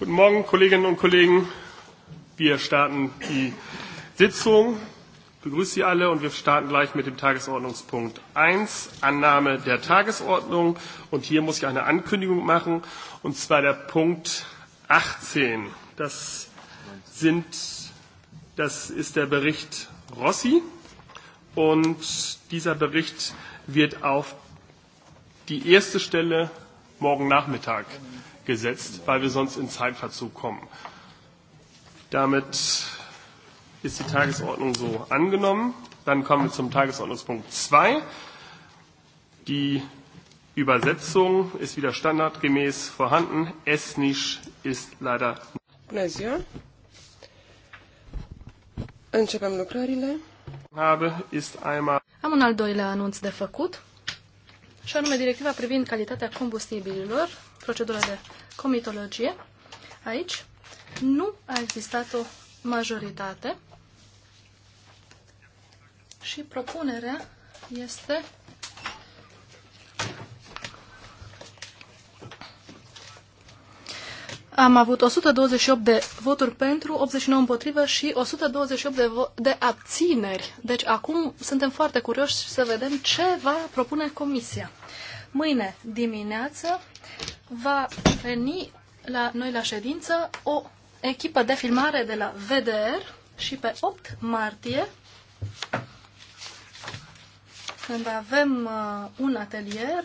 Guten Morgen, Kolleginnen und Kollegen. Wir starten die Sitzung. Ich begrüße Sie alle und wir starten gleich mit dem Tagesordnungspunkt 1, Annahme der Tagesordnung. Und hier muss ich eine Ankündigung machen, und zwar der Punkt 18. Das, sind, das ist der Bericht Rossi. Und dieser Bericht wird auf die erste Stelle morgen Nachmittag gesetzt, weil wir sonst in Zeitverzug kommen. Damit ist die Tagesordnung so angenommen. Dann kommen wir zum Tagesordnungspunkt 2. Die Übersetzung ist wieder standardgemäß vorhanden. Esnisch ist leider. Bună ziua. Începem lucrările. Habe ist einmal. Am un al doilea anunț de făcut, și anume directiva privind calitatea combustibililor procedura de comitologie, aici nu a existat o majoritate și propunerea este Am avut 128 de voturi pentru, 89 împotrivă și 128 de, de abțineri. Deci acum suntem foarte curioși să vedem ce va propune Comisia. Mâine dimineață va veni la noi la ședință o echipă de filmare de la VDR și pe 8 martie, când avem uh, un atelier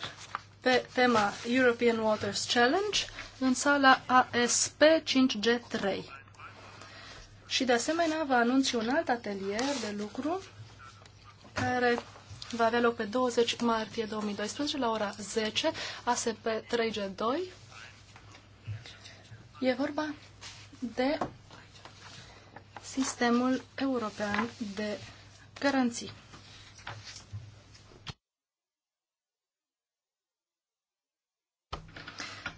pe tema European Waters Challenge în sala ASP 5G3. Și de asemenea vă anunț și un alt atelier de lucru care va avea loc pe 20 martie 2012 la ora 10, ASP 3G2. E vorba de sistemul european de garanții.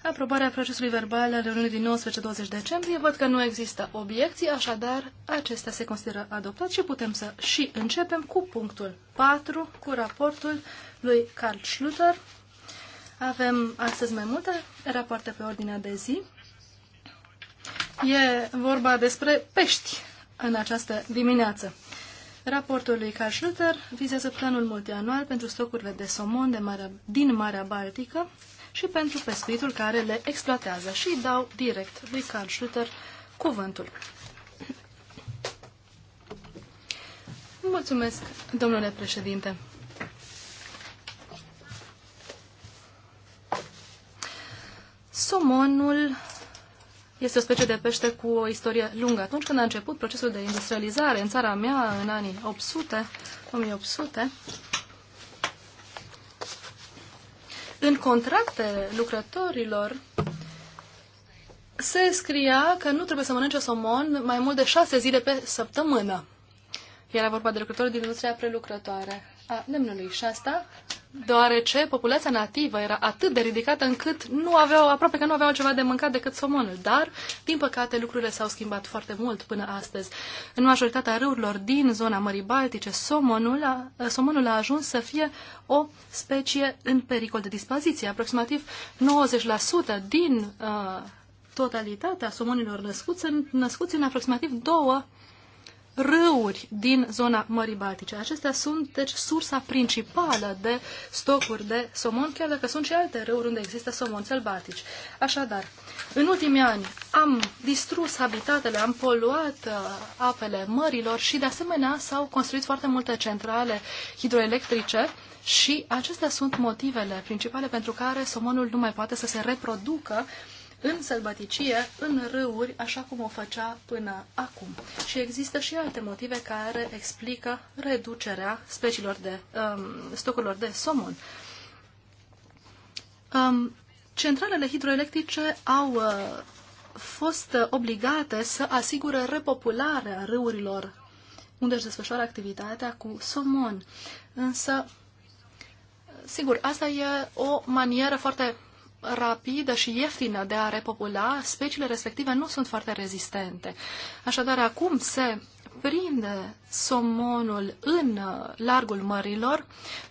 aprobarea procesului verbal al reuniunii din 19-20 decembrie. Văd că nu există obiecții, așadar acesta se consideră adoptat și putem să și începem cu punctul 4, cu raportul lui Carl Schluter. Avem astăzi mai multe rapoarte pe ordinea de zi. E vorba despre pești în această dimineață. Raportul lui Carl Schluter vizează planul multianual pentru stocurile de somon de Marea, din Marea Baltică, și pentru pescuitul care le exploatează. Și îi dau direct lui Carl Schlüter cuvântul. Mulțumesc, domnule președinte. Somonul este o specie de pește cu o istorie lungă. Atunci când a început procesul de industrializare în țara mea, în anii 800, 1800, în contracte lucrătorilor se scria că nu trebuie să mănânce somon mai mult de șase zile pe săptămână. Era vorba de lucrători din industria prelucrătoare a nemnului și asta deoarece populația nativă era atât de ridicată încât nu aveau, aproape că nu aveau ceva de mâncat decât somonul. Dar, din păcate, lucrurile s-au schimbat foarte mult până astăzi. În majoritatea râurilor din zona Mării Baltice, somonul a, somonul a ajuns să fie o specie în pericol de dispariție. Aproximativ 90% din a, uh, totalitatea somonilor născuți sunt născuți în aproximativ două râuri din zona Mării Baltice. Acestea sunt, deci, sursa principală de stocuri de somon, chiar dacă sunt și alte râuri unde există somon sălbatici. Așadar, în ultimii ani am distrus habitatele, am poluat uh, apele mărilor și, de asemenea, s-au construit foarte multe centrale hidroelectrice și acestea sunt motivele principale pentru care somonul nu mai poate să se reproducă uh, în sălbăticie, în râuri, așa cum o făcea până acum. Și există și alte motive care explică reducerea speciilor de, um, stocurilor de somon. Um, centralele hidroelectrice au uh, fost uh, obligate să asigure repopularea râurilor unde își desfășoară activitatea cu somon. Însă, sigur, asta e o manieră foarte rapidă și ieftină de a repopula, speciile respective nu sunt foarte rezistente. Așadar, acum se prinde somonul în uh, largul mărilor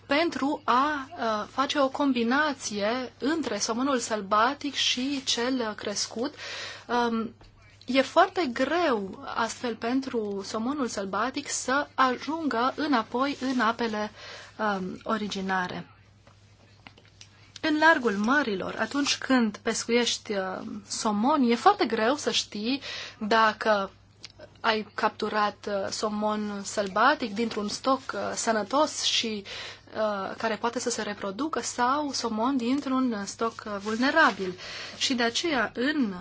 pentru a uh, face o combinație între somonul sălbatic și cel crescut. Um, e foarte greu astfel pentru somonul sălbatic să ajungă înapoi în apele um, originare în largul mărilor, atunci când pescuiești uh, somon, e foarte greu să știi dacă ai capturat uh, somon sălbatic dintr-un stoc uh, sănătos și care poate să se reproducă sau somon dintr-un stoc vulnerabil. Și de aceea, în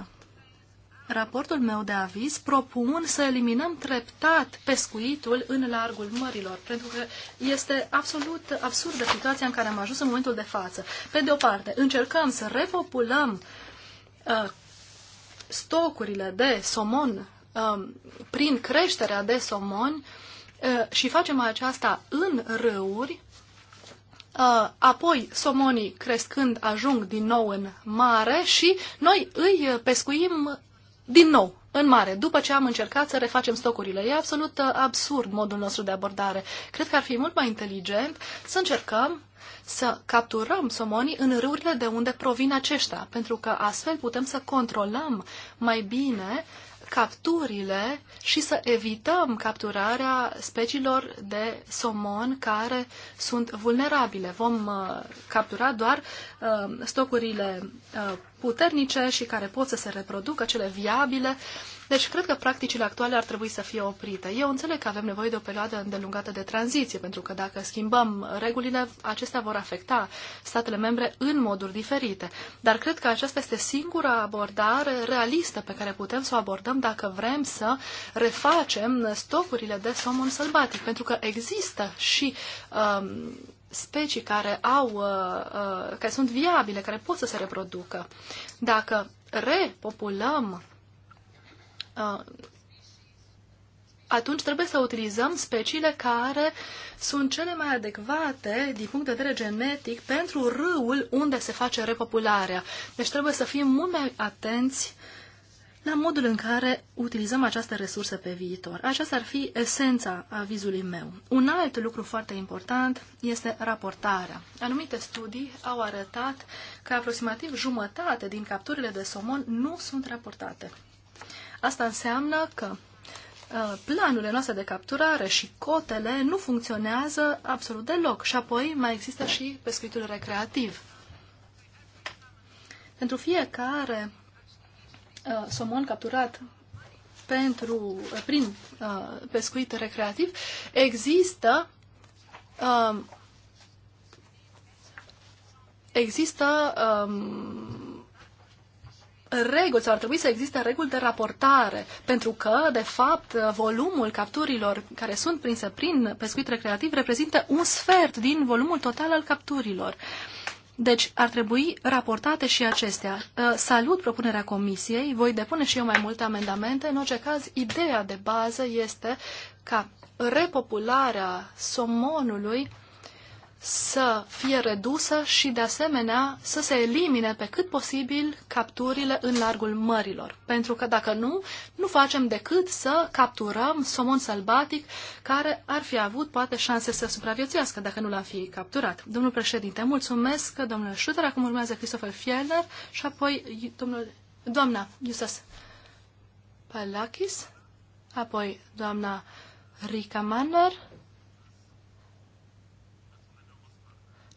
raportul meu de aviz propun să eliminăm treptat pescuitul în largul mărilor, pentru că este absolut absurdă situația în care am ajuns în momentul de față. Pe de o parte, încercăm să repopulăm uh, stocurile de somon uh, prin creșterea de somoni uh, și facem aceasta în râuri, uh, apoi somonii crescând ajung din nou în mare și noi îi pescuim din nou, în mare, după ce am încercat să refacem stocurile. E absolut uh, absurd modul nostru de abordare. Cred că ar fi mult mai inteligent să încercăm să capturăm somonii în râurile de unde provin aceștia, pentru că astfel putem să controlăm mai bine capturile și să evităm capturarea speciilor de somon care sunt vulnerabile. Vom uh, captura doar uh, stocurile uh, puternice și care pot să se reproducă, cele viabile. Deci cred că practicile actuale ar trebui să fie oprite. Eu înțeleg că avem nevoie de o perioadă îndelungată de tranziție, pentru că dacă schimbăm regulile, acestea vor afecta statele membre în moduri diferite. Dar cred că aceasta este singura abordare realistă pe care putem să o abordăm dacă vrem să refacem stocurile de somon sălbatic, pentru că există și um, specii care, au, uh, uh, care sunt viabile, care pot să se reproducă. Dacă repopulăm, uh, atunci trebuie să utilizăm speciile care sunt cele mai adecvate din punct de vedere genetic pentru râul unde se face repopularea. Deci trebuie să fim mult mai atenți la modul în care utilizăm această resursă pe viitor. Aceasta ar fi esența avizului meu. Un alt lucru foarte important este raportarea. Anumite studii au arătat că aproximativ jumătate din capturile de somon nu sunt raportate. Asta înseamnă că uh, planurile noastre de capturare și cotele nu funcționează absolut deloc. Și apoi mai există și pescuitul recreativ. Pentru fiecare uh, somon capturat pentru, uh, prin uh, pescuit recreativ, există um, uh, există um, reguli sau ar trebui să existe reguli de raportare, pentru că, de fapt, uh, volumul capturilor care sunt prinse prin pescuit recreativ reprezintă un sfert din volumul total al capturilor. Deci ar trebui raportate și acestea. Uh, salut propunerea comisiei, voi depune și eu mai multe amendamente. În orice caz, ideea de bază este ca repopularea somonului să fie redusă și, de asemenea, să se elimine pe cât posibil capturile în largul mărilor. Pentru că, dacă nu, nu facem decât să capturăm somon sălbatic care ar fi avut, poate, șanse să supraviețuiască dacă nu l-am fi capturat. Domnul președinte, mulțumesc, Domnul Schutter, acum urmează Christopher Fielder și apoi domnul, doamna Iusas Palakis, apoi doamna Rica Manner,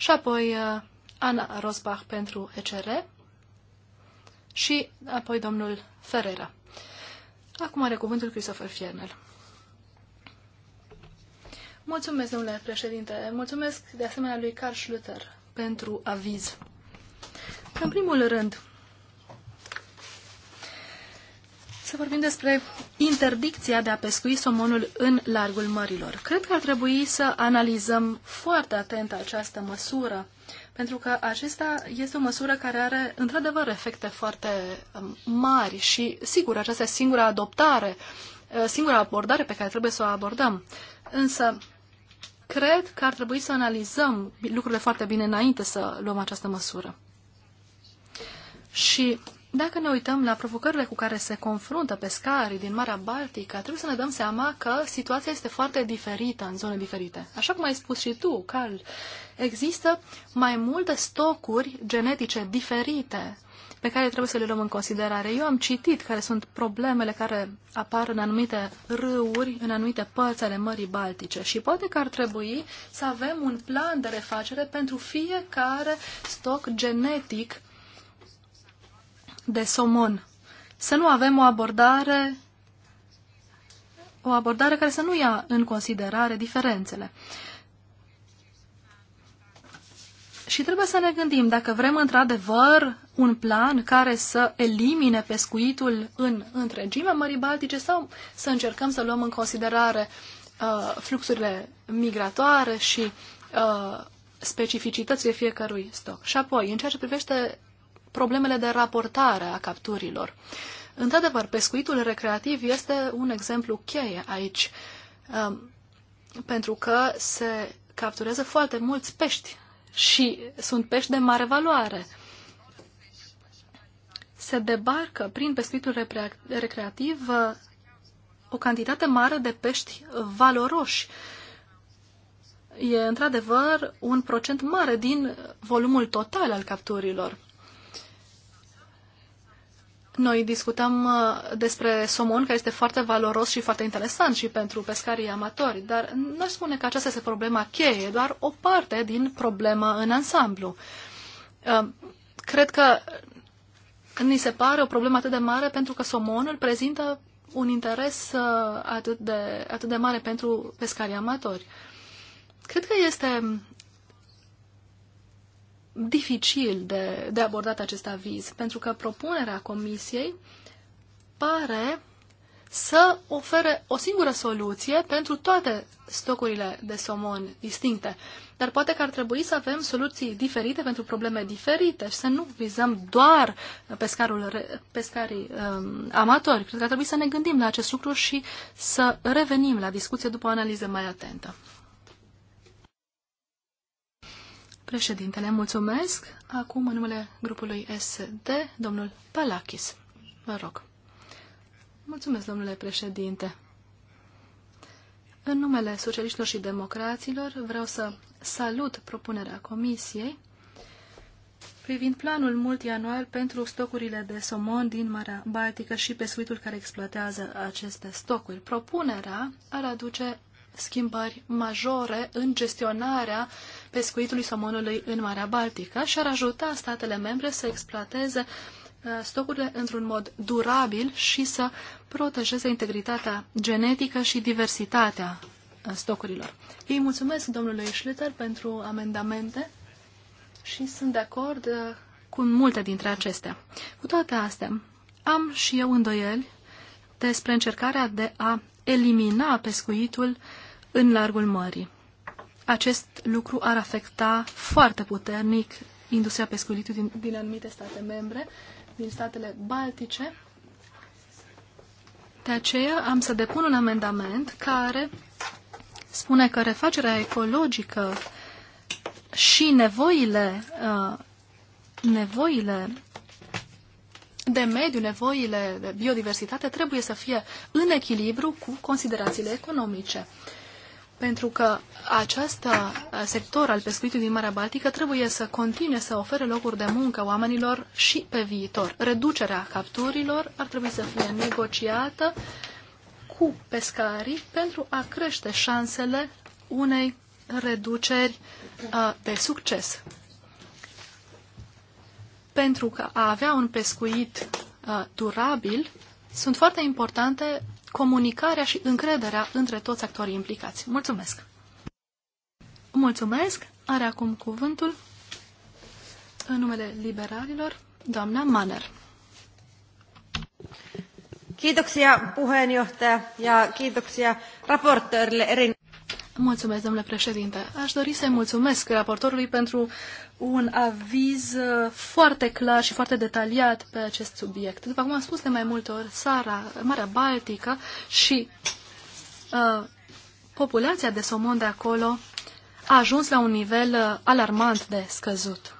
și apoi uh, Ana Rosbach pentru ECR și apoi domnul Ferreira. Acum are cuvântul Christopher Fiernel. Mulțumesc, domnule președinte. Mulțumesc de asemenea lui Carl Schlüter pentru aviz. În primul rând, să vorbim despre interdicția de a pescui somonul în largul mărilor. Cred că ar trebui să analizăm foarte atent această măsură, pentru că acesta este o măsură care are, într-adevăr, efecte foarte um, mari și, sigur, aceasta singura adoptare, uh, singura abordare pe care trebuie să o abordăm. Însă, cred că ar trebui să analizăm lucrurile foarte bine înainte să luăm această măsură. Și dacă ne uităm la provocările cu care se confruntă pescarii din Marea Baltică, trebuie să ne dăm seama că situația este foarte diferită în zone diferite. Așa cum ai spus și tu, Carl, există mai multe stocuri genetice diferite pe care trebuie să le luăm în considerare. Eu am citit care sunt problemele care apar în anumite râuri, în anumite părți ale Mării Baltice și poate că ar trebui să avem un plan de refacere pentru fiecare stoc genetic de somon. Să nu avem o abordare o abordare care să nu ia în considerare diferențele. Și trebuie să ne gândim dacă vrem într-adevăr un plan care să elimine pescuitul în întregime Mării Baltice sau să încercăm să luăm în considerare uh, fluxurile migratoare și uh, specificitățile fiecărui stoc. Și apoi, în ceea ce privește problemele de raportare a capturilor. Într-adevăr, pescuitul recreativ este un exemplu cheie aici, um, pentru că se capturează foarte mulți pești și sunt pești de mare valoare. Se debarcă prin pescuitul recreativ uh, o cantitate mare de pești valoroși. E într-adevăr un procent mare din volumul total al capturilor. Noi discutăm uh, despre somon, care este foarte valoros și foarte interesant și pentru pescarii amatori, dar nu aș spune că aceasta este problema cheie, doar o parte din problema în ansamblu. Uh, cred că ni se pare o problemă atât de mare pentru că somonul prezintă un interes uh, atât de, atât de mare pentru pescarii amatori. Cred că este dificil de, de abordat acest aviz, pentru că propunerea Comisiei pare să ofere o singură soluție pentru toate stocurile de somon distincte. Dar poate că ar trebui să avem soluții diferite pentru probleme diferite și să nu vizăm doar pescarul, pescarii um, amatori. Cred că ar trebui să ne gândim la acest lucru și să revenim la discuție după o analiză mai atentă. Președintele, mulțumesc. Acum, în numele grupului SD, domnul Palakis. Vă rog. Mulțumesc, domnule președinte. În numele socialiștilor și democraților vreau să salut propunerea Comisiei privind planul multianual pentru stocurile de somon din Marea Baltică și pescuitul care exploatează aceste stocuri. Propunerea ar aduce schimbări majore în gestionarea uh, pescuitului somonului în Marea Baltică și ar ajuta statele membre să exploateze uh, stocurile într-un mod durabil și să protejeze integritatea genetică și diversitatea uh, stocurilor. Ei mulțumesc domnului Schlitter pentru amendamente și sunt de acord uh, cu multe dintre acestea. Cu toate astea, am și eu îndoieli despre încercarea de a elimina pescuitul în largul mării acest lucru ar afecta foarte puternic industria pescuitului din, din anumite state membre, din statele baltice. De aceea am să depun un amendament care spune că refacerea ecologică și nevoile, uh, nevoile de mediu, nevoile de biodiversitate trebuie să fie în echilibru cu considerațiile economice. Uh, pentru că acest uh, sector al pescuitului din Marea Baltică trebuie să continue să ofere locuri de muncă oamenilor și pe viitor. Reducerea capturilor ar trebui să fie negociată cu pescarii pentru a crește șansele unei reduceri uh, de succes. Pentru că a avea un pescuit uh, durabil, sunt foarte importante comunicarea și încrederea între toți actorii implicați. Mulțumesc! Mulțumesc! Are acum cuvântul în numele liberalilor, doamna Manner. Kiitoksia puheenjohtaja ja kiitoksia raportöörille erin... Mulțumesc, domnule președinte. Aș dori să-i mulțumesc raportorului pentru un aviz uh, foarte clar și foarte detaliat pe acest subiect. După cum am spus de mai multe ori, Sara, Marea Baltică și uh, populația de somon de acolo a ajuns la un nivel uh, alarmant de scăzut.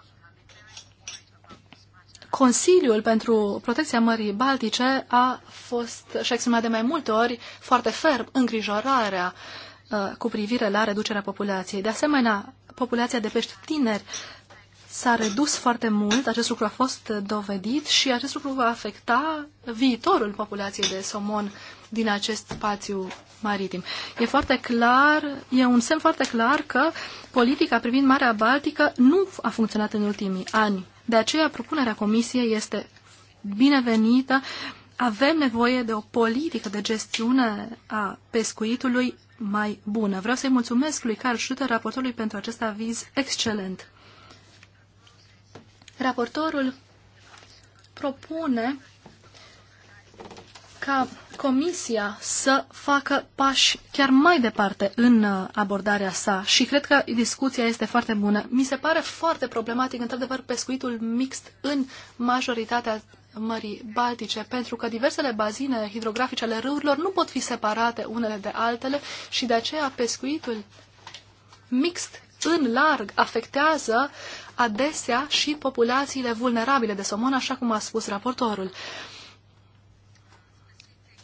Consiliul pentru protecția Mării Baltice a fost și-a exprimat de mai multe ori foarte ferm îngrijorarea uh, Uh, cu privire la reducerea populației. De asemenea, populația de pești tineri s-a redus foarte mult, acest lucru a fost dovedit și acest lucru va afecta viitorul populației de somon din acest spațiu maritim. E foarte clar, e un semn foarte clar că politica privind Marea Baltică nu a funcționat în ultimii ani. De aceea propunerea Comisiei este binevenită. Avem nevoie de o politică de gestiune a pescuitului mai bună. Vreau să-i mulțumesc lui Carl Schlüter, raportorului, pentru acest aviz excelent. Raportorul propune ca Comisia să facă pași chiar mai departe în uh, abordarea sa și cred că discuția este foarte bună. Mi se pare foarte problematic, într-adevăr, pescuitul mixt în majoritatea Mării Baltice, pentru că diversele bazine hidrografice ale râurilor nu pot fi separate unele de altele și de aceea pescuitul mixt în larg afectează adesea și populațiile vulnerabile de somon, așa cum a spus raportorul.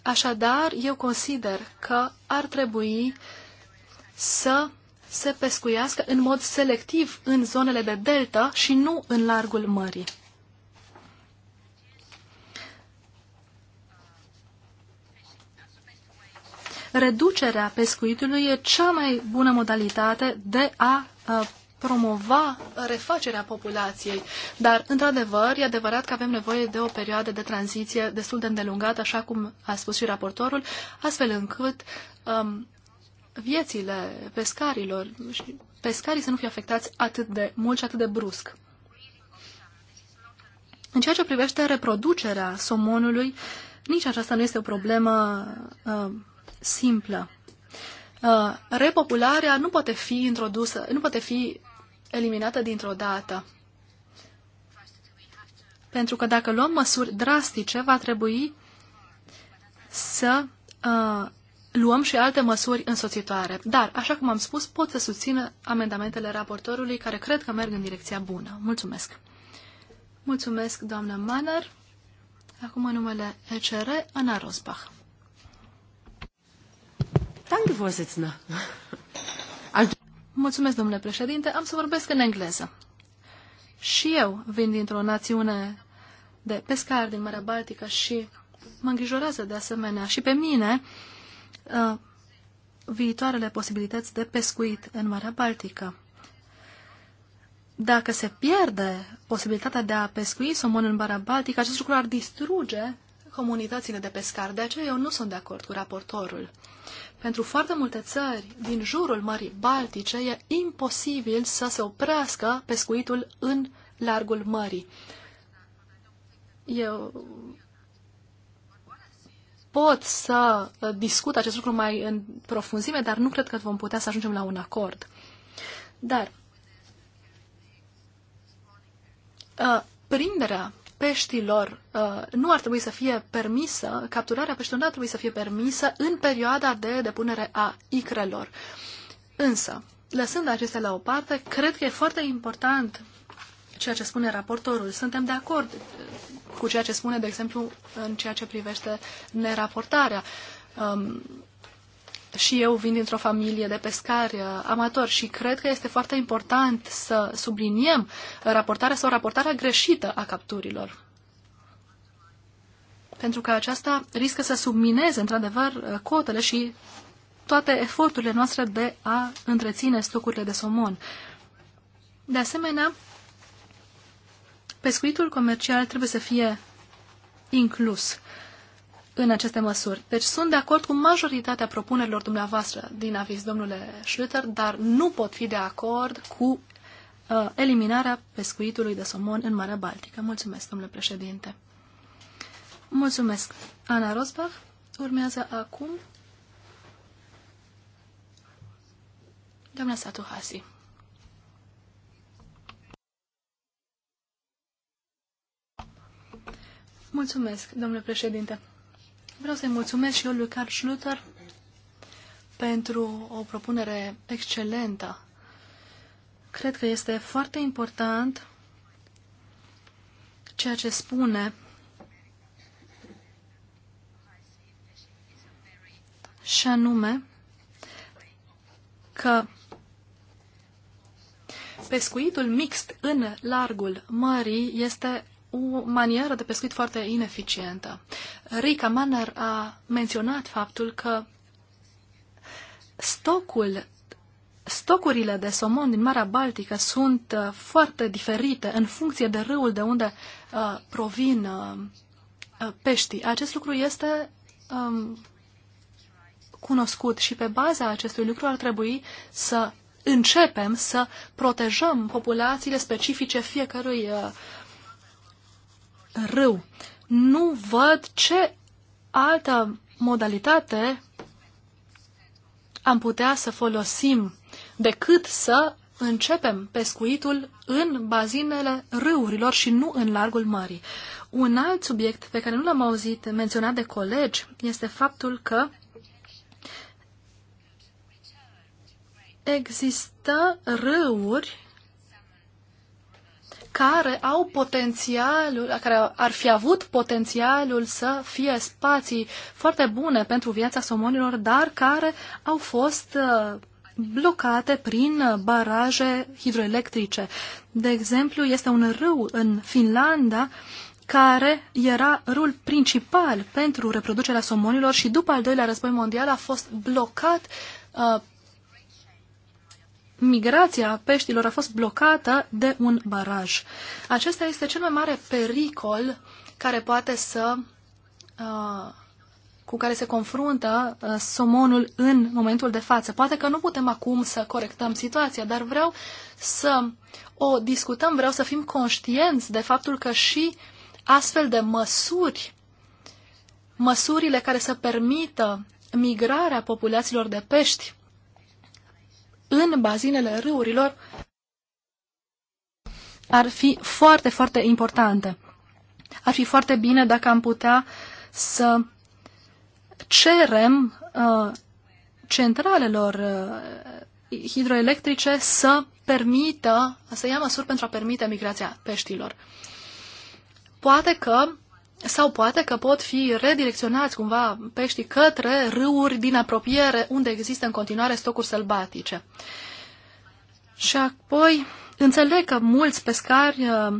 Așadar, eu consider că ar trebui să se pescuiască în mod selectiv în zonele de delta și nu în largul mării. reducerea pescuitului e cea mai bună modalitate de a promova refacerea populației. Dar, într-adevăr, e adevărat că avem nevoie de o perioadă de tranziție destul de îndelungată, așa cum a spus și raportorul, astfel încât um, viețile pescarilor și pescarii să nu fie afectați atât de mult și atât de brusc. În ceea ce privește reproducerea somonului, nici aceasta nu este o problemă uh, simplă. Uh, repopularea nu poate fi introdusă, nu poate fi eliminată dintr-o dată. Pentru că dacă luăm măsuri drastice, va trebui să uh, luăm și alte măsuri însoțitoare. Dar, așa cum am spus, pot să susțin amendamentele raportorului, care cred că merg în direcția bună. Mulțumesc! Mulțumesc, doamnă Manner. Acum numele ECR, Ana Rosbach. Danke, Mulțumesc, domnule președinte. Am să vorbesc în engleză. Și eu vin dintr-o națiune de pescari din Marea Baltică și mă îngrijorează de asemenea și pe mine uh, viitoarele posibilități de pescuit în Marea Baltică. Dacă se pierde posibilitatea de a pescui somon în Marea Baltică, acest lucru ar distruge comunitățile de pescari, De aceea eu nu sunt de acord cu raportorul. Pentru foarte multe țări din jurul Mării Baltice e imposibil să se oprească pescuitul în largul mării. Eu pot să uh, discut acest lucru mai în profunzime, dar nu cred că vom putea să ajungem la un acord. Dar uh, prinderea peștilor uh, nu ar trebui să fie permisă, capturarea peștilor nu ar trebui să fie permisă în perioada de depunere a icrelor. Însă, lăsând acestea la o parte, cred că e foarte important ceea ce spune raportorul. Suntem de acord cu ceea ce spune, de exemplu, în ceea ce privește neraportarea. Um, și eu vin dintr-o familie de pescari uh, amatori și cred că este foarte important să subliniem raportarea sau raportarea greșită a capturilor. Pentru că aceasta riscă să submineze, într-adevăr, uh, cotele și toate eforturile noastre de a întreține stocurile de somon. De asemenea, pescuitul comercial trebuie să fie inclus în aceste măsuri. Deci sunt de acord cu majoritatea propunerilor dumneavoastră din aviz, domnule Schlüter, dar nu pot fi de acord cu uh, eliminarea pescuitului de somon în Marea Baltică. Mulțumesc, domnule președinte. Mulțumesc. Ana Rosbach urmează acum doamna Satuhasi. Mulțumesc, domnule președinte. Vreau să-i mulțumesc și eu lui Carl Schluter pentru o propunere excelentă. Cred că este foarte important ceea ce spune și anume că pescuitul mixt în largul mării este o manieră de pescuit foarte ineficientă. Rica Manner a menționat faptul că stocul Stocurile de somon din Marea Baltică sunt uh, foarte diferite în funcție de râul de unde uh, provin uh, uh peștii. Acest lucru este um, cunoscut și pe baza acestui lucru ar trebui să începem să protejăm populațiile specifice fiecărui uh, râu nu văd ce altă modalitate am putea să folosim decât să începem pescuitul în bazinele râurilor și nu în largul mării. Un alt subiect pe care nu l-am auzit menționat de colegi este faptul că există râuri care au potențialul, care ar fi avut potențialul să fie spații foarte bune pentru viața somonilor, dar care au fost uh, blocate prin uh, baraje hidroelectrice. De exemplu, este un râu în Finlanda care era râul principal pentru reproducerea somonilor și după al doilea război mondial a fost blocat uh, migrația peștilor a fost blocată de un baraj. Acesta este cel mai mare pericol care poate să uh, cu care se confruntă uh, somonul în momentul de față. Poate că nu putem acum să corectăm situația, dar vreau să o discutăm, vreau să fim conștienți de faptul că și astfel de măsuri, măsurile care să permită migrarea populațiilor de pești în bazinele râurilor ar fi foarte, foarte importante. Ar fi foarte bine dacă am putea să cerem uh, centralelor uh, hidroelectrice să permită, să ia măsuri pentru a permite migrația peștilor. Poate că sau poate că pot fi redirecționați cumva peștii către râuri din apropiere unde există în continuare stocuri sălbatice. Și apoi înțeleg că mulți pescari uh,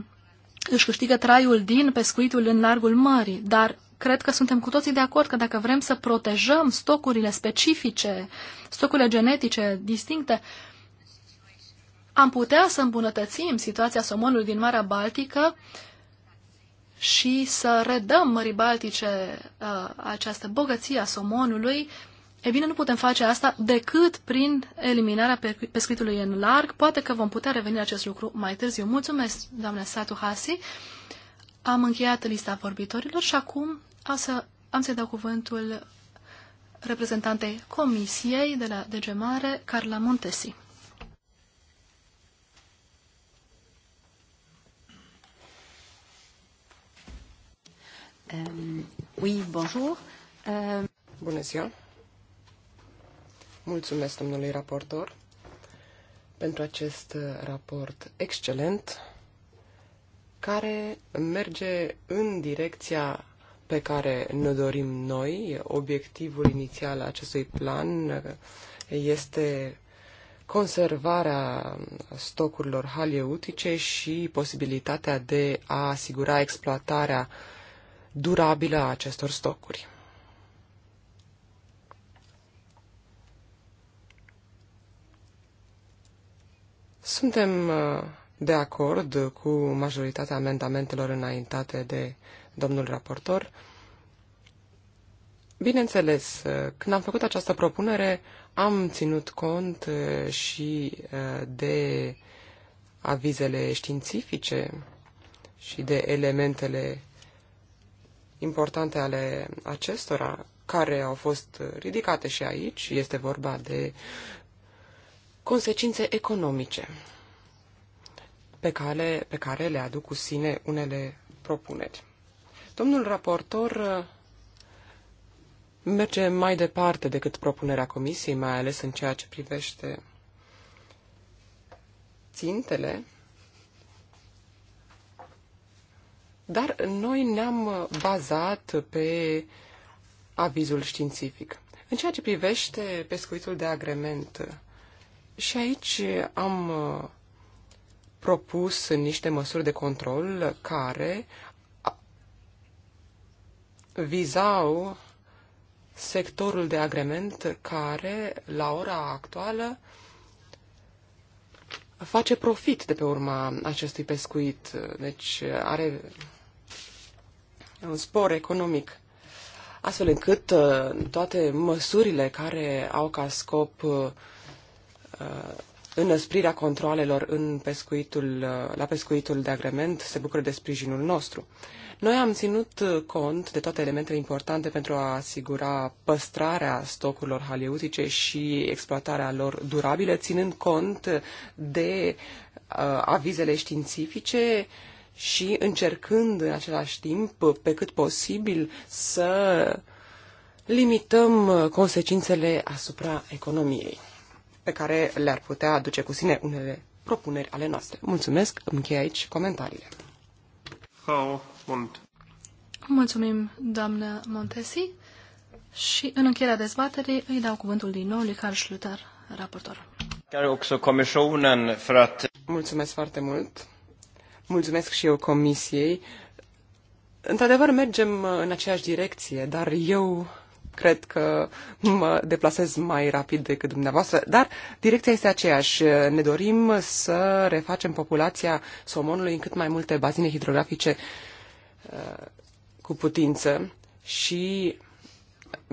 își câștigă traiul din pescuitul în largul mării, dar cred că suntem cu toții de acord că dacă vrem să protejăm stocurile specifice, stocurile genetice distincte, am putea să îmbunătățim situația somonului din Marea Baltică uh, și să redăm Mării Baltice uh, această bogăție a somonului, e bine, nu putem face asta decât prin eliminarea pescuitului în larg. Poate că vom putea reveni la acest lucru mai târziu. Mulțumesc, doamne Satu Hasi. Am încheiat lista vorbitorilor și acum o să, am să-i dau cuvântul reprezentantei Comisiei de la DG Mare, Carla Montesi. Um, oui, bonjour. Um, Bună ziua. Mulțumesc domnului raportor pentru acest uh, raport excelent care merge în direcția pe care ne dorim noi. Obiectivul inițial al acestui plan uh, este conservarea stocurilor halieutice și posibilitatea de a asigura exploatarea uh, durabilă a acestor stocuri. Suntem uh, de acord cu majoritatea amendamentelor înaintate de domnul raportor. Bineînțeles, uh, când am făcut această propunere, am ținut cont uh, și de avizele științifice și de elementele importante ale acestora, care au fost ridicate și aici, este vorba de consecințe economice pe care, pe care le aduc cu sine unele propuneri. Domnul raportor uh, merge mai departe decât propunerea comisiei, mai ales în ceea ce privește țintele Dar noi ne-am uh, bazat pe avizul științific. În ceea ce privește pescuitul de agrement, și aici am uh, propus niște măsuri de control care vizau sectorul de agrement care, la ora actuală, face profit de pe urma acestui pescuit. Deci are un spor economic, astfel încât uh, toate măsurile care au ca scop uh, uh, înăsprirea controalelor în pescuitul, la pescuitul de agrement se bucură de sprijinul nostru. Noi am ținut cont de toate elementele importante pentru a asigura păstrarea stocurilor haleutice și exploatarea lor durabilă, ținând cont de uh, avizele științifice uh, și încercând în același timp, pe cât posibil, să limităm consecințele asupra economiei pe care le-ar putea aduce cu sine unele propuneri ale noastre. Mulțumesc, închei aici comentariile. Mulțumim, doamnă Montesi. Și în încheierea dezbaterii îi dau cuvântul din nou lui Carl Schlüter, raportor. Mulțumesc foarte mult mulțumesc și eu comisiei. Într-adevăr, mergem uh, în aceeași direcție, dar eu cred că mă deplasez mai rapid decât dumneavoastră, dar direcția este aceeași. Uh, ne dorim să refacem populația somonului în cât mai multe bazine hidrografice uh, cu putință și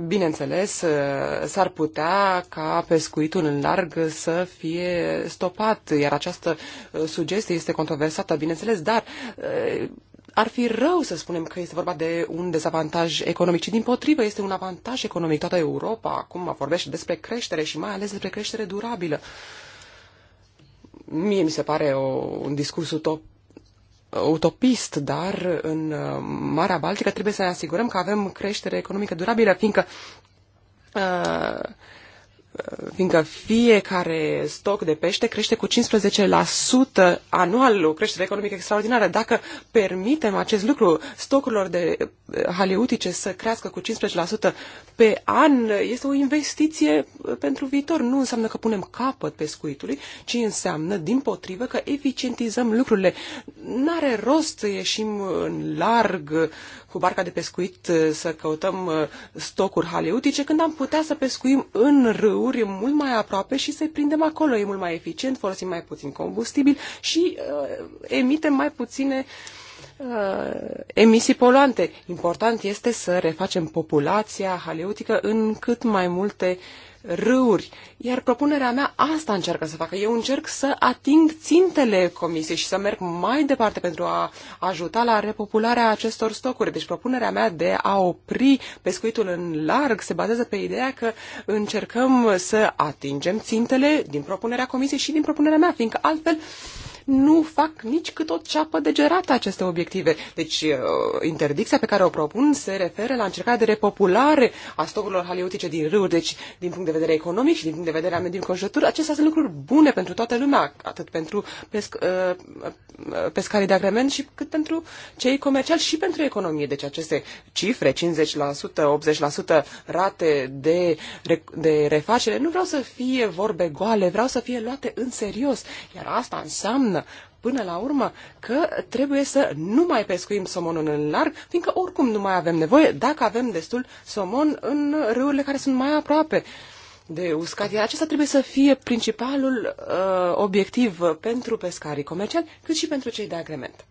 bineînțeles, uh, s-ar putea ca pescuitul în larg să fie stopat, iar această uh, sugestie este controversată, bineînțeles, dar uh, ar fi rău să spunem că este vorba de un dezavantaj economic, ci din potrivă este un avantaj economic. Toată Europa acum vorbește despre creștere și mai ales despre creștere durabilă. Mie mi se pare o, un discurs utop, utopist, dar în uh, Marea Baltică trebuie să ne asigurăm că avem creștere economică durabilă, fiindcă uh, fiindcă fiecare stoc de pește crește cu 15% anual, o creștere economică extraordinară. Dacă permitem acest lucru stocurilor de eh, haleutice să crească cu 15% pe an, este o investiție eh, pentru viitor. Nu înseamnă că punem capăt pescuitului, ci înseamnă, din potrivă, că eficientizăm lucrurile. N-are rost să ieșim în larg cu barca de pescuit uh, să căutăm uh, stocuri haleutice, când am putea să pescuim în râuri mult mai aproape și să-i prindem acolo. E mult mai eficient, folosim mai puțin combustibil și uh, emitem mai puține uh, emisii poluante. Important este să refacem populația haleutică în cât mai multe uh, râuri. Iar propunerea mea asta încearcă să facă. Eu încerc să ating țintele comisiei și să merg mai departe pentru a ajuta la repopularea acestor stocuri. Deci propunerea mea de a opri pescuitul în larg se bazează pe ideea că încercăm să atingem țintele din propunerea comisiei și din propunerea mea, fiindcă altfel nu fac nici cât o ceapă de gerată aceste obiective. Deci, uh, interdicția pe care o propun se referă la încercarea de repopulare a stocurilor haliotice din râuri. Deci, din punct de vedere economic și din punct de vedere a mediului înconjurător, acestea sunt lucruri bune pentru toată lumea, atât pentru pesc- uh, uh, pescarii de agrement și cât pentru cei comerciali și pentru economie. Deci, aceste cifre, 50%, 80% rate de, de refacere, nu vreau să fie vorbe goale, vreau să fie luate în serios. Iar asta înseamnă înseamnă până la urmă că trebuie să nu mai pescuim somonul în larg, fiindcă oricum nu mai avem nevoie dacă avem destul somon în râurile care sunt mai aproape de uscat. Iar acesta trebuie să fie principalul uh, obiectiv pentru pescarii comerciali, cât și pentru cei de agrement.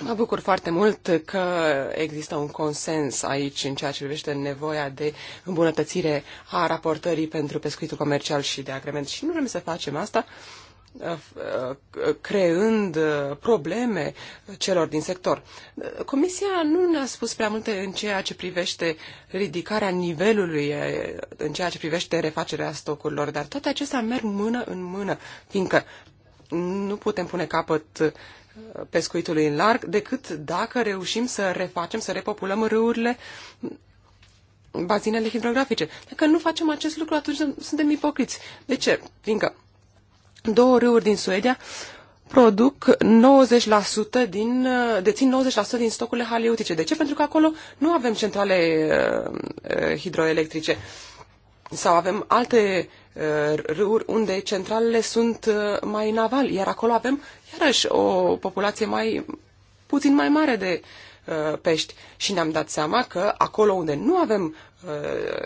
Mă bucur foarte mult că există un consens aici în ceea ce privește nevoia de îmbunătățire a raportării pentru pescuitul comercial și de agrement și nu vrem să facem asta uh, Uh, creând uh, probleme celor din sector. Comisia nu ne-a spus prea multe în ceea ce privește ridicarea nivelului, uh, în ceea ce privește refacerea stocurilor, dar toate acestea merg mână în mână, fiindcă nu putem pune capăt pescuitului în larg decât dacă reușim să refacem, să repopulăm râurile bazinele hidrografice. Dacă nu facem acest lucru, atunci suntem ipocriți. De ce? Fiindcă două râuri din Suedia produc 90% din, uh, dețin 90% din stocurile haleutice. De ce? Pentru că acolo nu avem centrale uh, uh, hidroelectrice sau avem alte râuri unde centralele sunt mai naval, iar acolo avem iarăși o populație mai puțin mai mare de pești și ne-am dat seama că acolo unde nu avem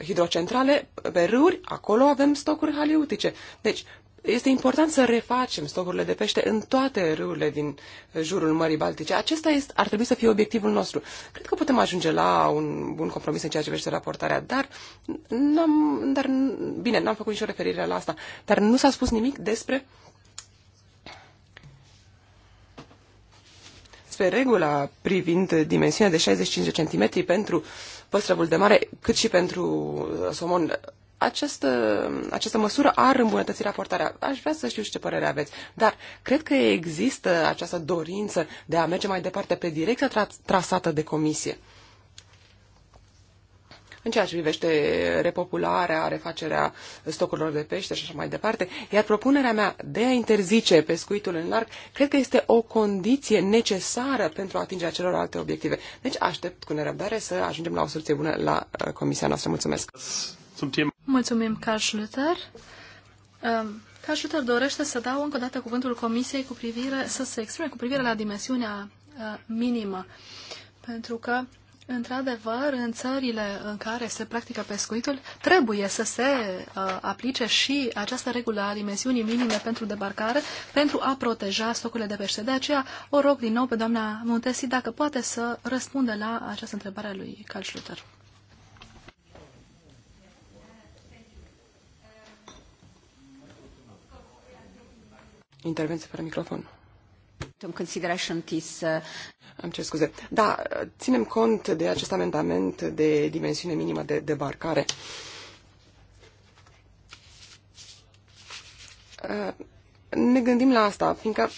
hidrocentrale pe râuri, acolo avem stocuri haliutice. Deci, este important să refacem stocurile de pește în toate râurile din jurul Mării Baltice. Acesta este, ar trebui să fie obiectivul nostru. Cred că putem ajunge la un bun compromis în ceea ce privește raportarea, dar, n-am, dar bine, n-am făcut nicio referire la asta, dar nu s-a spus nimic despre spre regula privind dimensiunea de 65 cm pentru păstrăvul de mare, cât și pentru somon această, această măsură ar îmbunătăți raportarea. Aș vrea să știu și ce părere aveți. Dar cred că există această dorință de a merge mai departe pe direcția tra- trasată de comisie. În ceea ce privește repopularea, refacerea stocurilor de pește și așa mai departe, iar propunerea mea de a interzice pescuitul în larg, cred că este o condiție necesară pentru atingerea celor alte obiective. Deci aștept cu nerăbdare să ajungem la o soluție bună la uh, comisia noastră. Mulțumesc! zum Thema. Mulțumim, Karl Schlüter. Karl um, Schlüter dorește să dau încă o dată cuvântul Comisiei cu privire, să se exprime cu privire la dimensiunea uh, minimă. Pentru că Într-adevăr, în țările în care se practică pescuitul, trebuie să se uh, aplice și această regulă a dimensiunii minime pentru debarcare, pentru a proteja stocurile de pește. De aceea, o rog din nou pe doamna Montesi dacă poate să răspundă la această întrebare a lui Karl Schlüter. Intervenție fără microfon. Uh, Am cer scuze. Da, ținem cont de acest amendament de dimensiune minimă de debarcare. Uh, ne gândim la asta, fiindcă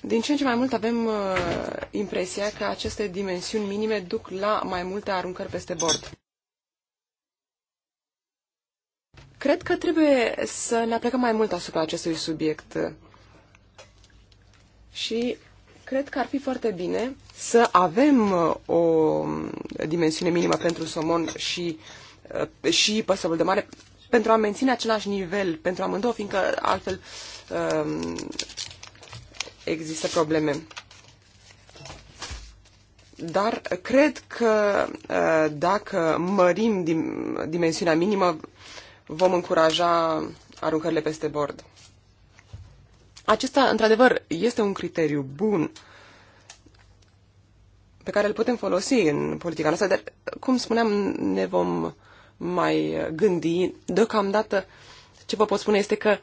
din ce în ce mai mult avem uh, impresia că aceste dimensiuni minime duc la mai multe aruncări peste bord. Cred că trebuie să ne aplicăm mai mult asupra acestui subiect. Și cred că ar fi foarte bine să avem uh, o dimensiune minimă pentru somon și, uh, și păsărul de mare pentru a menține același nivel pentru amândouă, fiindcă altfel um, există probleme. Dar cred că uh, dacă mărim dimensiunea minimă, vom încuraja aruncările peste bord. Acesta, într-adevăr, este un criteriu bun pe care îl putem folosi în politica noastră, dar, cum spuneam, ne vom mai gândi. Deocamdată, ce vă pot spune este că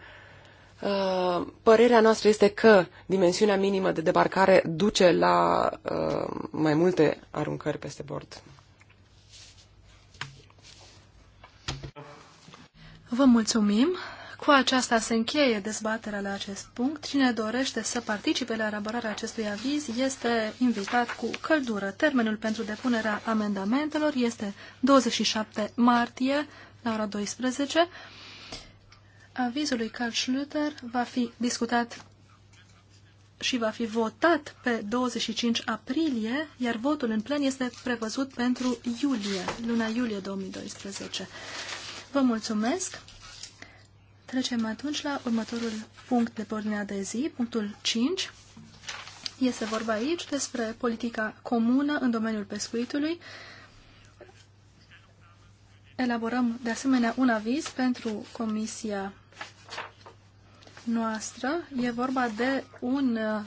uh, părerea noastră este că dimensiunea minimă de debarcare duce la uh, mai multe aruncări peste bord. Vă mulțumim! Cu aceasta se încheie dezbaterea la acest punct. Cine dorește să participe la elaborarea acestui aviz este invitat cu căldură. Termenul pentru depunerea amendamentelor este 27 martie la ora 12. Avizul lui Carl Schlüter va fi discutat și va fi votat pe 25 aprilie, iar votul în plen este prevăzut pentru iulie, luna iulie 2012. Vă mulțumesc! Trecem atunci la următorul punct de pe de zi, punctul 5. Este vorba aici despre politica comună în domeniul pescuitului. Elaborăm de asemenea un aviz pentru comisia noastră. E vorba de un uh,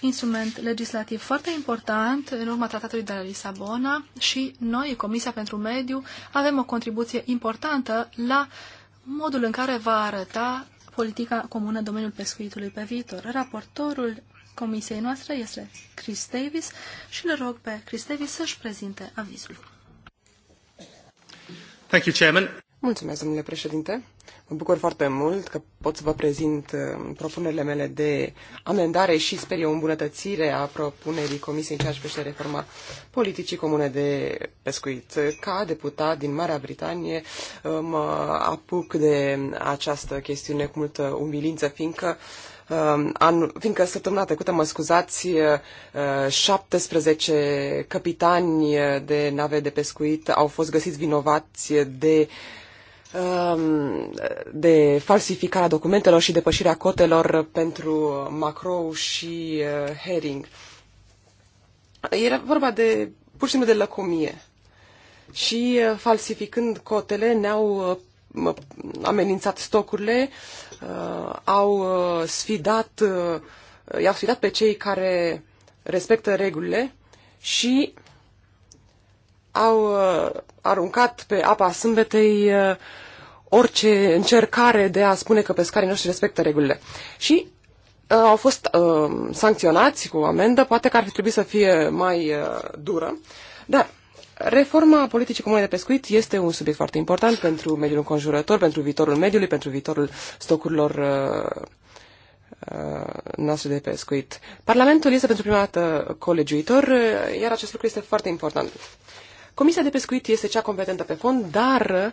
instrument legislativ foarte important în urma tratatului de la Lisabona și noi, Comisia pentru Mediu, avem o contribuție importantă la modul în care va arăta politica comună domeniul pescuitului pe viitor. Raportorul comisiei noastre este Chris Davis și le rog pe Chris Davis să-și prezinte avizul. Thank you, Chairman. Mulțumesc, domnule președinte. Mă bucur foarte mult că pot să vă prezint uh, propunerile mele de amendare și, sper eu, îmbunătățire a propunerii Comisiei în ceea ce privește reforma politicii comune de pescuit. Ca deputat din Marea Britanie uh, mă apuc de această chestiune cu multă umilință, fiindcă uh, fiindcă săptămâna trecută, mă scuzați, 17 capitani de nave de pescuit au fost găsiți vinovați de Um, de falsificarea documentelor și depășirea cotelor pentru Macrou și uh, Herring. Era vorba de pur și simplu de lăcomie. Și uh, falsificând cotele ne-au uh, amenințat stocurile, au sfidat, i-au sfidat pe cei care respectă regulile și au uh, aruncat pe apa sâmbetei uh, orice încercare de a spune că pescarii noștri respectă regulile. Și uh, au fost uh, sancționați cu amendă, poate că ar fi trebuit să fie mai uh, dură, dar reforma politicii comune de pescuit este un subiect foarte important pentru mediul înconjurător, pentru viitorul mediului, pentru viitorul stocurilor uh, noastre de pescuit. Parlamentul este pentru prima dată colegiuitor, iar acest lucru este foarte important. Comisia de pescuit este cea competentă pe fond, dar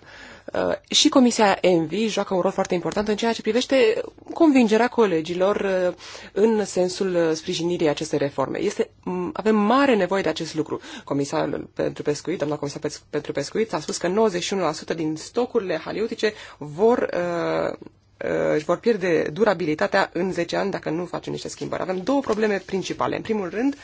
uh, și Comisia ENVI joacă un rol foarte important în ceea ce privește convingerea colegilor uh, în sensul uh, sprijinirii acestei reforme. Este, avem mare nevoie de acest lucru. Comisia pentru pescuit, doamna Comisar pentru pescuit, a spus că 91% din stocurile halieutice vor uh, uh, își vor pierde durabilitatea în 10 ani dacă nu facem niște schimbări. Avem două probleme principale. În primul rând, uh,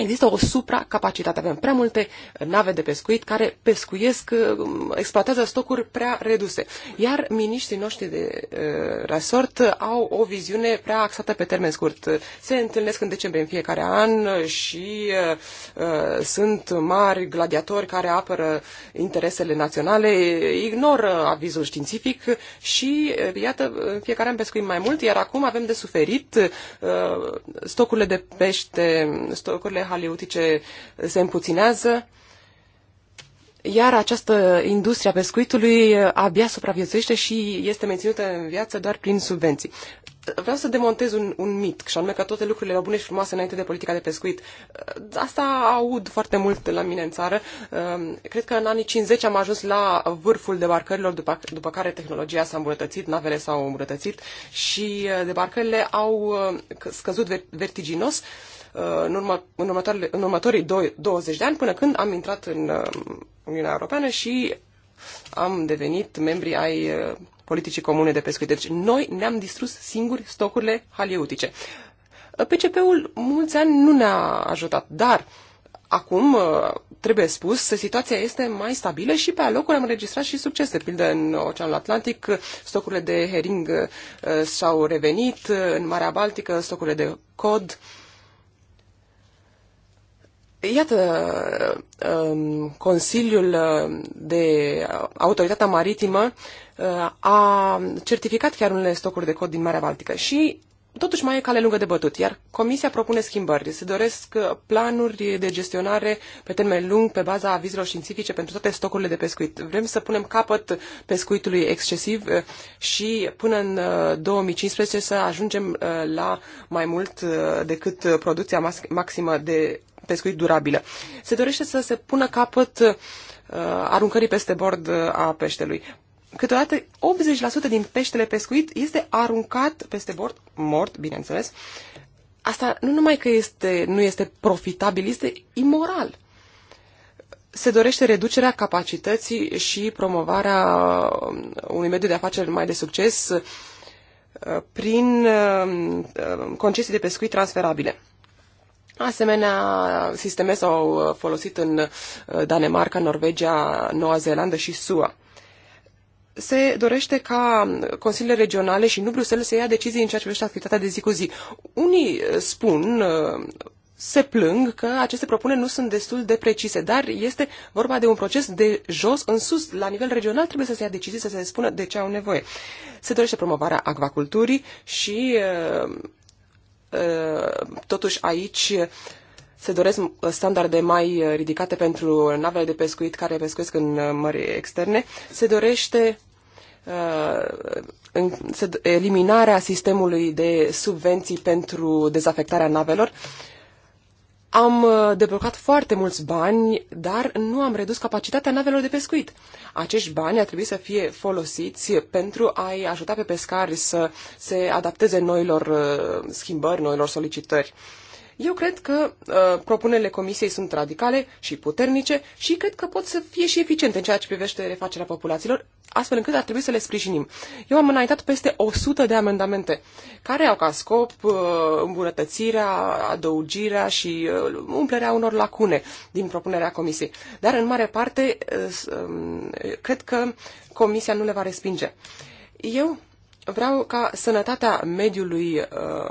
Există o supracapacitate. Avem prea multe nave de pescuit care pescuiesc, um, exploatează stocuri prea reduse. Iar miniștrii noștri de uh, resort au o viziune prea axată pe termen scurt. Se întâlnesc în decembrie în fiecare an și uh, uh, sunt mari gladiatori care apără interesele naționale, ignoră avizul științific și, uh, iată, în fiecare an pescuim mai mult, iar acum avem de suferit uh, stocurile de pește, stocurile haleutice se împuținează, iar această industrie a pescuitului eh, abia supraviețuiește și este menținută în viață doar prin subvenții. Vreau să demontez un, un mit, și anume că toate lucrurile erau bune și frumoase înainte de politica de pescuit. Eh, asta aud foarte mult la mine în țară. Eh, cred că în anii 50 am ajuns la vârful debarcărilor, după, după care tehnologia s-a îmbunătățit, navele s-au îmbunătățit și debarcările au scăzut vertiginos Uh, în, urma, în, următoarele, în următorii 20 de ani, până când am intrat în uh, Uniunea Europeană și am devenit membri ai uh, politicii comune de pescuit. Deci noi ne-am distrus singuri stocurile halieutice. PCP-ul mulți ani nu ne-a ajutat, dar acum, trebuie spus, situația este mai stabilă și pe alocuri am înregistrat și succese. De pildă în Oceanul Atlantic, stocurile de hering s-au revenit, în Marea Baltică, stocurile de cod Iată, um, Consiliul uh, de Autoritatea Maritimă uh, a certificat chiar unele stocuri de cod din Marea Baltică și totuși mai e cale lungă de bătut, iar Comisia propune schimbări. Se doresc uh, planuri de gestionare pe termen lung, pe baza avizelor științifice pentru toate stocurile de pescuit. Vrem să punem capăt pescuitului excesiv și până în 2015 să ajungem la mai mult decât producția maximă de pescuit durabilă. Se dorește să se pună capăt uh, aruncării peste bord uh, a peștelui. Câteodată 80% din peștele pescuit este aruncat peste bord, mort, bineînțeles. Asta nu numai că este, nu este profitabil, este imoral se dorește reducerea capacității și promovarea uh, unui mediu de afaceri mai de succes uh, prin concesii de pescuit transferabile. Asemenea, sisteme s-au uh, folosit în uh, Danemarca, Norvegia, Noua Zeelandă și SUA se dorește ca consiliile regionale și nu Bruxelles să ia decizii în ceea ce privește activitatea de zi cu zi. Unii uh, spun, se plâng că aceste propuneri nu sunt destul de precise, dar este vorba de un proces de jos în sus. La nivel regional trebuie să se ia decizii, să se spună de ce au nevoie. Se dorește promovarea acvaculturii și totuși aici se doresc standarde mai ridicate pentru navele de pescuit care pescuiesc în mări externe. Se dorește uh, eliminarea sistemului de subvenții pentru dezafectarea navelor am uh, deblocat foarte mulți bani, dar nu am redus capacitatea navelor de pescuit. Acești bani ar trebui să fie folosiți pentru a-i ajuta pe pescari să se adapteze noilor uh, schimbări, noilor solicitări. Eu cred că uh, propunerile comisiei sunt radicale și puternice și cred că pot să fie și eficiente în ceea ce privește refacerea populațiilor, astfel încât ar trebui să le sprijinim. Eu am înaintat peste 100 de amendamente care au ca scop uh, îmbunătățirea, adăugirea și uh, umplerea unor lacune din propunerea comisiei. Dar, în mare parte, uh, um, cred că comisia nu le va respinge. Eu vreau ca sănătatea mediului uh,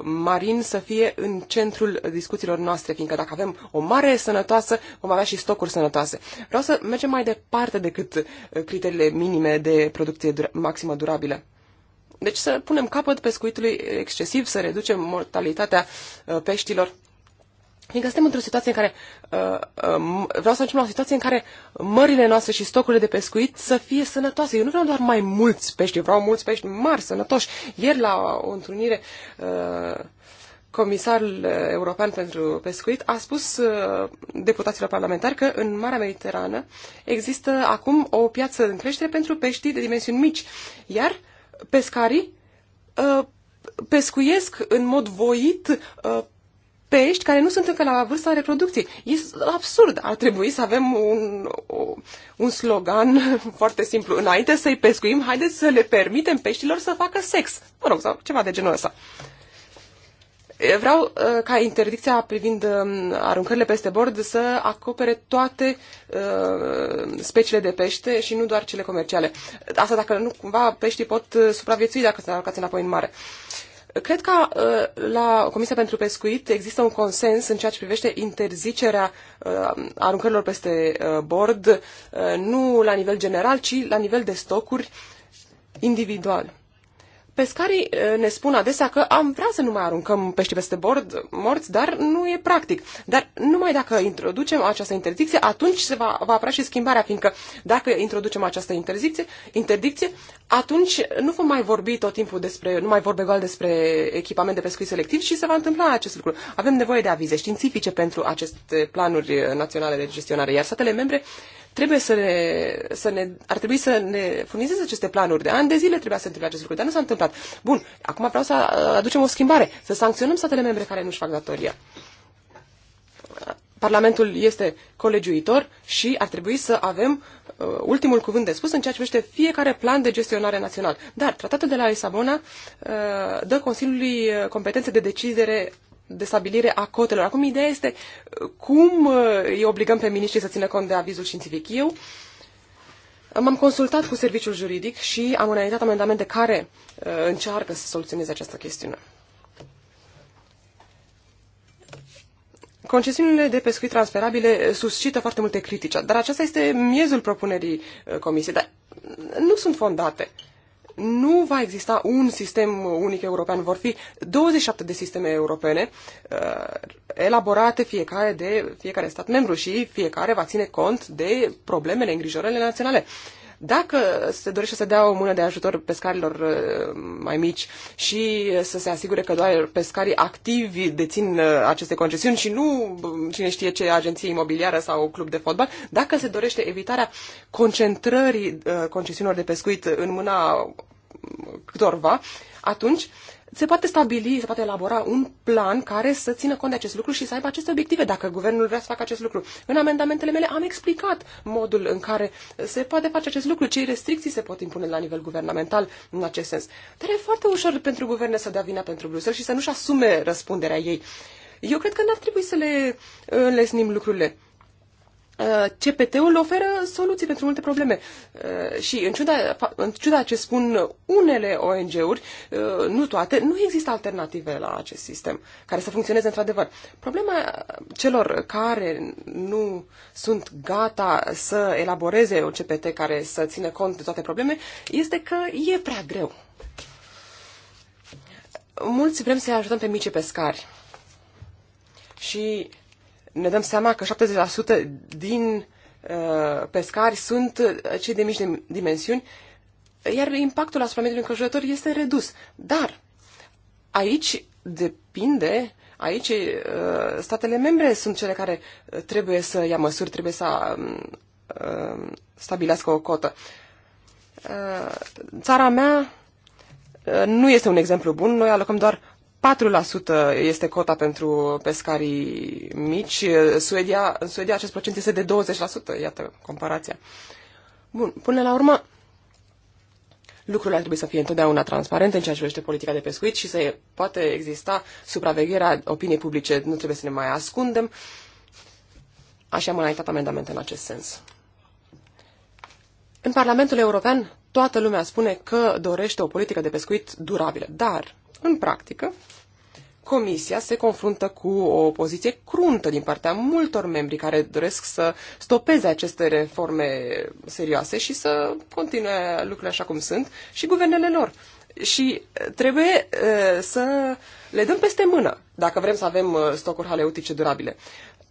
marin să fie în centrul discuțiilor noastre, fiindcă dacă avem o mare sănătoasă, vom avea și stocuri sănătoase. Vreau să mergem mai departe decât uh, criteriile minime de producție dur- maximă durabilă. Deci să punem capăt pescuitului excesiv, să reducem mortalitatea uh, peștilor adică suntem într-o situație în care, uh, um, vreau să ajungem la o situație în care mările noastre și stocurile de pescuit să fie sănătoase. Eu nu vreau doar mai mulți pești, eu vreau mulți pești mari, sănătoși. Ieri la o întrunire, uh, comisarul european pentru pescuit a spus uh, deputaților parlamentari că în Marea Mediterană există acum o piață în creștere pentru peștii de dimensiuni mici, iar pescarii uh, pescuiesc în mod voit uh, pești care nu sunt încă la vârsta reproducției. e absurd. Ar trebui să avem un, un slogan foarte simplu. Înainte să-i pescuim, haideți să le permitem peștilor să facă sex. Mă rog, sau ceva de genul ăsta. Vreau ca interdicția privind aruncările peste bord să acopere toate speciile de pește și nu doar cele comerciale. Asta dacă nu, cumva peștii pot supraviețui dacă se aruncați înapoi în mare. Cred că uh, la Comisia pentru Pescuit există un consens în ceea ce privește interzicerea uh, aruncărilor peste uh, bord, nu la nivel general, ci la nivel de stocuri individual. Pescarii ne spun adesea că am vrea să nu mai aruncăm pești peste bord morți, dar nu e practic. Dar numai dacă introducem această interdicție, atunci se va, va apărea și schimbarea, fiindcă dacă introducem această interdicție, interdicție, atunci nu vom mai vorbi tot timpul despre, nu mai vorbe gol despre echipament de pescuit selectiv și se va întâmpla acest lucru. Avem nevoie de avize științifice pentru aceste planuri naționale de gestionare, iar statele membre trebuie să ne, să ne, ar trebui să ne furnizeze aceste planuri. De ani de zile trebuia să se întâmple acest lucru, dar nu s-a întâmplat. Bun, acum vreau să aducem o schimbare, să sancționăm statele membre care nu-și fac datoria. Parlamentul este colegiuitor și ar trebui să avem uh, ultimul cuvânt de spus în ceea ce privește fiecare plan de gestionare național. Dar tratatul de la Lisabona uh, dă Consiliului uh, competențe de decidere de stabilire a cotelor. Acum, ideea este uh, cum uh, îi obligăm pe miniștri să țină cont de avizul științific. Eu m-am consultat cu serviciul juridic și am înaintat amendamente care uh, încearcă să soluționeze această chestiune. Concesiunile de pescuit transferabile suscită foarte multe critici, dar aceasta este miezul propunerii comisiei, dar nu sunt fondate. Uh, nu va exista un sistem unic european, vor fi 27 de sisteme europene uh, elaborate fiecare de fiecare stat membru și fiecare va ține cont de problemele, îngrijorările naționale. Dacă se dorește să dea o mână de ajutor pescarilor uh, mai mici și să se asigure că doar pescarii activi dețin uh, aceste concesiuni și nu uh, cine știe ce agenție imobiliară sau club de fotbal, dacă se dorește evitarea concentrării concesiunilor de pescuit în mâna câtorva, atunci se poate stabili, se poate elabora un plan care să țină cont de acest lucru și să aibă aceste obiective, dacă guvernul vrea să facă acest lucru. În amendamentele mele am explicat modul în care se poate face acest lucru, ce restricții se pot impune la nivel guvernamental în acest sens. Dar e foarte ușor pentru guverne să dea vina pentru Bruxelles și să nu-și asume răspunderea ei. Eu cred că n-ar trebui să le înlesnim lucrurile. Uh, CPT-ul oferă soluții pentru multe probleme. Uh, și în ciuda, în ciuda ce spun unele ONG-uri, uh, nu toate, nu există alternative la acest sistem care să funcționeze într-adevăr. Problema celor care nu sunt gata să elaboreze un CPT care să țină cont de toate probleme este că e prea greu. Mulți vrem să-i ajutăm pe mici pescari. Și ne dăm seama că 70% din uh, pescari sunt uh, cei de mici dimensiuni, iar impactul asupra mediului înconjurător este redus. Dar aici depinde, aici uh, statele membre sunt cele care uh, trebuie să ia măsuri, trebuie să uh, stabilească o cotă. Uh, țara mea nu este un exemplu bun, noi alocăm doar 4% este cota pentru pescarii mici. Suedia, în Suedia acest procent este de 20%. Iată comparația. Bun, până la urmă, lucrurile ar trebui să fie întotdeauna transparente în ceea ce privește politica de pescuit și să poate exista supravegherea opiniei publice. Nu trebuie să ne mai ascundem. Așa am înaintat amendamente în acest sens. În Parlamentul European toată lumea spune că dorește o politică de pescuit durabilă, dar, în practică, Comisia se confruntă cu o opoziție cruntă din partea multor membri care doresc să stopeze aceste reforme serioase și să continue lucrurile așa cum sunt și guvernele lor. Și eh, trebuie eh, să le dăm peste mână dacă vrem să avem eh, stocuri haleutice durabile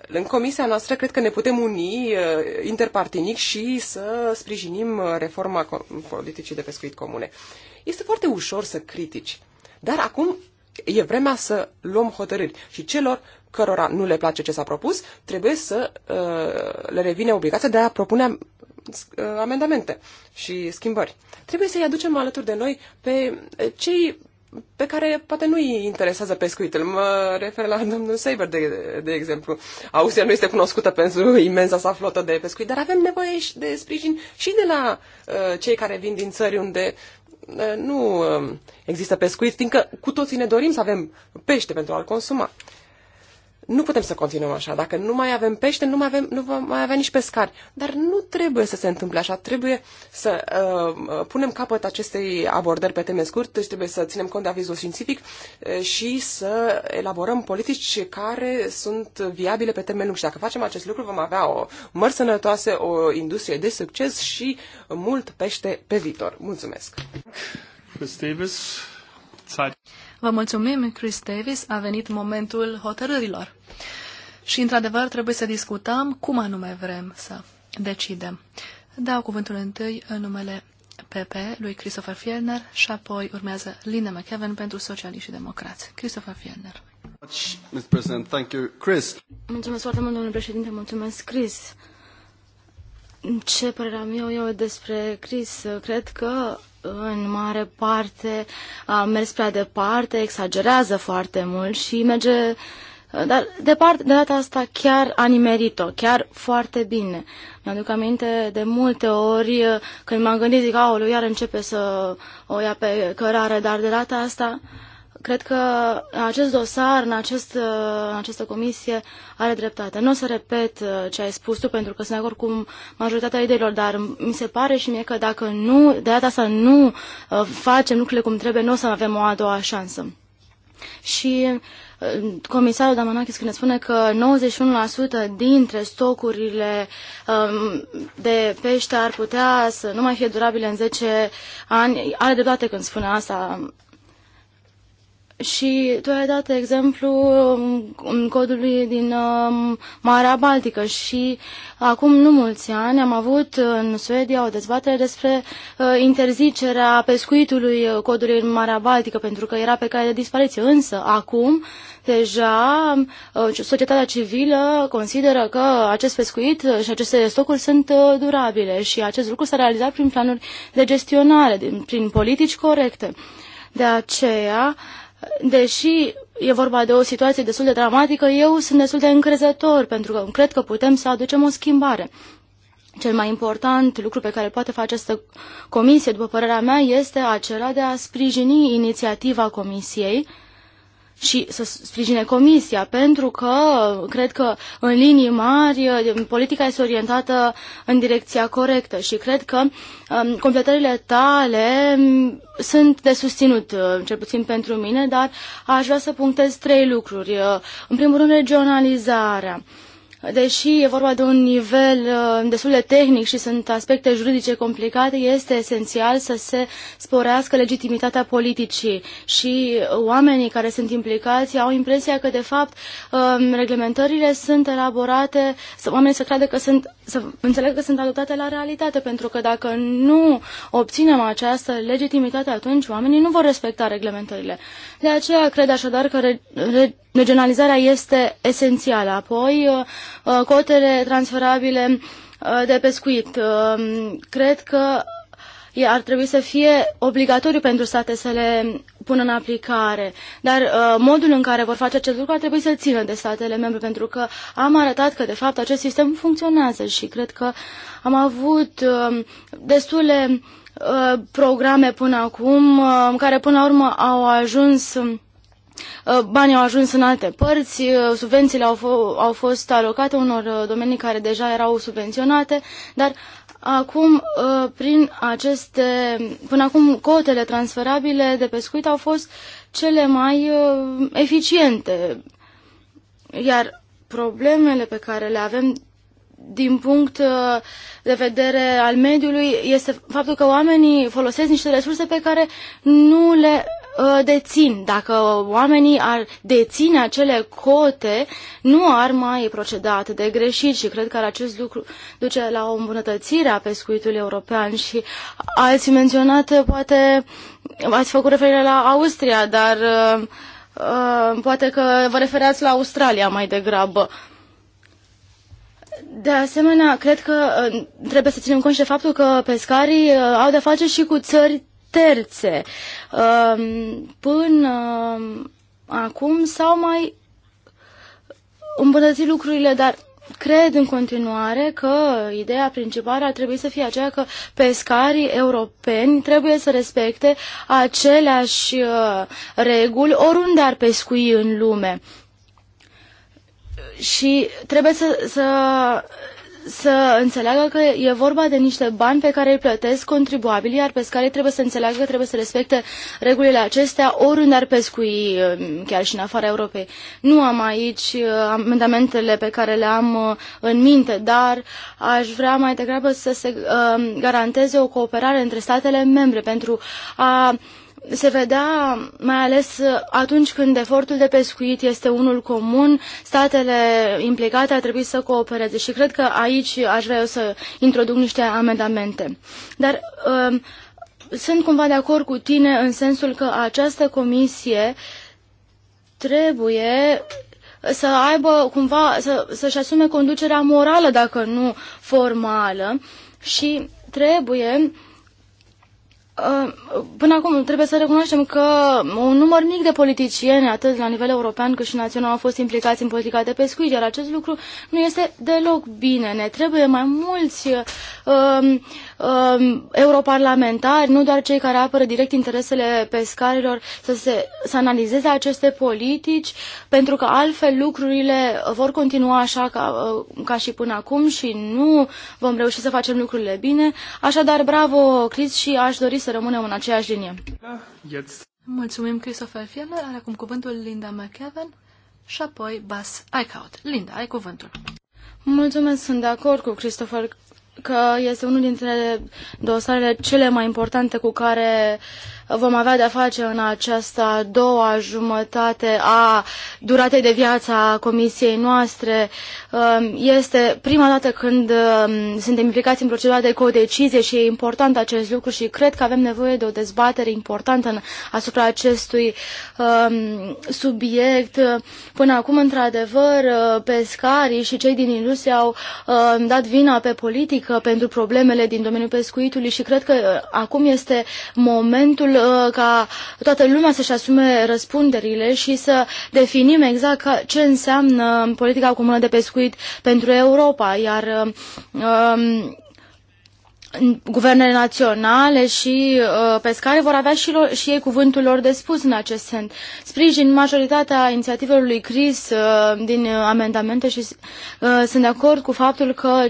în comisia noastră cred că ne putem uni uh, interpartinic și să sprijinim uh, reforma politicii de pescuit comune. Este foarte ușor să critici, dar acum e vremea să luăm hotărâri și celor cărora nu le place ce s-a propus, trebuie să uh, le revine obligația de a propune uh, amendamente și schimbări. Trebuie să-i aducem alături de noi pe cei pe care poate nu îi interesează pescuitul. Mă refer la domnul Saber, de, de exemplu. Austria nu este cunoscută pentru imensa sa flotă de pescuit, dar avem nevoie și de sprijin și de la uh, cei care vin din țări unde uh, nu uh, există pescuit, fiindcă cu toții ne dorim să avem pește pentru a-l consuma. Uh, nu putem să continuăm așa. Dacă nu mai avem pește, nu mai, avem, nu vom mai avea nici pescari. Dar nu trebuie să se întâmple așa. Trebuie să uh, uh punem capăt acestei abordări pe teme scurt. deci trebuie să ținem cont de avizul științific uh, și să elaborăm politici care sunt viabile pe termen lung. Și dacă facem acest lucru, vom avea o măr sănătoase, o industrie de succes și mult pește pe viitor. Mulțumesc! Chris Davis, Zeit. Vă mulțumim, Chris Davis, a venit momentul hotărârilor. Și, într-adevăr, trebuie să discutăm cum anume vrem să decidem. Dau cuvântul întâi în numele PP lui Christopher Fielner și apoi urmează Linda McKeven pentru Socialiști și Democrați. Christopher Fielner. Mulțumesc foarte mult, domnule președinte. Mulțumesc, Chris. Ce părere am eu, eu despre Chris? Cred că în mare parte a mers prea departe, exagerează foarte mult și merge dar de part de data asta chiar a nimerit-o, chiar foarte bine. Mi-aduc aminte de multe ori când m-am gândit, zic, aoleu, iar începe să o ia pe cărare, dar de data asta Cred că acest dosar, în, acest, uh, în această comisie, are dreptate. Nu o să repet uh, ce ai spus tu, pentru că sunt de acord cu majoritatea ideilor, dar mi se pare și mie că dacă nu, de data asta nu uh, facem lucrurile cum trebuie, nu o să avem o a doua șansă. Și comisarul Damanakis când ne spune că 91% dintre stocurile um, de pește ar putea să nu mai fie durabile în 10 ani, are dreptate când spune asta. Și tu ai dat exemplu în um, um, codului din um, Marea Baltică și acum nu mulți ani am avut în Suedia o dezbatere despre uh, interzicerea pescuitului uh, codului în Marea Baltică pentru că era pe cale de dispariție. Însă acum deja uh, societatea civilă consideră că acest pescuit și aceste stocuri sunt durabile și acest lucru s-a realizat prin planuri de gestionare, prin politici corecte. De aceea, deși e vorba de o situație destul de dramatică, eu sunt destul de încrezător, pentru că cred că putem să aducem o schimbare. Cel mai important lucru pe care poate face această comisie, după părerea mea, este acela de a sprijini inițiativa comisiei și să sprijine Comisia, pentru că cred că în linii mari politica este orientată în direcția corectă și cred că um, completările tale um, sunt de susținut, uh, cel puțin pentru mine, dar aș vrea să punctez trei lucruri. Uh, în primul rând, regionalizarea. Uh, deși e vorba de un nivel uh, destul de tehnic și sunt aspecte juridice complicate, este esențial să se sporească legitimitatea politicii și oamenii care sunt implicați au impresia că, de fapt, um, reglementările sunt elaborate, oamenii să creadă că sunt, să înțeleg că sunt adoptate la realitate, pentru că dacă nu obținem această legitimitate, atunci oamenii nu vor respecta reglementările. De aceea cred așadar că re, re, Regionalizarea este esențială. Apoi, uh, uh, cotele transferabile uh, de pescuit. Cred că ar trebui să fie obligatoriu pentru state să le pună în aplicare. Dar uh, modul în care vor face acest lucru ar trebui să țină de statele membre, pentru că am arătat că, de fapt, acest sistem funcționează și cred că am avut uh, destule uh, programe până acum, uh, care până la urmă au ajuns. Uh, Uh, banii au ajuns în alte părți, uh, subvențiile au, au fost alocate unor uh, domenii care deja erau subvenționate, dar acum, prin aceste, până acum, cotele transferabile de pescuit au fost cele mai eficiente, iar problemele pe care le avem din punct de vedere al mediului este faptul că oamenii folosesc niște resurse pe care nu le Uh, dețin. Dacă oamenii ar deține acele cote, nu ar mai proceda atât de greșit și cred că acest lucru duce la o îmbunătățire a pescuitului european și ați menționat, uh, poate, ați făcut referire la Austria, dar uh, uh, poate că vă referați la Australia mai degrabă. De asemenea, cred că trebuie să ținem cont și de faptul că pescarii au de face și cu țări terțe. Ehm, până ehm, acum s-au mai îmbunătățit lucrurile, dar cred în continuare că ideea principală ar trebui să fie aceea că pescarii europeni trebuie să respecte aceleași ehm, reguli oriunde ar pescui în lume. Și trebuie să, să să înțeleagă că e vorba de niște bani pe care îi plătesc contribuabilii, iar pescarii trebuie să înțeleagă că trebuie să respecte regulile acestea oriunde ar pescui, um, chiar și în afara Europei. Nu am aici uh, amendamentele pe care le am uh, în minte, dar aș vrea mai degrabă să se um, garanteze o cooperare între statele membre pentru a se vedea mai ales uh, atunci când efortul de pescuit este unul comun, statele implicate ar trebui să coopereze și cred că aici aș vrea eu să introduc niște amendamente. Dar um, sunt cumva de acord cu tine în sensul că această comisie trebuie să aibă cumva, să, să-și asume conducerea morală, dacă nu formală, și trebuie Până acum trebuie să recunoaștem că un număr mic de politicieni, atât la nivel european cât și național, au fost implicați în politica de pescuit, iar acest lucru nu este deloc bine. Ne trebuie mai mulți um, um, europarlamentari, nu doar cei care apără direct interesele pescarilor, să, se, să analizeze aceste politici, pentru că altfel lucrurile vor continua așa ca, uh, ca și până acum și nu vom reuși să facem lucrurile bine. Așadar, bravo, Chris, și aș dori să rămânem în aceeași linie. Mulțumim, Christopher Fiener. Are acum cuvântul Linda McKeven și apoi Bas Eichhout. Linda, ai cuvântul. Mulțumesc, sunt de acord cu Christopher că este unul dintre dosarele cele mai importante cu care vom avea de-a face în această a doua jumătate a duratei de viață a comisiei noastre. Um, este prima dată când um, suntem implicați în procedura de codecizie și e important acest lucru și cred că avem nevoie de o dezbatere importantă asupra acestui um, subiect. Până acum, într-adevăr, uh, pescarii și cei din industrie au dat vina pe politică pentru problemele din domeniul pescuitului și cred că uh, acum este momentul Uh, ca toată lumea să-și asume răspunderile și să definim exact ce înseamnă politica comună de pescuit pentru Europa, iar um, guvernele naționale și uh, pescare vor avea și, lor, și ei cuvântul lor de spus în acest sens. Sprijin majoritatea inițiativelor lui Chris uh, din amendamente și uh, sunt de acord cu faptul că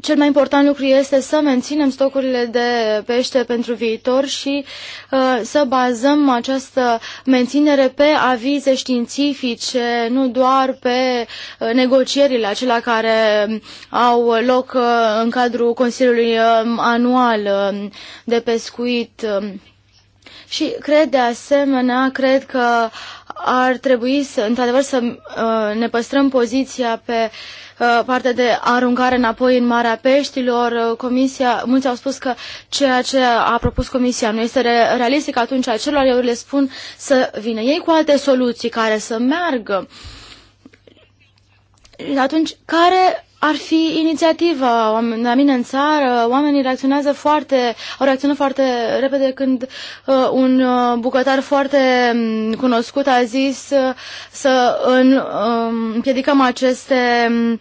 cel mai important lucru este să menținem stocurile de pește pentru viitor și uh, să bazăm această menținere pe avize științifice, nu doar pe uh, negocierile acelea care um, au loc uh, în cadrul Consiliului um, Anual um, de Pescuit. Și cred de asemenea, cred că ar trebui să, într-adevăr să uh, ne păstrăm poziția pe uh, Uh, partea de aruncare înapoi în Marea Peștilor, uh, comisia, mulți au spus că ceea ce a propus comisia nu este realistic, atunci acelor eu le spun să vină ei cu alte soluții care să meargă. Atunci, care ar fi inițiativa. La mine în țară, oamenii reacționează foarte, au reacționat foarte repede când uh, un uh, bucătar foarte um, cunoscut a zis uh, să în, uh, împiedicăm aceste um,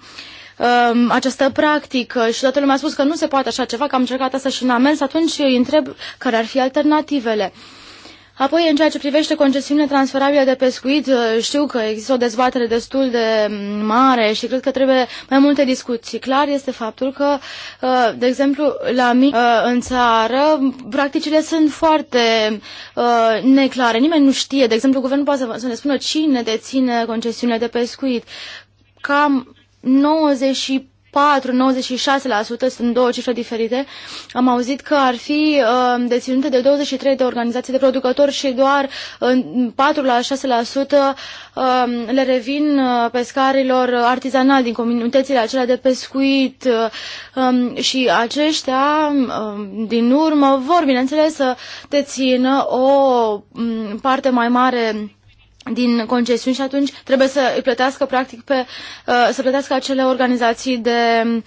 um, această practică și toată lumea a spus că nu se poate așa ceva, că am încercat asta și în amens, atunci îi întreb care ar fi alternativele. Uh, Apoi, în ceea ce privește concesiunile transferabile de pescuit, uh, știu că există o dezbatere destul de mm, mare și cred că trebuie mai multe discuții. Clar este faptul că, uh, de exemplu, la mic uh, în țară, practicile sunt foarte neclare. Nimeni nu știe. De exemplu, guvernul poate să ne spună cine deține concesiunile de pescuit. Cam 94 94-96% sunt două cifre diferite. Am auzit că ar fi uh, deținute de 23 de organizații de producători și doar în uh, 4 la 6% uh, um, le revin uh, pescarilor artizanali din comunitățile acelea de pescuit uh, um, și aceștia uh, din urmă vor, bineînțeles, să dețină o um, parte mai mare din concesiuni și atunci trebuie să îi plătească practic pe, uh, să plătească acele organizații de uh,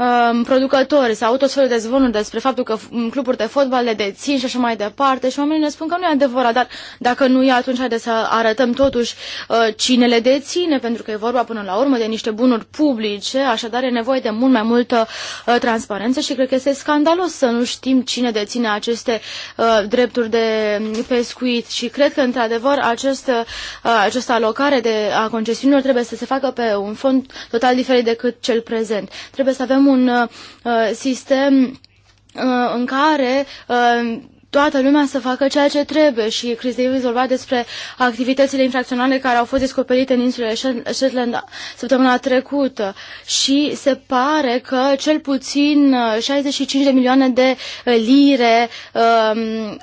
Um, producători sau tot felul de zvonuri despre faptul că cluburi de fotbal le dețin și așa mai departe și oamenii ne spun că nu e adevărat, dar dacă nu e, atunci haide să arătăm totuși uh, cine le deține, pentru că e vorba până la urmă de niște bunuri publice, așadar e nevoie de mult mai multă uh, transparență și cred că este scandalos să nu știm cine deține aceste uh, drepturi de pescuit și cred că într-adevăr această, această alocare de, a concesiunilor trebuie să se facă pe un fond total diferit decât cel prezent. Trebuie să avem un uh, uh, sistem uh, în care uh, toată lumea să facă ceea ce trebuie și Chris Davis vorba despre activitățile infracționale care au fost descoperite în insulele Shetland săptămâna trecută și se pare că cel puțin 65 uh, de milioane de uh, lire um, um,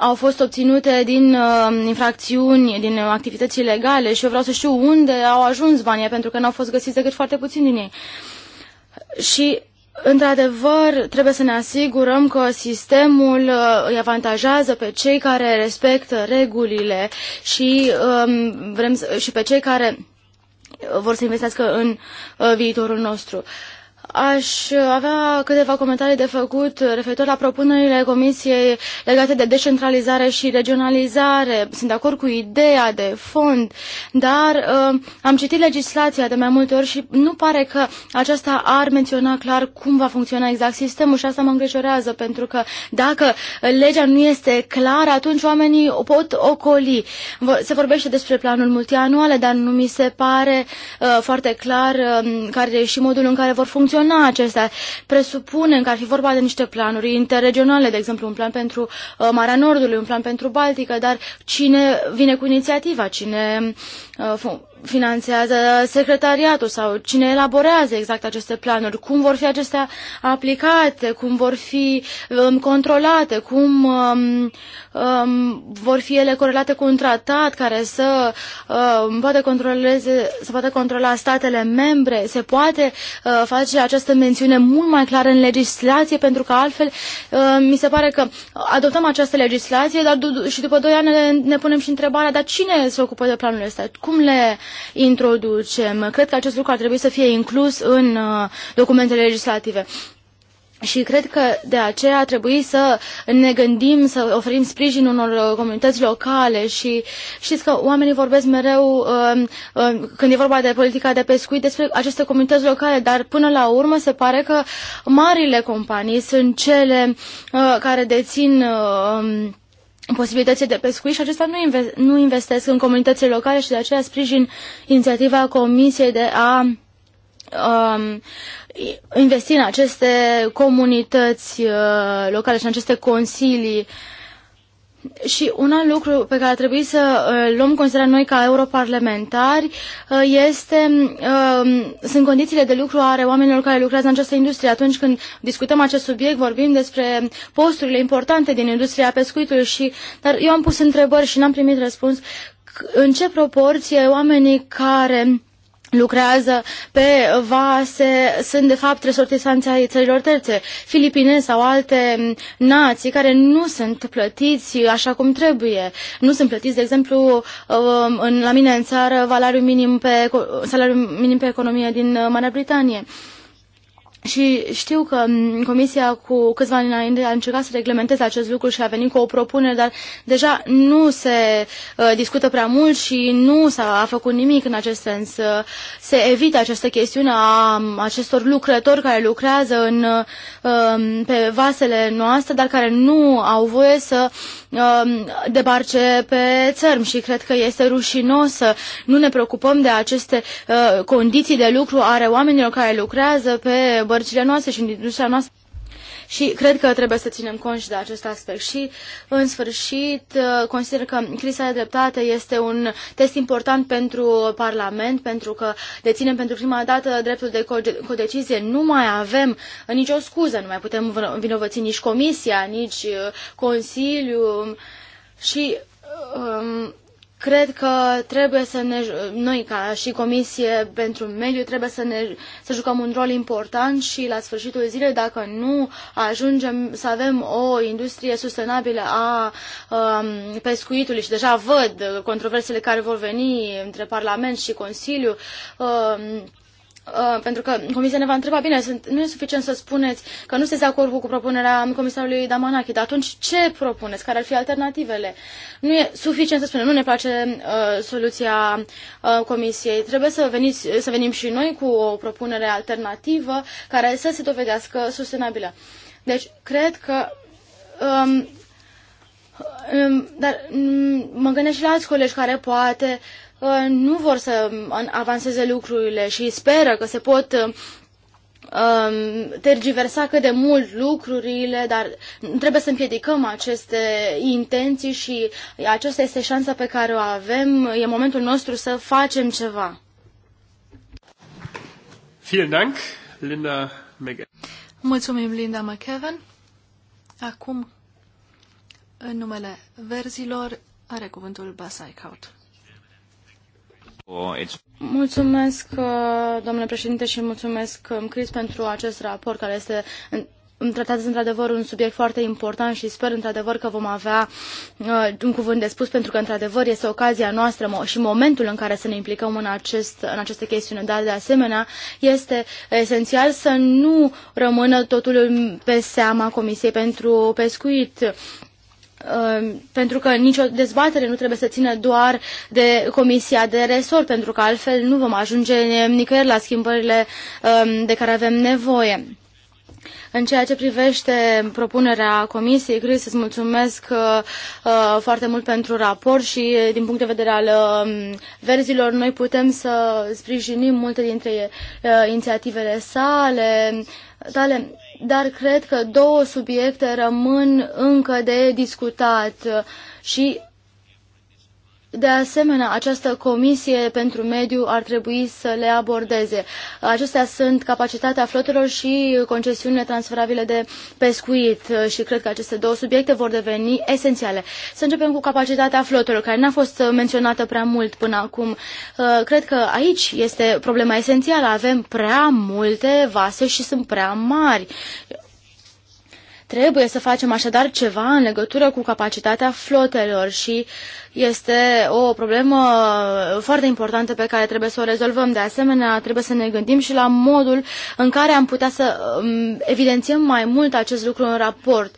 au fost obținute din um, infracțiuni, din activități ilegale și eu vreau să știu unde au ajuns banii pentru că n-au fost găsiți decât foarte puțin din ei. Uh, și Într-adevăr, trebuie să ne asigurăm că sistemul uh, îi avantajează pe cei care respectă regulile și, um, vrem să, și pe cei care uh, vor să investească în uh, viitorul nostru. Uh, Aș avea câteva comentarii de făcut referitor la propunerile Comisiei legate de decentralizare și regionalizare. Sunt de acord cu ideea de fond, dar uh, am citit legislația de mai multe ori și nu pare că aceasta ar menționa clar cum va funcționa exact sistemul și asta mă îngrijorează, pentru că dacă legea nu este clară, atunci oamenii o pot ocoli. Se vorbește despre planul multianuale, dar nu mi se pare uh, foarte clar uh, care și modul în care vor funcționa gestiona acestea. Presupunem că ar fi vorba de niște planuri interregionale, de exemplu un plan pentru uh, Marea Nordului, un plan pentru Baltică, dar cine vine cu inițiativa, cine uh, finanțează secretariatul sau cine elaborează exact aceste planuri, cum vor fi acestea aplicate, cum vor fi um, controlate, cum um, um, vor fi ele corelate cu un tratat care să um, poate controleze, să poate controla statele membre, se poate uh, face această mențiune mult mai clară în legislație, pentru că altfel uh, mi se pare că adoptăm această legislație, dar și după doi ani ne, ne punem și întrebarea, dar cine se ocupă de planurile astea? Cum le introducem. Cred că acest lucru ar trebui să fie inclus în uh, documentele legislative. Și cred că de aceea ar trebui să ne gândim, să oferim sprijin unor uh, comunități locale și știți că oamenii vorbesc mereu uh, când e vorba de politica de pescuit despre aceste comunități locale, dar până la urmă se pare că marile companii sunt cele care dețin um, posibilității de pescuit și acestea nu investesc în comunitățile locale și de aceea sprijin inițiativa Comisiei de a um, investi în aceste comunități uh, locale și în aceste consilii uh, și un alt lucru pe care ar trebui să uh, luăm considerat noi ca europarlamentari uh, este, uh, sunt condițiile de lucru ale oamenilor care lucrează în această industrie. Atunci când discutăm acest subiect, vorbim despre posturile importante din industria pescuitului și, dar eu am pus întrebări și n-am primit răspuns în ce proporție oamenii care lucrează pe vase sunt de fapt resortisanți ai țărilor terțe, filipine sau alte nații care nu sunt plătiți așa cum trebuie. Nu sunt plătiți, de exemplu, um, în, la mine în țară, salariul minim pe, salariul minim pe economie din Marea Britanie. Și știu că mm, Comisia cu câțiva ani înainte a încercat să reglementeze acest lucru și a venit cu o propunere, dar deja nu se uh, discută prea mult și nu s-a făcut nimic în acest sens. Uh, se evită această chestiune a mm, acestor lucrători care lucrează în, uh, pe vasele noastre, dar care nu au voie să Um, debarce pe țărm și cred că este rușinos să nu ne preocupăm de aceste uh, condiții de lucru ale oamenilor care lucrează pe bărcile noastre și în industria noastră. Și cred că trebuie să ținem cont de acest aspect. Și, în sfârșit, uh, consider că criza de dreptate este un test important pentru Parlament, pentru că deținem pentru prima dată dreptul de codecizie. Nu mai avem nicio scuză, nu mai putem vinovăți nici Comisia, nici uh, Consiliu. Și um, Cred că trebuie să ne, noi ca și Comisie pentru Mediu trebuie să, ne, să jucăm un rol important și la sfârșitul zilei, dacă nu ajungem să avem o industrie sustenabilă a um, pescuitului și deja văd controversele care vor veni între Parlament și Consiliu, um, Uh, pentru că comisia ne va întreba, bine, sunt, nu e suficient să spuneți că nu sunteți de acord cu propunerea comisarului Damanachi, dar atunci ce propuneți? Care ar fi alternativele? Nu e suficient să spunem, nu ne place uh, soluția uh, comisiei. Trebuie să, veniți, să venim și noi cu o propunere alternativă care să se dovedească sustenabilă. Deci, cred că um, um dar mă gândesc și la alți colegi care poate Uh, nu vor să avanseze lucrurile și speră că se pot uh, um, tergiversa cât de mult lucrurile, dar trebuie să împiedicăm aceste intenții și aceasta este șansa pe care o avem. E momentul nostru să facem ceva. Vielen Dank, Linda McEwen. Mulțumim, Linda McEwen. Acum, în numele verzilor, are cuvântul Basai Kaut. Mulțumesc, uh, domnule președinte, și mulțumesc, um, Chris, pentru acest raport care este tratează într-adevăr un subiect foarte important și sper într-adevăr că vom avea uh, un cuvânt de spus pentru că într-adevăr este ocazia noastră și momentul în care să ne implicăm în, acest, în aceste chestiuni. Dar de asemenea este esențial să nu rămână totul pe seama Comisiei pentru Pescuit. Ehm, pentru că nicio dezbatere nu trebuie să țină doar de Comisia de Resort, pentru că altfel nu vom ajunge nicăieri la schimbările ehm, de care avem nevoie. În ceea ce privește propunerea Comisiei, Chris, îți mulțumesc eh, eh, foarte mult pentru raport și eh, din punct de vedere al ehm, verzilor, noi putem să sprijinim multe dintre inițiativele sale, tale dar cred că două subiecte rămân încă de discutat și de asemenea, această comisie pentru mediu ar trebui să le abordeze. Acestea sunt capacitatea flotelor și concesiunile transferabile de pescuit și cred că aceste două subiecte vor deveni esențiale. Să începem cu capacitatea flotelor, care n-a fost menționată prea mult până acum. Uh, cred că aici este problema esențială. Avem prea multe vase și sunt prea mari. Trebuie să facem așadar ceva în legătură cu capacitatea flotelor și este o problemă foarte importantă pe care trebuie să o rezolvăm. De asemenea, trebuie să ne gândim și la modul în care am putea să um, evidențiem mai mult acest lucru în raport.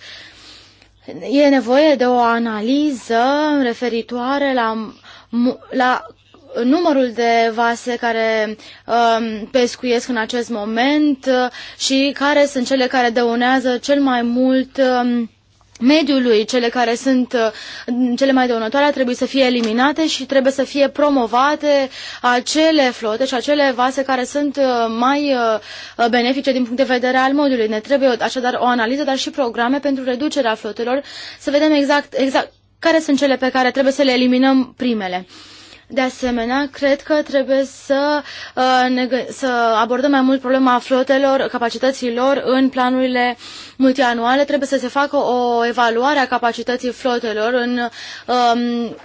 E nevoie de o analiză referitoare la, la numărul de vase care um, pescuiesc în acest moment uh, și care sunt cele care dăunează cel mai mult um, mediului, cele care sunt uh, cele mai dăunătoare trebuie să fie eliminate și trebuie să fie promovate acele flote și acele vase care sunt uh, mai benefice din punct de vedere al modului. Ne trebuie așadar o analiză, dar și programe pentru reducerea flotelor, să vedem exact, exact care sunt cele pe care trebuie să le eliminăm primele. De asemenea, cred că trebuie să, uh, ne, să abordăm mai mult problema flotelor, capacităților în planurile multianuale. Trebuie să se facă o evaluare a capacității flotelor în um,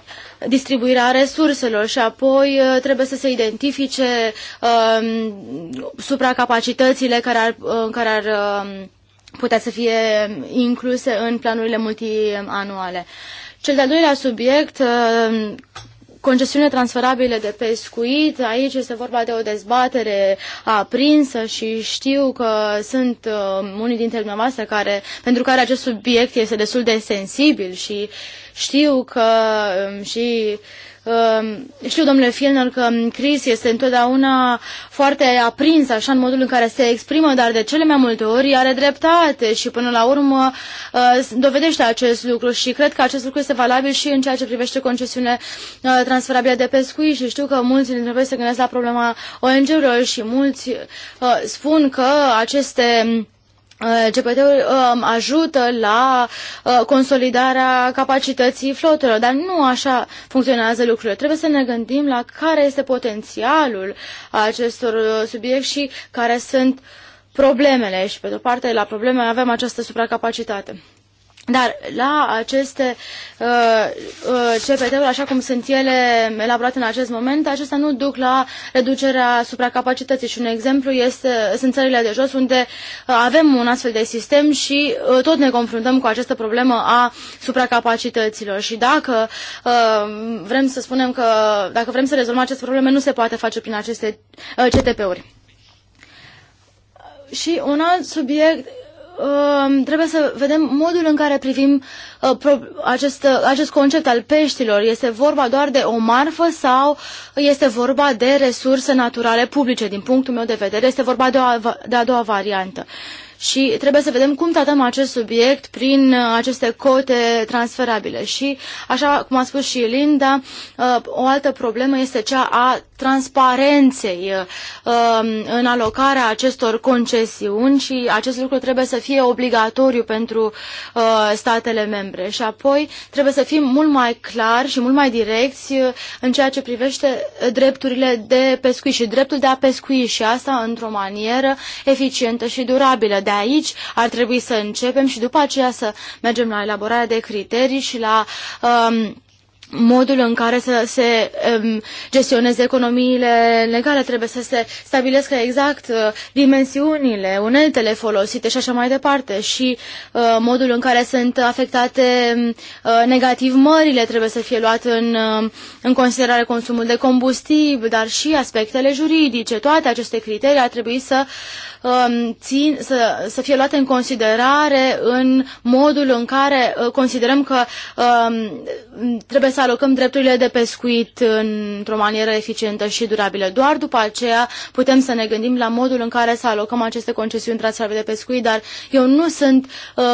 distribuirea resurselor și apoi uh, trebuie să se identifice um, supracapacitățile care ar, uh, care ar um, putea să fie incluse în planurile multianuale. Cel de-al doilea subiect, concesiune transferabile de pescuit, aici este vorba de o dezbatere aprinsă și știu că sunt uh, unii dintre dumneavoastră care, pentru care acest subiect este destul de sensibil și știu că um, și uh, Ehm, știu, domnule Fielner, că mm, Chris este întotdeauna foarte aprins așa în modul în care se exprimă, dar de cele mai multe ori are dreptate și până la urmă eh, dovedește acest lucru și cred că acest lucru este valabil și în ceea ce privește concesiunile eh, transferabile de pescuit și știu că mulți dintre voi se gândesc la problema ONG-urilor și mulți eh, spun că aceste mm, Uh, CPT-ul um, ajută la uh, consolidarea capacității flotelor, dar nu așa funcționează lucrurile. Trebuie să ne gândim la care este potențialul acestor uh, subiecte și care sunt problemele. Și, pe de-o parte, la probleme avem această supracapacitate. Dar la aceste uh, uh, CPT-uri, așa cum sunt ele elaborate în acest moment, acestea nu duc la reducerea supracapacității. Și un exemplu este, sunt țările de jos, unde uh, avem un astfel de sistem și uh, tot ne confruntăm cu această problemă a supracapacităților. Și dacă uh, vrem să spunem că, dacă vrem să rezolvăm aceste probleme, nu se poate face prin aceste uh, CTP-uri. Și un alt subiect Ehm, trebuie să vedem modul în care privim uh, pro, acest, uh, acest concept al peștilor. Este vorba doar de o marfă sau este vorba de resurse naturale publice? Din punctul meu de vedere, este vorba de, o, de a doua variantă. Și trebuie să vedem cum tratăm acest subiect prin ă, aceste cote transferabile. Și, așa cum a spus și Linda, o altă problemă este cea a transparenței uh, um, în alocarea acestor concesiuni și acest lucru trebuie să fie obligatoriu pentru uh, statele membre. Și apoi trebuie să fim mult mai clari și mult mai direcți uh, în ceea ce privește drepturile de pescuit și dreptul de a pescui și asta într-o manieră eficientă și durabilă. De aici ar trebui să începem și după aceea să mergem la elaborarea de criterii și la um, modul în care să se um, gestioneze economiile legale, trebuie să se stabilească exact uh, dimensiunile, uneltele folosite și așa mai departe și uh, modul în care sunt afectate uh, negativ mările, trebuie să fie luat în, uh, în considerare consumul de combustibil, dar și aspectele juridice. Toate aceste criterii ar trebui să, țin, să, să fie luate în considerare în modul în care uh, considerăm că um, trebuie să să alocăm drepturile de pescuit într-o manieră eficientă și durabilă. Doar după aceea putem să ne gândim la modul în care să alocăm aceste concesiuni transfer de pescuit, dar eu nu sunt uh,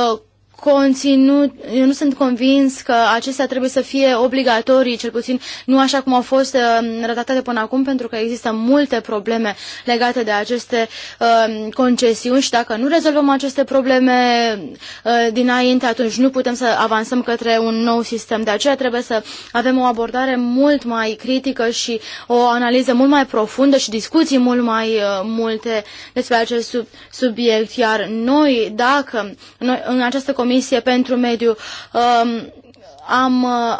conținut, eu nu sunt convins că acestea trebuie să fie obligatorii, cel puțin nu așa cum au fost um, redactate până acum, pentru că există multe probleme legate de aceste uh, concesiuni și dacă nu rezolvăm aceste probleme uh, dinainte, atunci nu putem să avansăm către un nou sistem. De aceea trebuie să avem o abordare mult mai critică și o analiză mult mai profundă și discuții mult mai uh, multe despre acest sub, subiect. Iar noi, dacă noi, în această Comisie pentru Mediu um, am uh,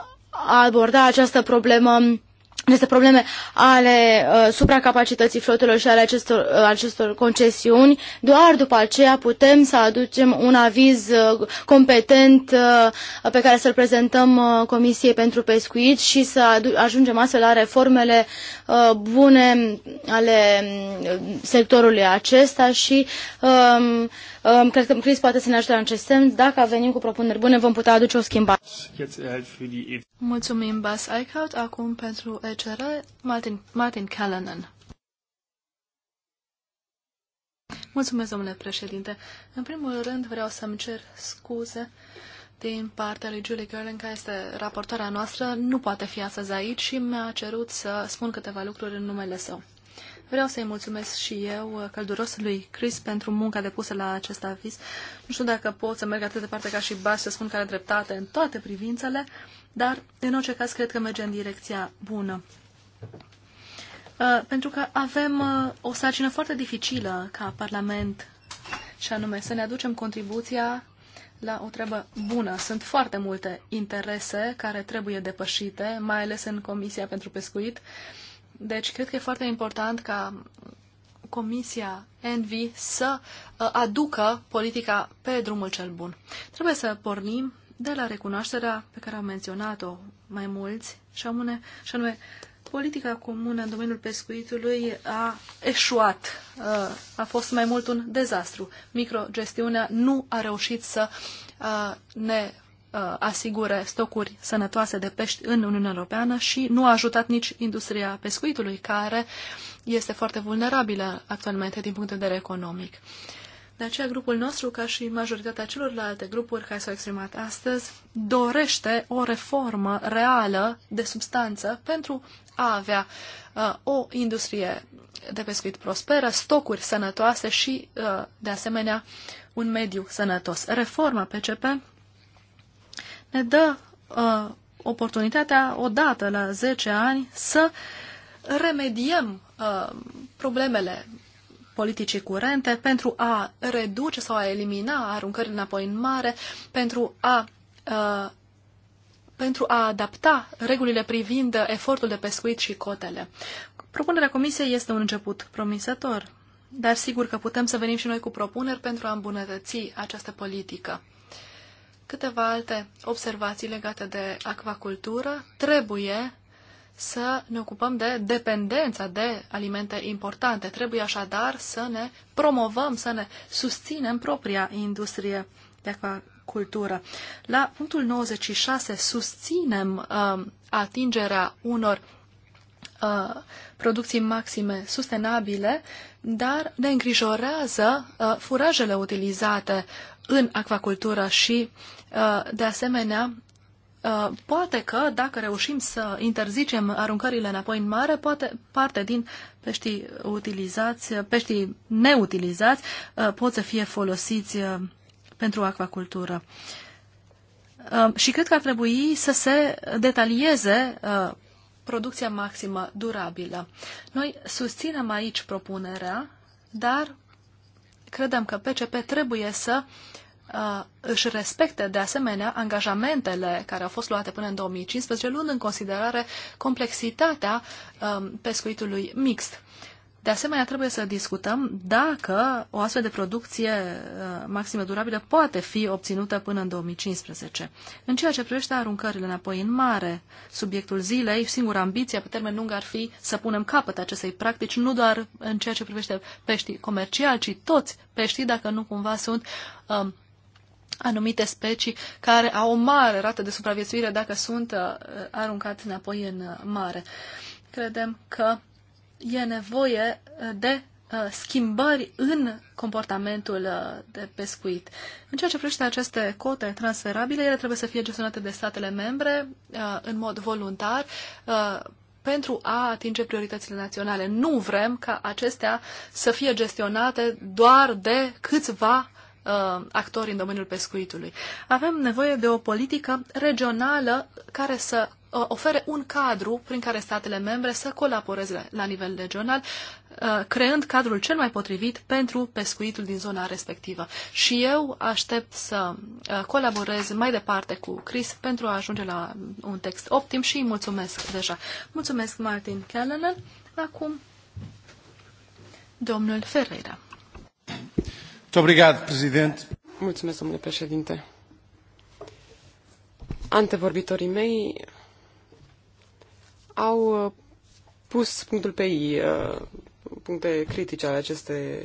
abordat această problemă aceste probleme ale uh, supracapacității flotelor și ale acestor, uh, acestor concesiuni. Doar după aceea putem să aducem un aviz uh, competent uh, pe care să-l prezentăm uh, Comisiei pentru Pescuit și să ajungem astfel la reformele uh, bune ale mm, sectorului acesta și uh, Cred că Chris poate să ne ajute în acest sens. Dacă venim cu propuneri bune, vom putea aduce o schimbare. Mulțumim, Bas Eichhout. Acum pentru ECR, Martin, Martin Callanan. Mulțumesc, domnule președinte. În primul rând vreau să-mi cer scuze din partea lui Julie Gerling, care este raportoarea noastră, nu poate fi astăzi aici și mi-a cerut să spun câteva lucruri în numele său. Vreau să-i mulțumesc și eu uh, lui Chris pentru munca depusă la acest aviz. Nu știu dacă pot să merg atât de departe ca și Bas să spun că are dreptate în toate privințele, dar în orice caz cred că merge în direcția bună. Uh, pentru că avem uh, o sarcină foarte dificilă ca Parlament și anume să ne aducem contribuția la o treabă bună. Sunt foarte multe interese care trebuie depășite, mai ales în Comisia pentru Pescuit. Uh, deci, cred că e foarte important ca Comisia Envi să uh, aducă politica pe drumul cel bun. Trebuie să pornim de la recunoașterea pe care am menționat-o mai mulți, și anume, și anume politica comună în domeniul pescuitului a eșuat. Uh, a fost mai mult un dezastru. Microgestiunea nu a reușit să uh, ne Uh, asigure stocuri sănătoase de pești în Uniunea Europeană și nu a ajutat nici industria pescuitului, care este foarte vulnerabilă actualmente din punct de vedere economic. De aceea, grupul nostru, ca și majoritatea celorlalte grupuri care s-au exprimat astăzi, dorește o reformă reală de substanță pentru a avea uh, o industrie de pescuit prosperă, stocuri sănătoase și, uh, de asemenea, un mediu sănătos. Reforma PCP ne dă uh, oportunitatea odată la 10 ani să remediem uh, problemele politicii curente pentru a reduce sau a elimina aruncări înapoi în mare, pentru a uh, pentru a adapta regulile privind efortul de pescuit și cotele. Propunerea Comisiei este un început promisător, dar sigur că putem să venim și noi cu propuneri pentru a îmbunătăți această politică. Câteva alte observații legate de acvacultură. Trebuie să ne ocupăm de dependența de alimente importante. Trebuie așadar să ne promovăm, să ne susținem propria industrie de acvacultură. La punctul 96 susținem uh, atingerea unor Uh, producții maxime sustenabile, dar ne îngrijorează uh, furajele utilizate în acvacultură și, uh, de asemenea, poate că dacă reușim să interzicem aruncările înapoi în mare, poate parte din peștii utilizați, peștii neutilizați pot să fie folosiți pentru acvacultură. și cred că ar trebui să se detalieze producția maximă durabilă. Noi susținem aici propunerea, dar credem că PCP trebuie să uh, își respecte de asemenea angajamentele care au fost luate până în 2015, luând în considerare complexitatea uh, pescuitului mixt. De asemenea, trebuie să discutăm dacă o astfel de producție uh, maximă durabilă poate fi obținută până în 2015. În ceea ce privește aruncările înapoi în mare, subiectul zilei, singura ambiție pe termen lung ar fi să punem capăt acestei practici, nu doar în ceea ce privește peștii comerciali, ci toți peștii, dacă nu cumva sunt um, anumite specii care au o mare rată de supraviețuire dacă sunt uh, aruncați înapoi în uh, mare. Credem că e nevoie uh, de uh, schimbări în comportamentul uh, de pescuit. În ceea ce privește aceste cote transferabile, ele trebuie să fie gestionate de statele membre în mod voluntar pentru a atinge prioritățile naționale. Nu vrem ca acestea să fie gestionate doar de câțiva actori în domeniul pescuitului. Avem nevoie de o politică regională care să Uh, ofere un cadru prin care statele membre să colaboreze la nivel regional, uh, creând cadrul cel mai potrivit pentru pescuitul din zona respectivă. Și eu aștept să uh, colaborez mai departe cu Chris pentru a ajunge la un text optim și îi mulțumesc deja. Mulțumesc, Martin Kellenen. Acum, domnul Ferreira. Obrigado, presidente. Mulțumesc, domnule președinte. Antevorbitorii mei au uh, pus punctul pe ei, uh, puncte critice ale acestei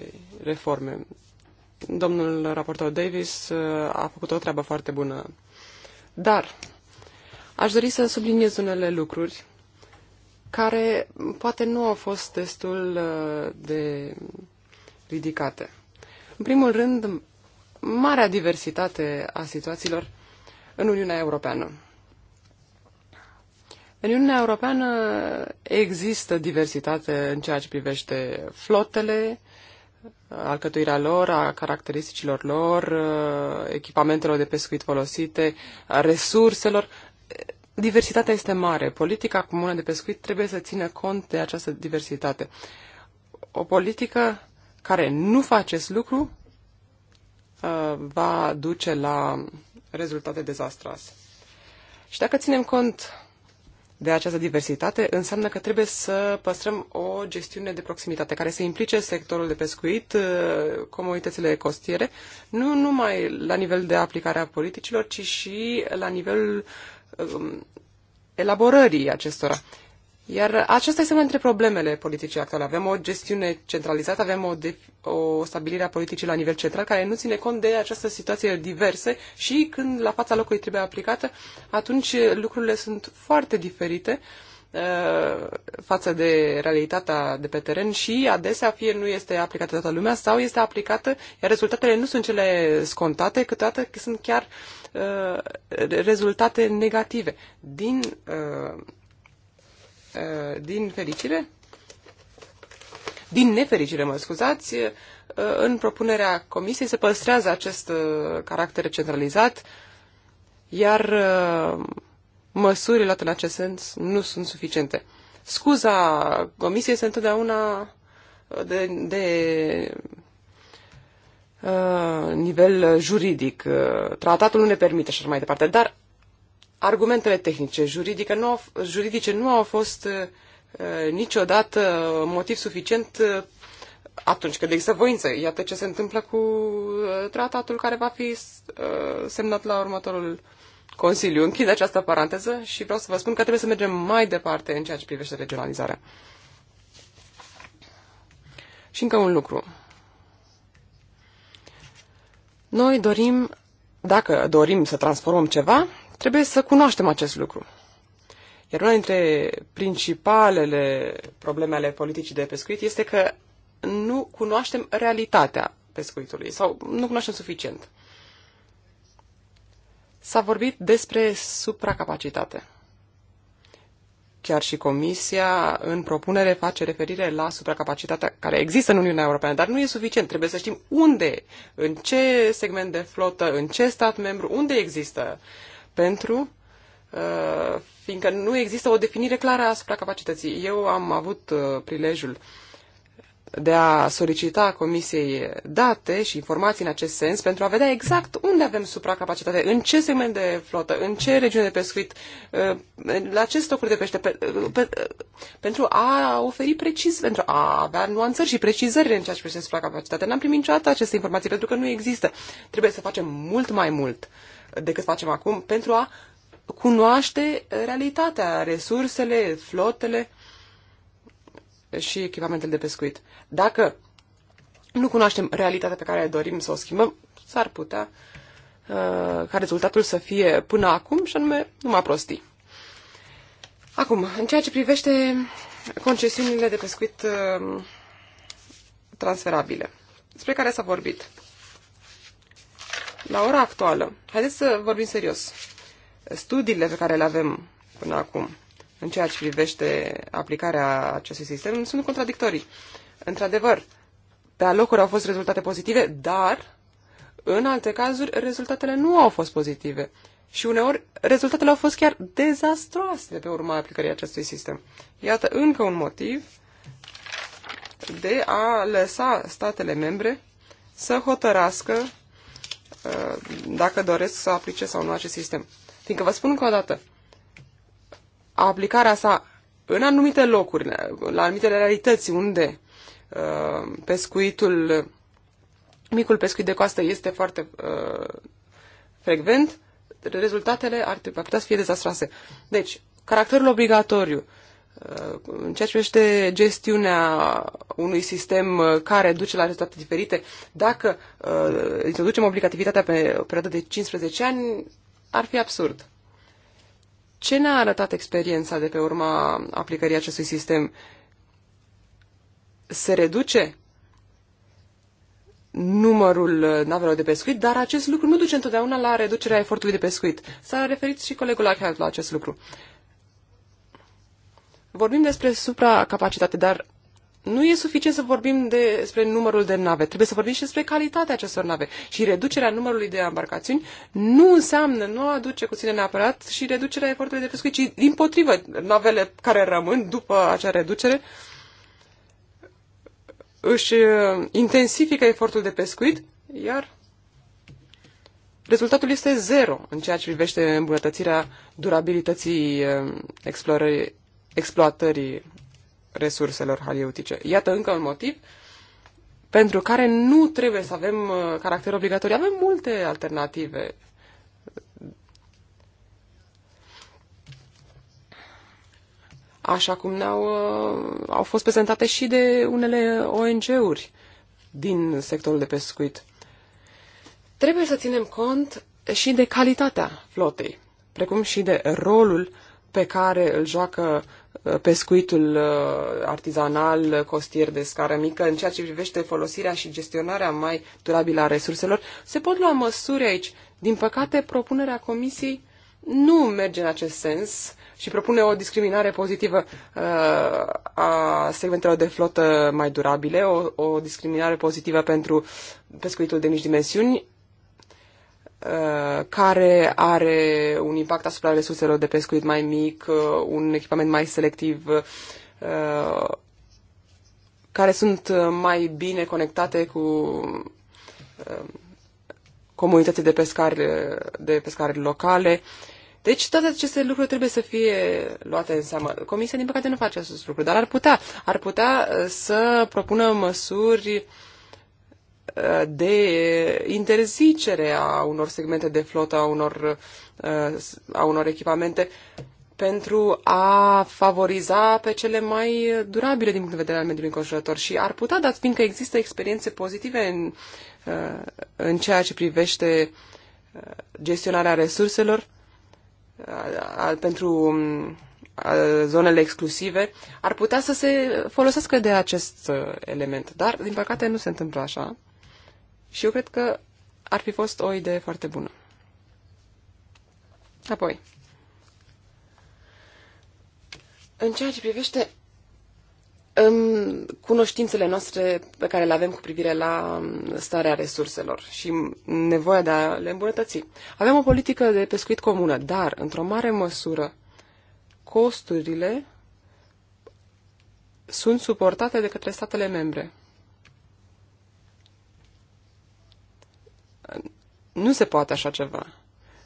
reforme. Domnul raportor Davis uh, a făcut o treabă foarte bună. Dar aș dori să subliniez unele lucruri care poate nu au fost destul de ridicate. În primul rând, marea diversitate a situațiilor în Uniunea Europeană. În Uniunea Europeană există diversitate în ceea ce privește flotele, alcătuirea lor, a caracteristicilor lor, echipamentelor de pescuit folosite, a resurselor. Diversitatea este mare. Politica comună de pescuit trebuie să țină cont de această diversitate. O politică care nu face acest lucru uh, va duce la rezultate dezastroase. Și dacă ținem cont de această diversitate înseamnă că trebuie să păstrăm o gestiune de proximitate care să implice sectorul de pescuit, uh, comunitățile costiere, nu numai la nivel de aplicare a politicilor, ci și la nivel um, elaborării acestora. Iar aceasta este una dintre problemele politicii actuale. Avem o gestiune centralizată, avem o, o stabilire a politicii la nivel central care nu ține cont de această situație diverse și când la fața locului trebuie aplicată, atunci lucrurile sunt foarte diferite uh, față de realitatea de pe teren și adesea fie nu este aplicată toată lumea sau este aplicată, iar rezultatele nu sunt cele scontate, câteodată sunt chiar uh, rezultate negative. Din uh, Eh, din fericire, din nefericire, mă scuzați, eh, în propunerea comisiei se păstrează acest eh, caracter centralizat, iar măsurile luate în acest sens nu sunt suficiente. Scuza comisiei este întotdeauna de, de nivel juridic. Tratatul nu ne permite așa mai departe, dar argumentele tehnice, juridice nu au, juridice nu au fost uh, uh, niciodată motiv suficient uh, atunci când există voință. Iată ce se întâmplă cu uh, tratatul care va fi uh, semnat la următorul Consiliu. Închid această paranteză și vreau să vă spun că trebuie să mergem mai departe în ceea ce privește regionalizarea. Și încă un lucru. Noi dorim, dacă dorim să transformăm ceva, Trebuie să cunoaștem acest lucru. Iar una dintre principalele probleme ale politicii de pescuit este că nu cunoaștem realitatea pescuitului sau nu cunoaștem suficient. S-a vorbit despre supracapacitate. Chiar și Comisia, în propunere, face referire la supracapacitatea care există în Uniunea Europeană, dar nu e suficient. Trebuie să știm unde, în ce segment de flotă, în ce stat membru, unde există pentru, uh, fiindcă nu există o definire clară asupra capacității. Eu am avut uh, prilejul de a solicita Comisiei date și informații în acest sens pentru a vedea exact unde avem supracapacitate, în ce segment de flotă, în ce regiune de pescuit, uh, la ce stocuri de pește, pe, pe, pentru a oferi precis, pentru a avea nuanțări și precizări în ceea ce privește supracapacitatea. N-am primit niciodată aceste informații pentru că nu există. Trebuie să facem mult mai mult decât facem acum pentru a cunoaște realitatea, resursele, flotele și echipamentele de pescuit. Dacă nu cunoaștem realitatea pe care dorim să o schimbăm, s-ar putea uh, ca rezultatul să fie până acum și anume numai prostii. Acum, în ceea ce privește concesiunile de pescuit uh, transferabile, despre care s-a vorbit. La ora actuală, haideți să vorbim serios. Studiile pe care le avem până acum în ceea ce privește aplicarea acestui sistem sunt contradictorii. Într-adevăr, pe alocuri au fost rezultate pozitive, dar în alte cazuri rezultatele nu au fost pozitive. Și uneori rezultatele au fost chiar dezastroase pe urma aplicării acestui sistem. Iată încă un motiv de a lăsa statele membre să hotărască Uh, dacă doresc să aplice sau nu acest sistem. Fiindcă vă spun încă o dată, aplicarea sa în anumite locuri, la anumite realități unde uh, pescuitul, micul pescuit de coastă este foarte uh, frecvent, rezultatele ar, putea să fie dezastroase. Deci, caracterul obligatoriu, în ceea ce privește gestiunea unui sistem care duce la rezultate diferite, dacă uh, introducem obligativitatea pe o perioadă de 15 ani, ar fi absurd. Ce ne-a arătat experiența de pe urma aplicării acestui sistem? Se reduce numărul navelor de pescuit, dar acest lucru nu duce întotdeauna la reducerea efortului de pescuit. S-a referit și colegul Achard la acest lucru. Uh, Vorbim despre supracapacitate, dar nu e suficient să vorbim despre numărul de nave, trebuie să vorbim și despre calitatea acestor nave. Și reducerea numărului de embarcațiuni nu înseamnă, nu aduce cu sine neapărat și reducerea efortului de pescuit, ci din potrivă, navele care rămân după acea reducere își uh, intensifică efortul de pescuit, iar rezultatul este zero în ceea ce privește îmbunătățirea durabilității uh, explorării exploatării resurselor halieutice. Iată încă un motiv pentru care nu trebuie să avem uh, caracter obligatoriu. Avem multe alternative. Așa cum ne-au, uh, au fost prezentate și de unele ONG-uri din sectorul de pescuit. Trebuie să ținem cont și de calitatea flotei, precum și de rolul pe care îl joacă pescuitul uh, artizanal, costier de scară mică, în ceea ce privește folosirea și gestionarea mai durabilă a resurselor, se pot lua măsuri aici. Din păcate, propunerea Comisiei nu merge în acest sens și propune o discriminare pozitivă uh, a segmentelor de flotă mai durabile, o, o discriminare pozitivă pentru pescuitul de mici dimensiuni, Uh, care are un impact asupra resurselor de pescuit mai mic, uh, un echipament mai selectiv, uh, care sunt mai bine conectate cu comunității de pescari, de pescari locale. Deci toate aceste lucruri trebuie să fie luate în seamă. Comisia, din păcate, nu face acest lucru, dar ar putea, ar putea să propună măsuri uh, de interzicere a unor segmente de flotă, a unor, uh, a unor echipamente, pentru a favoriza pe cele mai durabile din punct de vedere al mediului înconjurător și ar putea, dat fiindcă există experiențe pozitive în, uh, în ceea ce privește uh, gestionarea resurselor pentru um, zonele exclusive, ar putea să se folosească de acest element. Dar, din păcate, nu se întâmplă așa. Și eu cred că ar fi fost o idee foarte bună. Apoi, în ceea ce privește în um, cunoștințele noastre pe care le avem cu privire la um, starea resurselor și nevoia de a le îmbunătăți. Avem o politică de pescuit comună, dar, într-o mare măsură, costurile sunt suportate de către statele membre. Nu se poate așa ceva.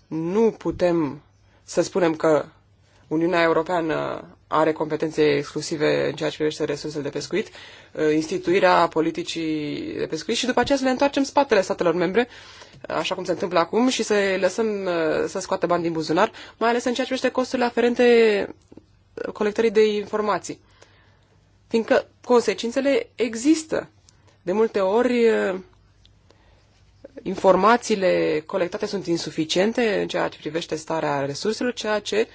Nu putem să spunem că Uniunea Europeană are competențe exclusive în ceea ce privește resursele de pescuit, uh, instituirea politicii de pescuit și după aceea să le întoarcem spatele statelor membre, uh, așa cum se întâmplă acum, și să lăsăm uh, să scoată bani din buzunar, mai ales în ceea ce privește costurile aferente colectării de informații. Fiindcă consecințele există. De multe ori informațiile colectate sunt insuficiente în ceea ce privește starea resurselor, ceea ce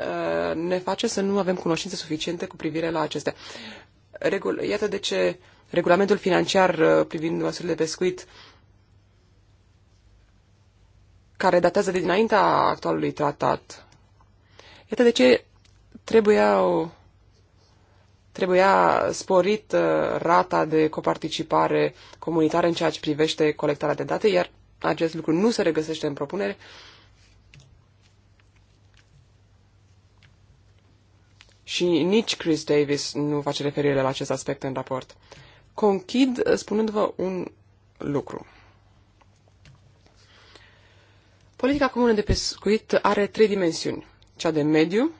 uh, ne face să nu avem cunoștințe suficiente cu privire la acestea. Regul, iată de ce regulamentul financiar uh, privind măsurile de pescuit care datează de dinaintea actualului tratat. Iată de ce trebuiau Trebuia sporit uh, rata de coparticipare comunitară în ceea ce privește colectarea de date, iar acest lucru nu se regăsește în propunere. Și nici Chris Davis nu face referire la acest aspect în raport. Conchid uh, spunându-vă un lucru. Politica comună de pescuit are trei dimensiuni. Cea de mediu,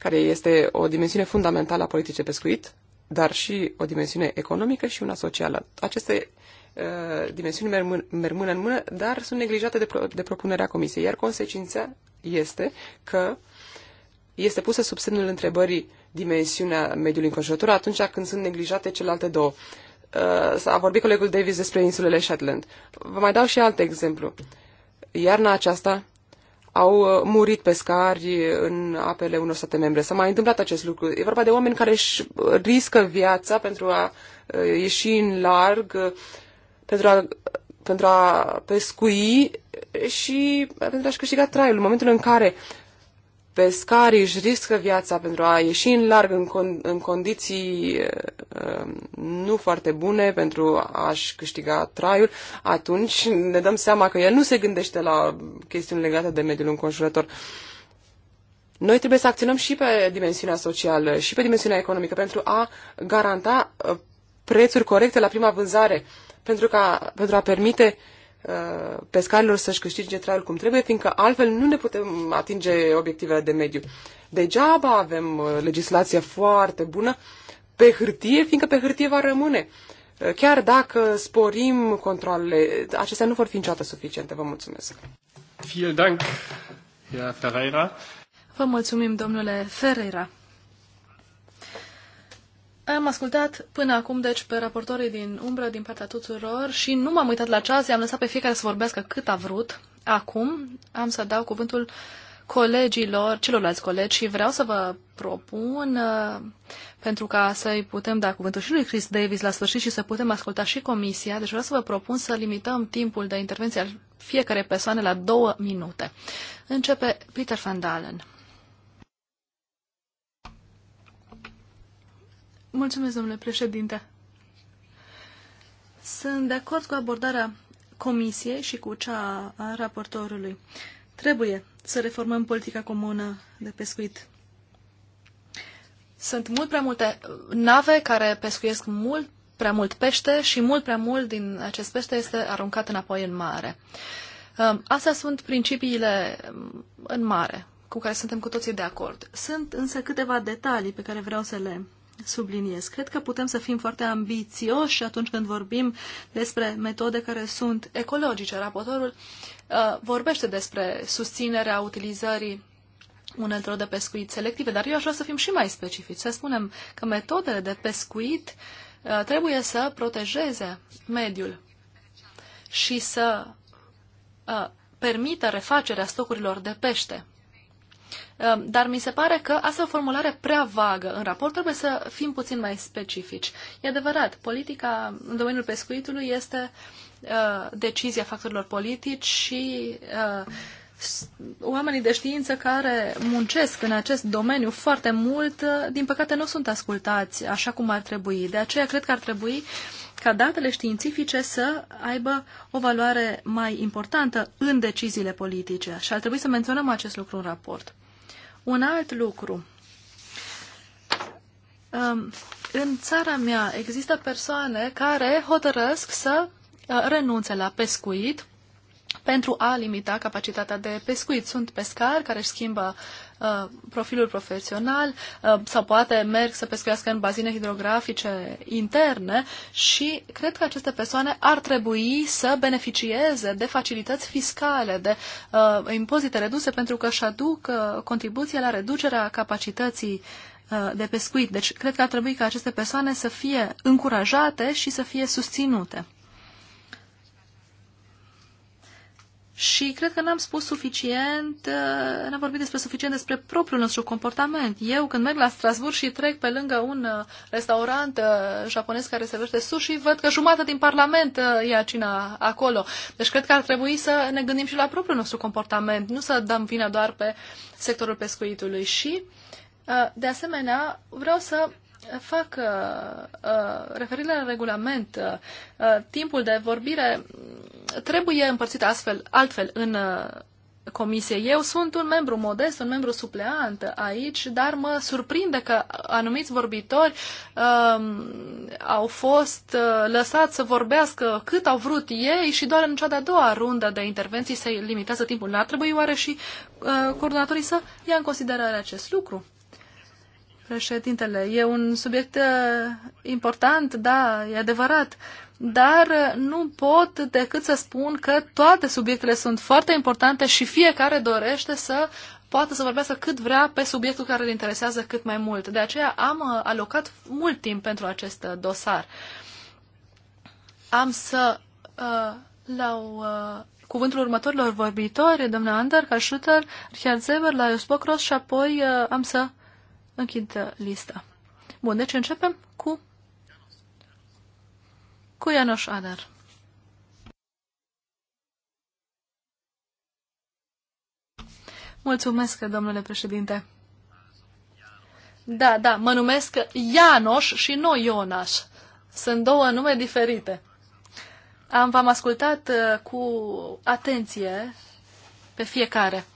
care este o dimensiune fundamentală a politicii pescuit, dar și o dimensiune economică și una socială. Aceste uh, dimensiuni merg, mân merg mână în mână, dar sunt neglijate de, pro- de propunerea Comisiei, iar consecința este că este pusă sub semnul întrebării dimensiunea mediului înconjurător atunci când sunt neglijate celelalte două. Uh, s-a vorbit colegul Davis despre insulele Shetland. Vă mai dau și alt exemplu. Iarna aceasta au uh, murit pescari în apele unor state membre. S-a mai întâmplat acest lucru. E vorba de oameni care își riscă viața pentru a uh, ieși în larg, uh, pentru a, pentru a pescui și pentru a-și câștiga traiul. În momentul în care uh, pescarii își riscă viața pentru a ieși în larg în, con- în condiții uh, nu foarte bune pentru a-și câștiga traiul, atunci ne dăm seama că el nu se gândește la chestiuni legate de mediul înconjurător. Noi trebuie să acționăm și pe dimensiunea socială, și pe dimensiunea economică, pentru a garanta eh, prețuri corecte la prima vânzare, pentru, ca, pentru a permite uh, Uh, pescarilor să-și câștige traiul cum trebuie, fiindcă altfel nu ne putem atinge obiectivele de mediu. Degeaba avem uh, legislație foarte bună pe hârtie, fiindcă pe hârtie va rămâne. Uh, chiar dacă sporim controlele, acestea nu vor fi niciodată suficiente. Vă mulțumesc. Vielen Dank, Herr Ferreira. Vă mulțumim, domnule Ferreira. Am ascultat până acum, deci, pe raportorii din umbră, din partea tuturor și nu m-am uitat la ceas, i-am lăsat pe fiecare să vorbească cât a vrut. Acum am să dau cuvântul colegilor, celorlalți colegi și vreau să vă propun, uh, pentru ca să-i putem da cuvântul și lui Chris Davis la sfârșit și să putem asculta și comisia, deci vreau să vă propun să limităm timpul de intervenție al fiecare persoane la două minute. Începe Peter Van Dalen. Mulțumesc, domnule președinte. Sunt de acord cu abordarea comisiei și cu cea a raportorului. Trebuie să reformăm politica comună de pescuit. Sunt mult prea multe nave care pescuiesc mult prea mult pește și mult prea mult din acest pește este aruncat înapoi în mare. Um, astea sunt principiile um, în mare cu care suntem cu toții de acord. Sunt însă câteva detalii pe care vreau să le subliniez. Cred că putem să fim foarte ambițioși atunci când vorbim despre metode care sunt ecologice. Raportorul uh, vorbește despre susținerea utilizării uneltelor de pescuit selective, dar eu aș vrea să fim și mai specifici, să spunem că metodele de pescuit uh, trebuie să protejeze mediul și să uh, permită refacerea stocurilor de pește. Ehm, dar mi se pare că asta e o formulare prea vagă în raport, trebuie să fim puțin mai specifici. E adevărat, politica în domeniul pescuitului este ehm, decizia factorilor politici și ehm, oamenii de știință care muncesc în acest domeniu foarte mult, din păcate nu sunt ascultați așa cum ar trebui. De aceea cred că ar trebui ca datele științifice să aibă o valoare mai importantă în deciziile politice și ar trebui să menționăm acest lucru în raport. Un alt lucru. Um, în țara mea există persoane care hotărăsc să uh, renunțe la pescuit pentru a limita capacitatea de pescuit. Sunt pescari care își schimbă Uh, profilul profesional uh, sau poate merg să pescuiască în bazine hidrografice interne și cred că aceste persoane ar trebui să beneficieze de facilități fiscale, de uh, impozite reduse pentru că își aduc uh, contribuția la reducerea capacității uh, de pescuit. Deci cred că ar trebui ca aceste persoane să fie încurajate și să fie susținute. Și cred că n-am spus suficient, uh, n-am vorbit despre suficient despre propriul nostru comportament. Eu când merg la Strasburg și trec pe lângă un uh, restaurant uh, japonez care servește sushi, văd că jumătate din parlament ia cina acolo. Deci cred că ar trebui să ne gândim și la propriul nostru comportament, nu să dăm vina doar pe sectorul pescuitului. Și, de asemenea, vreau să fac uh, uh, referire la regulament, uh, uh, timpul de vorbire trebuie împărțit astfel, altfel în uh, comisie. Eu sunt un membru modest, un membru supleant aici, dar mă surprinde că anumiți vorbitori uh, au fost uh, lăsați să vorbească cât au vrut ei și doar în cea de-a doua rundă de intervenții se limitează timpul. N-ar trebui oare și uh, coordonatorii să ia în considerare acest lucru? Președintele, e un subiect uh, important, da, e adevărat, dar uh, nu pot decât să spun că toate subiectele sunt foarte importante și fiecare dorește să poată să vorbească cât vrea pe subiectul care îl interesează cât mai mult. De aceea am uh, alocat mult timp pentru acest dosar. Am să uh, l-au uh, cuvântul următorilor vorbitori, domnul Ander, Cașuter, Richard Zeber, Laius și apoi uh, am să Închid uh, lista. Bun, deci începem cu cu Ianoș Adar. Mulțumesc, domnule președinte. Da, da, mă numesc Ianoș și nu Ionaș. Sunt două nume diferite. Am, v-am ascultat uh, cu atenție pe fiecare.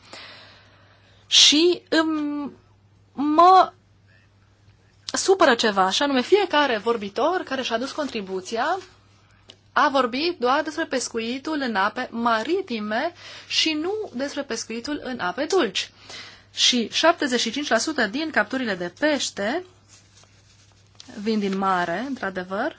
Și îmi mă supără ceva, și anume fiecare vorbitor care și-a dus contribuția a vorbit doar despre pescuitul în ape maritime și nu despre pescuitul în ape dulci. Și 75% din capturile de pește vin din mare, într-adevăr,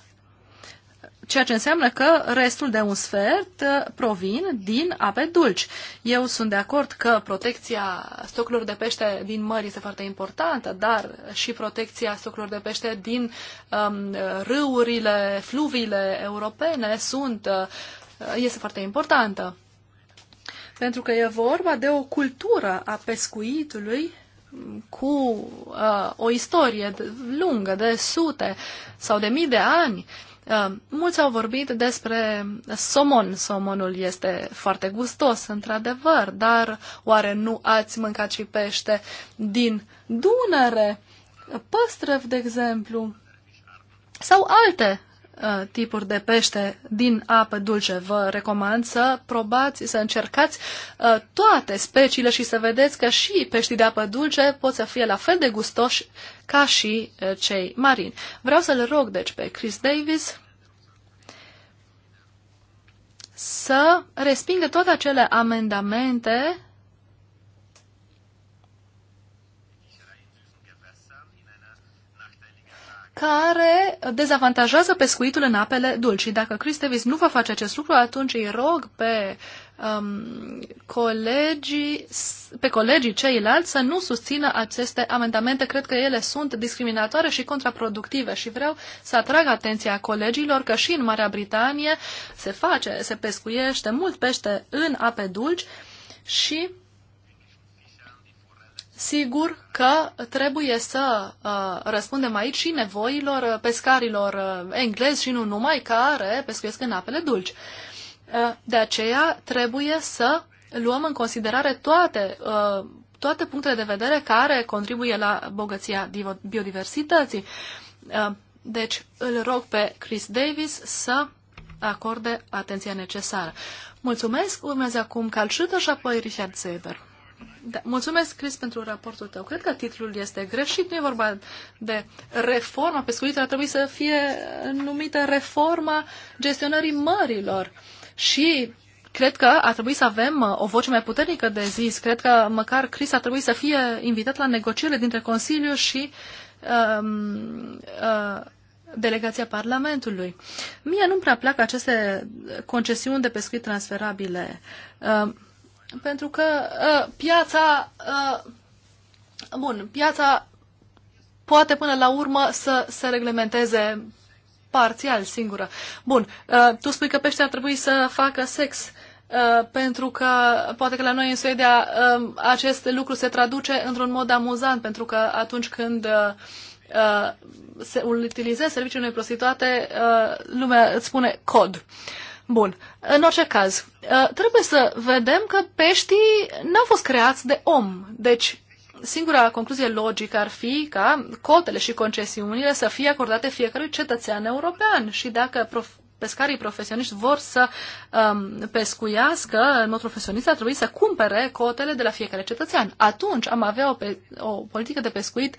ceea ce înseamnă că restul de un sfert uh, provin din ape dulci. Eu sunt de acord că protecția stocurilor de pește din mări este foarte importantă, dar și protecția stocurilor de pește din um, râurile, fluviile europene sunt, uh, este foarte importantă. Pentru că e vorba de o cultură a pescuitului um, cu uh, o istorie lungă de sute sau de mii de ani. Uh, Um, mulți au vorbit despre somon. Somonul este foarte gustos, într-adevăr, dar oare nu ați mâncat și pește din Dunăre, păstrăv, de exemplu, sau alte Uh, tipuri de pește din apă dulce. Vă recomand să probați, să încercați uh, toate speciile și să vedeți că și peștii de apă dulce pot să fie la fel de gustoși ca și uh, cei marini. Vreau să-l rog, deci, pe Chris Davis să respingă toate acele amendamente care dezavantajează pescuitul în apele dulci. Dacă Chris Davis nu va face acest lucru, atunci îi rog pe, um, colegii, pe colegii ceilalți să nu susțină aceste amendamente. Cred că ele sunt discriminatoare și contraproductive și vreau să atrag atenția colegilor că și în Marea Britanie se face, se pescuiește mult pește în ape dulci și Sigur că trebuie să uh, răspundem aici și nevoilor pescarilor uh, englezi și nu numai care pescuiesc în apele dulci. Uh, de aceea trebuie să luăm în considerare toate, uh, toate punctele de vedere care contribuie la bogăția biodiversității. Uh, deci îl rog pe Chris Davis să acorde atenția necesară. Mulțumesc, urmează acum Calciută și apoi Richard Zeder. Da, mulțumesc, Chris, pentru raportul tău. Cred că titlul este greșit. Nu e vorba de reforma pescuitului, ar trebui să fie numită reforma gestionării mărilor. Și cred că ar trebui să avem uh, o voce mai puternică de zis. Cred că măcar Chris ar trebui să fie invitat la negocierile dintre Consiliu și um, uh, delegația Parlamentului. Mie nu-mi prea plac aceste concesiuni de pescuit transferabile. Uh, pentru că uh, piața, uh, bun, piața poate până la urmă să se reglementeze parțial, singură. Bun, uh, tu spui că peștii ar trebui să facă sex, uh, pentru că poate că la noi în Suedia uh, acest lucru se traduce într-un mod amuzant, pentru că atunci când se utilizează serviciul unei prostituate, lumea îți spune cod. Bun. În orice caz, ă, trebuie să vedem că peștii n-au fost creați de om. Deci, singura concluzie logică ar fi ca cotele și concesiunile să fie acordate fiecărui cetățean european și dacă prof- pescarii profesioniști vor să um, pescuiască în mod profesionist, ar trebui să cumpere cotele de la fiecare cetățean. Atunci am avea o, pe- o politică de pescuit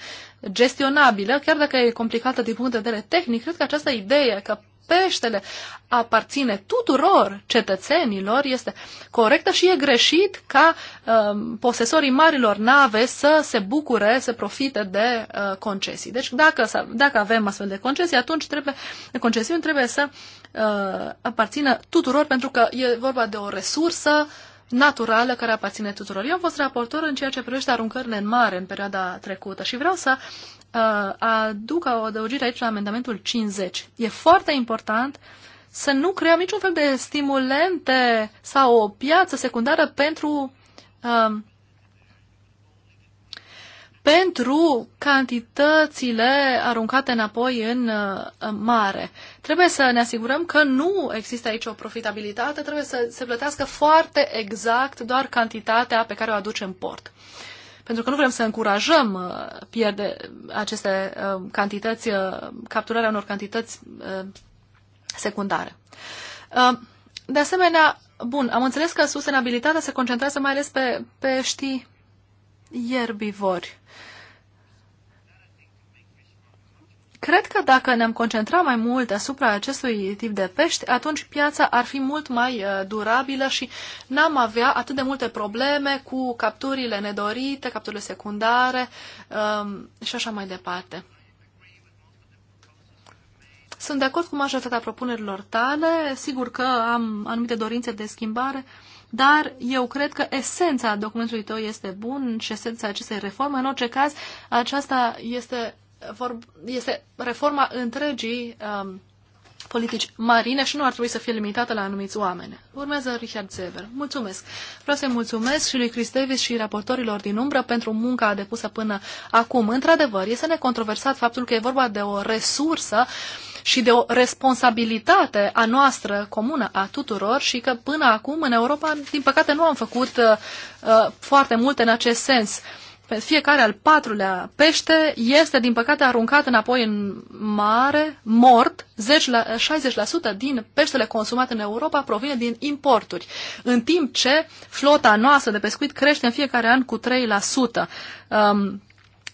gestionabilă, chiar dacă e complicată din punct de vedere tehnic, cred că această idee că peștele aparține tuturor cetățenilor, este corectă și e greșit ca uh, posesorii marilor nave să se bucure, să profite de uh, concesii. Deci dacă, dacă avem astfel de concesii, atunci trebuie, concesiuni trebuie să uh, aparțină tuturor, pentru că e vorba de o resursă naturală care aparține tuturor. Eu am fost raportor în ceea ce privește aruncările în mare în perioada trecută și vreau să uh, aduc o adăugire aici la amendamentul 50. E foarte important să nu creăm niciun fel de stimulente sau o piață secundară pentru uh, pentru cantitățile aruncate înapoi în uh, mare. Trebuie să ne asigurăm că nu există aici o profitabilitate, trebuie să se plătească foarte exact doar cantitatea pe care o aduce în port. Uh, pentru că nu vrem să încurajăm uh, pierde uh, aceste uh, cantități, capturarea unor cantități secundare. De asemenea, bun, am înțeles că sustenabilitatea se concentrează mai ales pe, pe știi ierbivori. Cred că dacă ne-am concentrat mai mult asupra acestui tip de pești, atunci piața ar fi mult mai uh, durabilă și n-am avea atât de multe probleme cu capturile nedorite, capturile secundare um, și așa mai departe. Sunt de acord cu majoritatea propunerilor tale, sigur că am anumite dorințe de schimbare, dar eu cred că esența documentului tău este bun și esența acestei reforme. În orice caz, aceasta este este reforma întregii um, politici marine și nu ar trebui să fie limitată la anumiți oameni. Urmează Richard Zeber. Mulțumesc. Vreau să-i mulțumesc și lui Chris Davis și raportorilor din umbră pentru munca depusă până acum. Într-adevăr, este necontroversat faptul că e vorba de o resursă și de o responsabilitate a noastră comună, a tuturor, și că până acum în Europa, din păcate, nu am făcut uh, uh foarte mult în acest sens. Uh, fiecare al patrulea pește este, din păcate, aruncat înapoi în mare, mort. 10 la, 60% din peștele consumat în Europa provine din importuri, în timp ce flota noastră de pescuit crește în fiecare an cu 3%. Um,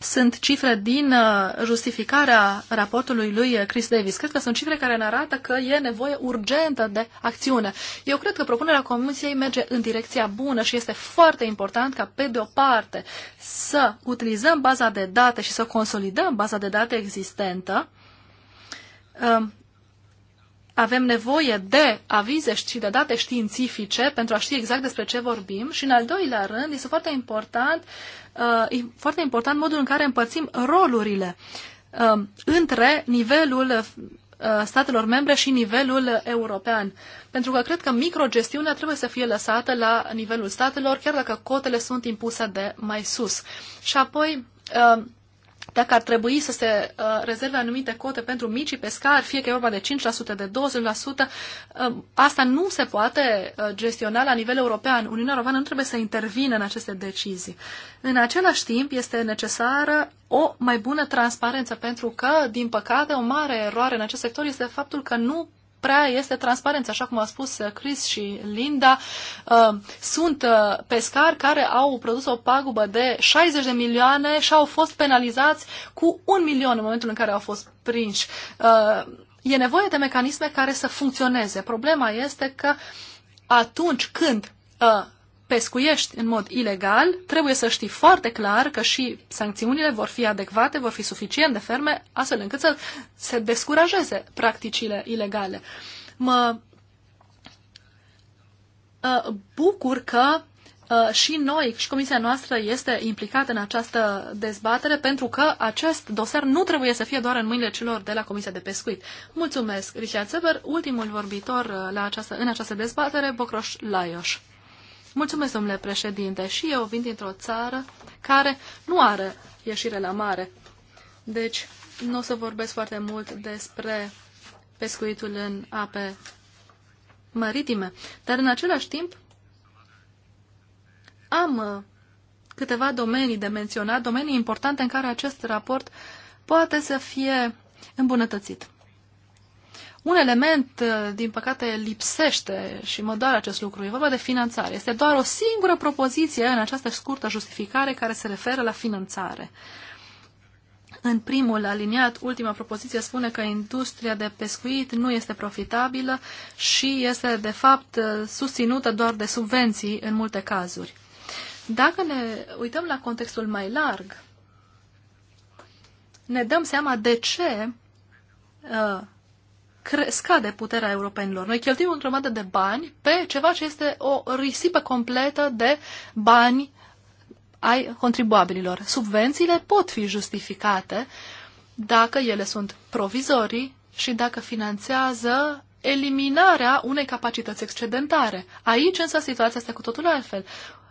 sunt cifre din uh, justificarea raportului lui uh, Chris Davis. Cred că sunt cifre care ne arată că e nevoie urgentă de acțiune. Eu cred că propunerea Comisiei merge în direcția bună și este foarte important ca, pe de o parte, să utilizăm baza de date și să consolidăm baza de date existentă. Um, avem nevoie de avize și de date științifice pentru a ști exact despre ce vorbim și, în al doilea rând, este foarte important uh, foarte important modul în care împărțim rolurile uh, între nivelul uh, statelor membre și nivelul european. Pentru că cred că microgestiunea trebuie să fie lăsată la nivelul statelor, chiar dacă cotele sunt impuse de mai sus. Și apoi, uh, dacă ar trebui să se uh, rezerve anumite cote pentru micii pescari, fie că e vorba de 5%, de 20%, um, asta nu se poate uh, gestiona la nivel european. Uniunea Europeană nu trebuie să intervină în aceste decizii. În același timp, este necesară o mai bună transparență, pentru că, din păcate, o mare eroare în acest sector este faptul că nu prea este transparență. Așa cum a spus uh, Chris și Linda, uh, sunt uh, pescari care au produs o pagubă de 60 de milioane și au fost penalizați cu un milion în momentul în care au fost prinși. E nevoie de mecanisme care să funcționeze. Problema este că atunci când pescuiești în mod ilegal, trebuie să știi foarte clar că și sancțiunile vor fi adecvate, vor fi suficient de ferme, astfel încât să se descurajeze practicile ilegale. Mă ă, bucur că ă, și noi, și comisia noastră este implicată în această dezbatere pentru că acest dosar nu trebuie să fie doar în mâinile celor de la Comisia de Pescuit. Mulțumesc, Richard Seber, ultimul vorbitor ă, la această, în această dezbatere, Bocroș Laioș. Mulțumesc, domnule președinte. Și eu vin dintr-o țară care nu are ieșire la mare. Deci, nu o să vorbesc foarte mult despre pescuitul în ape maritime. Dar, în același timp, am uh, câteva domenii de menționat, domenii importante în care acest raport poate să fie îmbunătățit. Un element, uh, din păcate, lipsește și mă doare acest lucru. E vorba de finanțare. Este doar o singură propoziție în această scurtă justificare care se referă la finanțare. În primul aliniat, ultima propoziție spune că industria de pescuit nu este profitabilă și este, de fapt, uh, susținută doar de subvenții în multe cazuri. Dacă ne uităm la contextul mai larg, ne dăm seama de ce uh, scade puterea europenilor. Noi cheltuim o grămadă de bani pe ceva ce este o risipă completă de bani ai contribuabililor. Subvențiile pot fi justificate dacă ele sunt provizorii și dacă finanțează eliminarea unei capacități excedentare. Aici însă situația este cu totul altfel.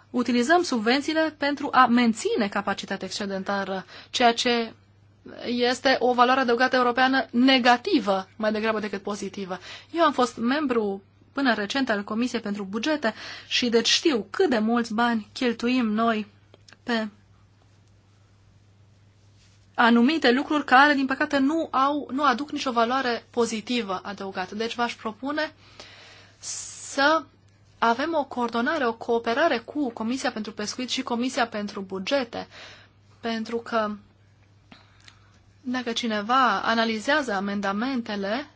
Utilizăm subvențiile pentru a menține capacitatea excedentară, ceea ce este o valoare adăugată europeană negativă mai degrabă decât pozitivă. Eu am fost membru până recent al Comisiei pentru Bugete și deci știu cât de mulți bani cheltuim noi pe anumite lucruri care, din păcate, nu, au, nu aduc nicio valoare pozitivă adăugată. Deci v-aș propune să avem o coordonare, o cooperare cu Comisia pentru Pescuit și Comisia pentru Bugete, pentru că dacă cineva analizează amendamentele,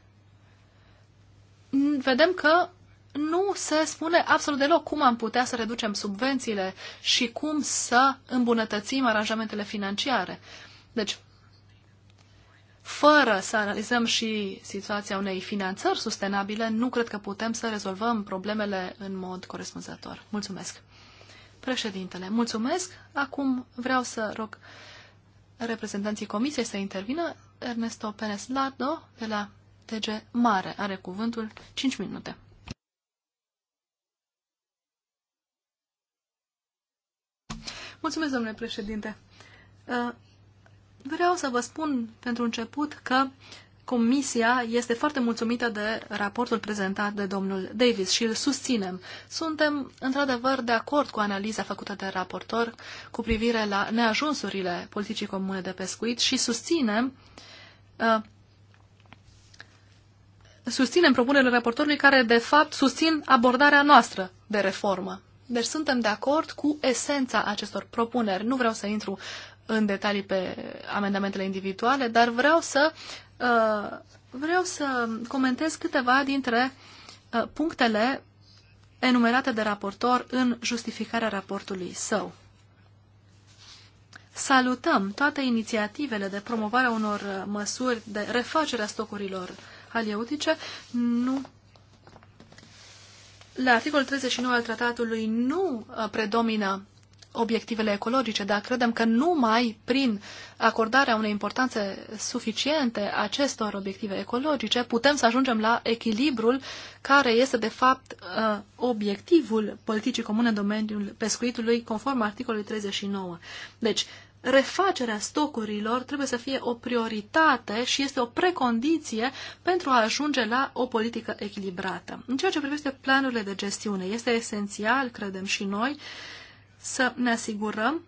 vedem că nu se spune absolut deloc cum am putea să reducem subvențiile și cum să îmbunătățim aranjamentele financiare. Deci, fără să analizăm și situația unei finanțări sustenabile, nu cred că putem să rezolvăm problemele în mod corespunzător. Mulțumesc. Președintele, mulțumesc. Acum vreau să rog reprezentanții comisiei să intervină. Ernesto Perez Lado de la TG Mare are cuvântul 5 minute. Mulțumesc, domnule președinte. Uh, vreau să vă spun pentru început că Comisia este foarte mulțumită de raportul prezentat de domnul Davis și îl susținem. Suntem, într-adevăr, de acord cu analiza făcută de raportor cu privire la neajunsurile politicii comune de pescuit și susținem uh, susținem propunerile raportorului care, de fapt, susțin abordarea noastră de reformă. Deci suntem de acord cu esența acestor propuneri. Nu vreau să intru în detalii pe amendamentele individuale, dar vreau să Uh, vreau să comentez câteva dintre uh, punctele enumerate de raportor în justificarea raportului său. Salutăm toate inițiativele de promovare a unor uh, măsuri de refacere a stocurilor halieutice. Nu. La articolul 39 al tratatului nu predomină obiectivele ecologice, dar credem că numai prin acordarea unei importanțe suficiente acestor obiective ecologice putem să ajungem la echilibrul care este de fapt uh, obiectivul politicii comune în domeniul pescuitului conform articolului 39. Deci, refacerea stocurilor trebuie să fie o prioritate și este o precondiție pentru a ajunge la o politică echilibrată. În ceea ce privește planurile de gestiune, este esențial, credem și noi, să ne asigurăm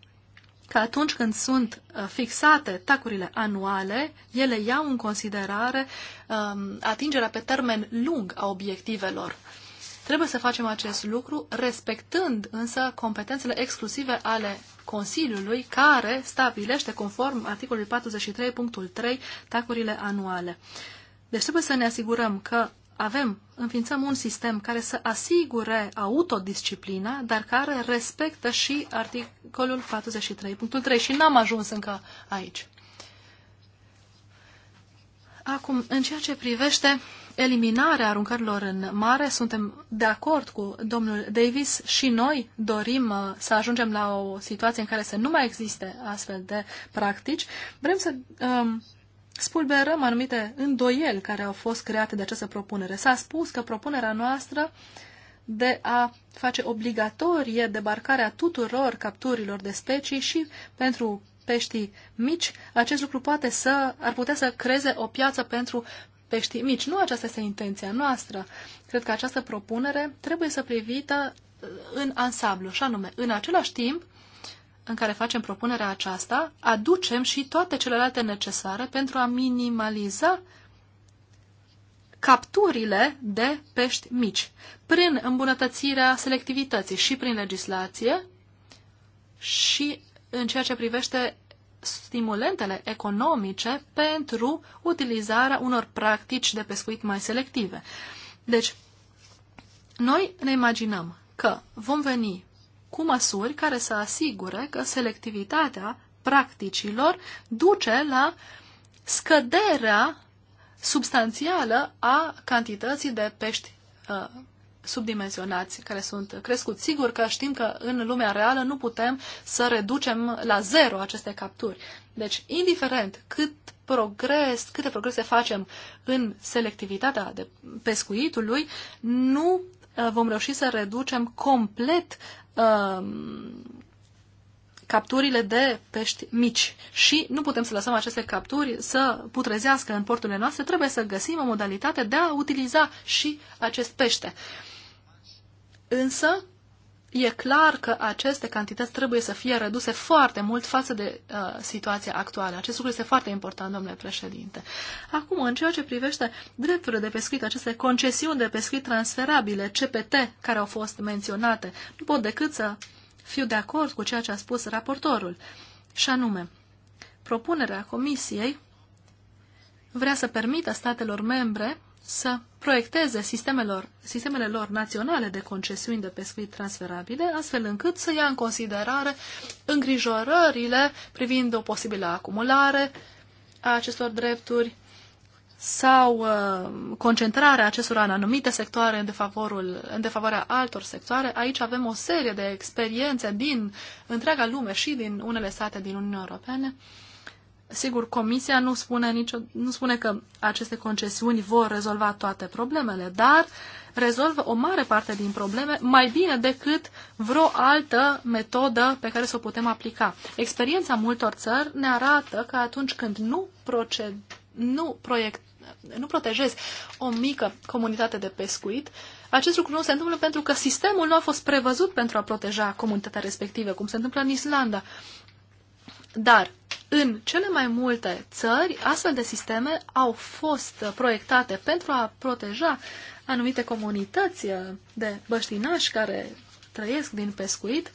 că atunci când sunt uh, fixate tacurile anuale, ele iau în considerare um, atingerea pe termen lung a obiectivelor. Trebuie să facem acest lucru respectând însă competențele exclusive ale Consiliului care stabilește conform articolului 43.3 tacurile anuale. Deci trebuie să ne asigurăm că avem, înființăm un sistem care să asigure autodisciplina, dar care respectă și articolul 43.3 și n-am ajuns încă aici. Acum, în ceea ce privește eliminarea aruncărilor în mare, suntem de acord cu domnul Davis și noi dorim uh, să ajungem la o situație în care să nu mai existe astfel de practici. Vrem să um, spulberăm anumite îndoieli care au fost create de această propunere. S-a spus că propunerea noastră de a face obligatorie debarcarea tuturor capturilor de specii și pentru peștii mici, acest lucru poate să, ar putea să creeze o piață pentru peștii mici. Nu aceasta este intenția noastră. Cred că această propunere trebuie să privită uh, în ansamblu, și anume, în același timp, în care facem propunerea aceasta, aducem și toate celelalte necesare pentru a minimaliza capturile de pești mici, prin îmbunătățirea selectivității și prin legislație și în ceea ce privește stimulentele economice pentru utilizarea unor practici de pescuit mai selective. Deci, noi ne imaginăm că vom veni cu măsuri care să asigure că selectivitatea practicilor duce la scăderea substanțială a cantității de pești uh, subdimensionați care sunt crescuți. Sigur că știm că în lumea reală nu putem să reducem la zero aceste capturi. Deci, indiferent cât progres, câte progrese facem în selectivitatea de pescuitului, nu uh, vom reuși să reducem complet Um, capturile de pești mici și nu putem să lăsăm aceste capturi să putrezească în porturile noastre, trebuie să găsim o modalitate de a utiliza și acest pește. Însă, e clar că aceste cantități trebuie să fie reduse foarte mult față de uh, situația actuală. Acest lucru este foarte important, domnule președinte. Acum, în ceea ce privește drepturile de pescuit, aceste concesiuni de pescuit transferabile, CPT, care au fost menționate, nu pot decât să fiu de acord cu ceea ce a spus raportorul. Și anume, propunerea Comisiei vrea să permită statelor membre să proiecteze sistemelor, sistemele lor naționale de concesiuni de pescuit transferabile, astfel încât să ia în considerare îngrijorările privind o posibilă acumulare a acestor drepturi sau uh, concentrarea acestora în anumite sectoare în, defavorul, în defavoarea altor sectoare. Aici avem o serie de experiențe din întreaga lume și din unele state din Uniunea Europeană uh, Sigur, Comisia nu spune, nicio, nu spune că aceste concesiuni vor rezolva toate problemele, dar rezolvă o mare parte din probleme mai bine decât vreo altă metodă pe care să o putem aplica. Experiența multor țări ne arată că atunci când nu, proced, nu, proiect, nu protejezi o mică comunitate de pescuit, acest lucru nu se întâmplă pentru că sistemul nu a fost prevăzut pentru a proteja comunitatea respectivă, cum se întâmplă în Islanda. Dar în cele mai multe țări, astfel de sisteme au fost proiectate pentru a proteja anumite comunități de băștinași care trăiesc din pescuit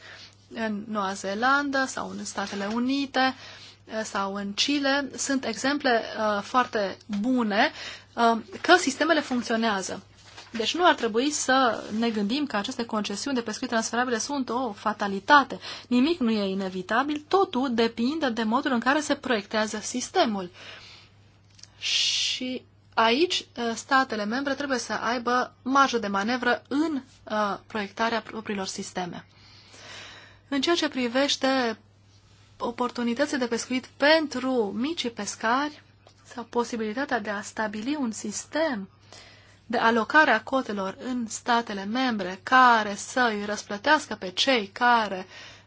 în Noua Zeelandă sau în Statele Unite eh, sau în Chile. Sunt exemple uh, foarte bune uh, că sistemele funcționează. Deci nu ar trebui să ne gândim că aceste concesiuni de pescuit transferabile sunt o fatalitate. Nimic nu e inevitabil, totul depinde de modul în care se proiectează sistemul. Și aici uh, statele membre trebuie să aibă marjă de manevră în uh, proiectarea propriilor sisteme. În ceea ce privește oportunități de pescuit pentru micii pescari sau posibilitatea de a stabili un sistem de alocarea cotelor în statele membre care să îi răsplătească pe cei care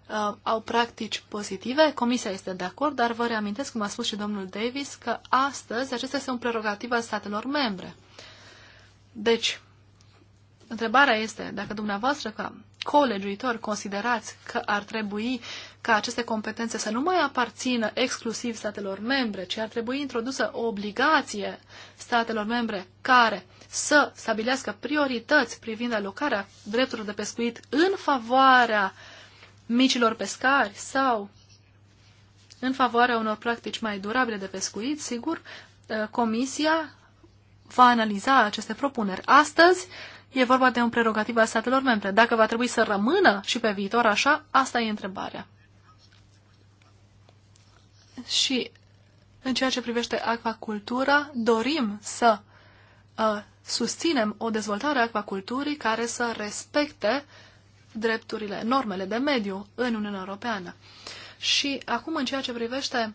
uh, au practici pozitive. Comisia este de acord, dar vă reamintesc, cum a spus și domnul Davis, că astăzi acesta este un prerogativ al statelor membre. Deci, întrebarea este dacă dumneavoastră ca colegiuitor considerați că ar trebui ca aceste competențe să nu mai aparțină exclusiv statelor membre, ci ar trebui introdusă o obligație statelor membre care să stabilească priorități privind alocarea drepturilor de pescuit în favoarea micilor pescari sau în favoarea unor practici mai durabile de pescuit, sigur, ă, Comisia va analiza aceste propuneri. Astăzi e vorba de un prerogativ al statelor membre. Dacă va trebui să rămână și pe viitor așa, asta e întrebarea și în ceea ce privește acvacultura, dorim să uh, susținem o dezvoltare a acvaculturii care să respecte drepturile, normele de mediu în Uniunea Europeană. Și acum, în ceea ce privește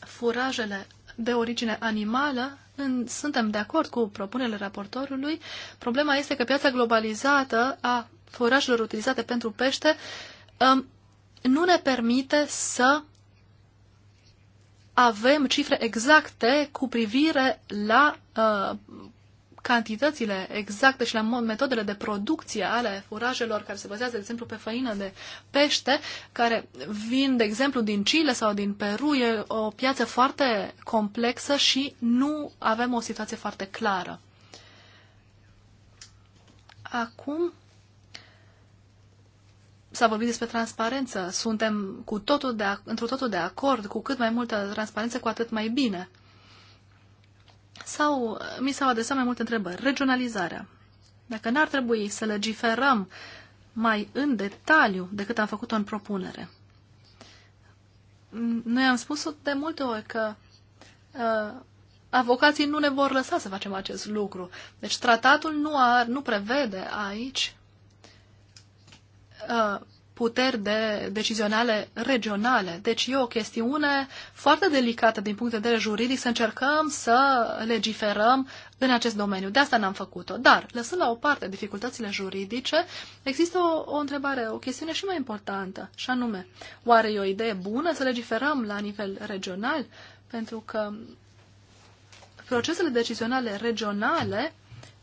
furajele de origine animală, în, suntem de acord cu propunerile raportorului. Problema este că piața globalizată a furajelor utilizate pentru pește um, nu ne permite să avem cifre exacte cu privire la uh, cantitățile exacte și la metodele de producție ale furajelor care se bazează, de exemplu, pe făină de pește, care vin, de exemplu, din Chile sau din Peru. E o piață foarte complexă și nu avem o situație foarte clară. Acum s-a vorbit despre transparență. Suntem cu totul de, într-o totul de acord. Cu cât mai multă transparență, cu atât mai bine. Sau mi s-au adresat mai multe întrebări. Regionalizarea. Dacă n-ar trebui să legiferăm mai în detaliu decât am făcut-o în propunere. Noi am spus de multe ori că uh, avocații nu ne vor lăsa să facem acest lucru. Deci tratatul nu, ar, nu prevede aici Uh, puteri de decizionale regionale. Deci e o chestiune foarte delicată din punct de vedere juridic să încercăm să legiferăm în acest domeniu. De asta n-am făcut-o. Dar, lăsând la o parte dificultățile juridice, există o, o întrebare, o chestiune și mai importantă, și anume, oare e o idee bună să legiferăm la nivel regional? Pentru că procesele decizionale regionale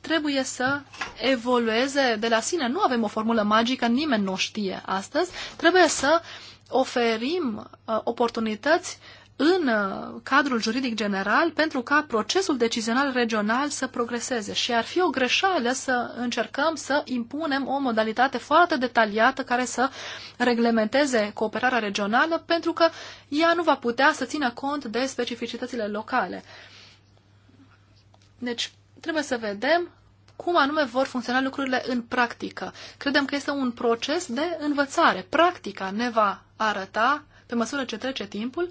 trebuie să evolueze de la sine. Nu avem o formulă magică, nimeni nu o știe astăzi. Trebuie să oferim uh, oportunități în uh, cadrul juridic general pentru ca procesul decizional regional să progreseze și ar fi o greșeală să încercăm să impunem o modalitate foarte detaliată care să reglementeze cooperarea regională pentru că ea nu va putea să țină cont de specificitățile locale. Deci, trebuie să vedem cum anume vor funcționa lucrurile în practică. Credem că este un proces de învățare. Practica ne va arăta, pe măsură ce trece timpul,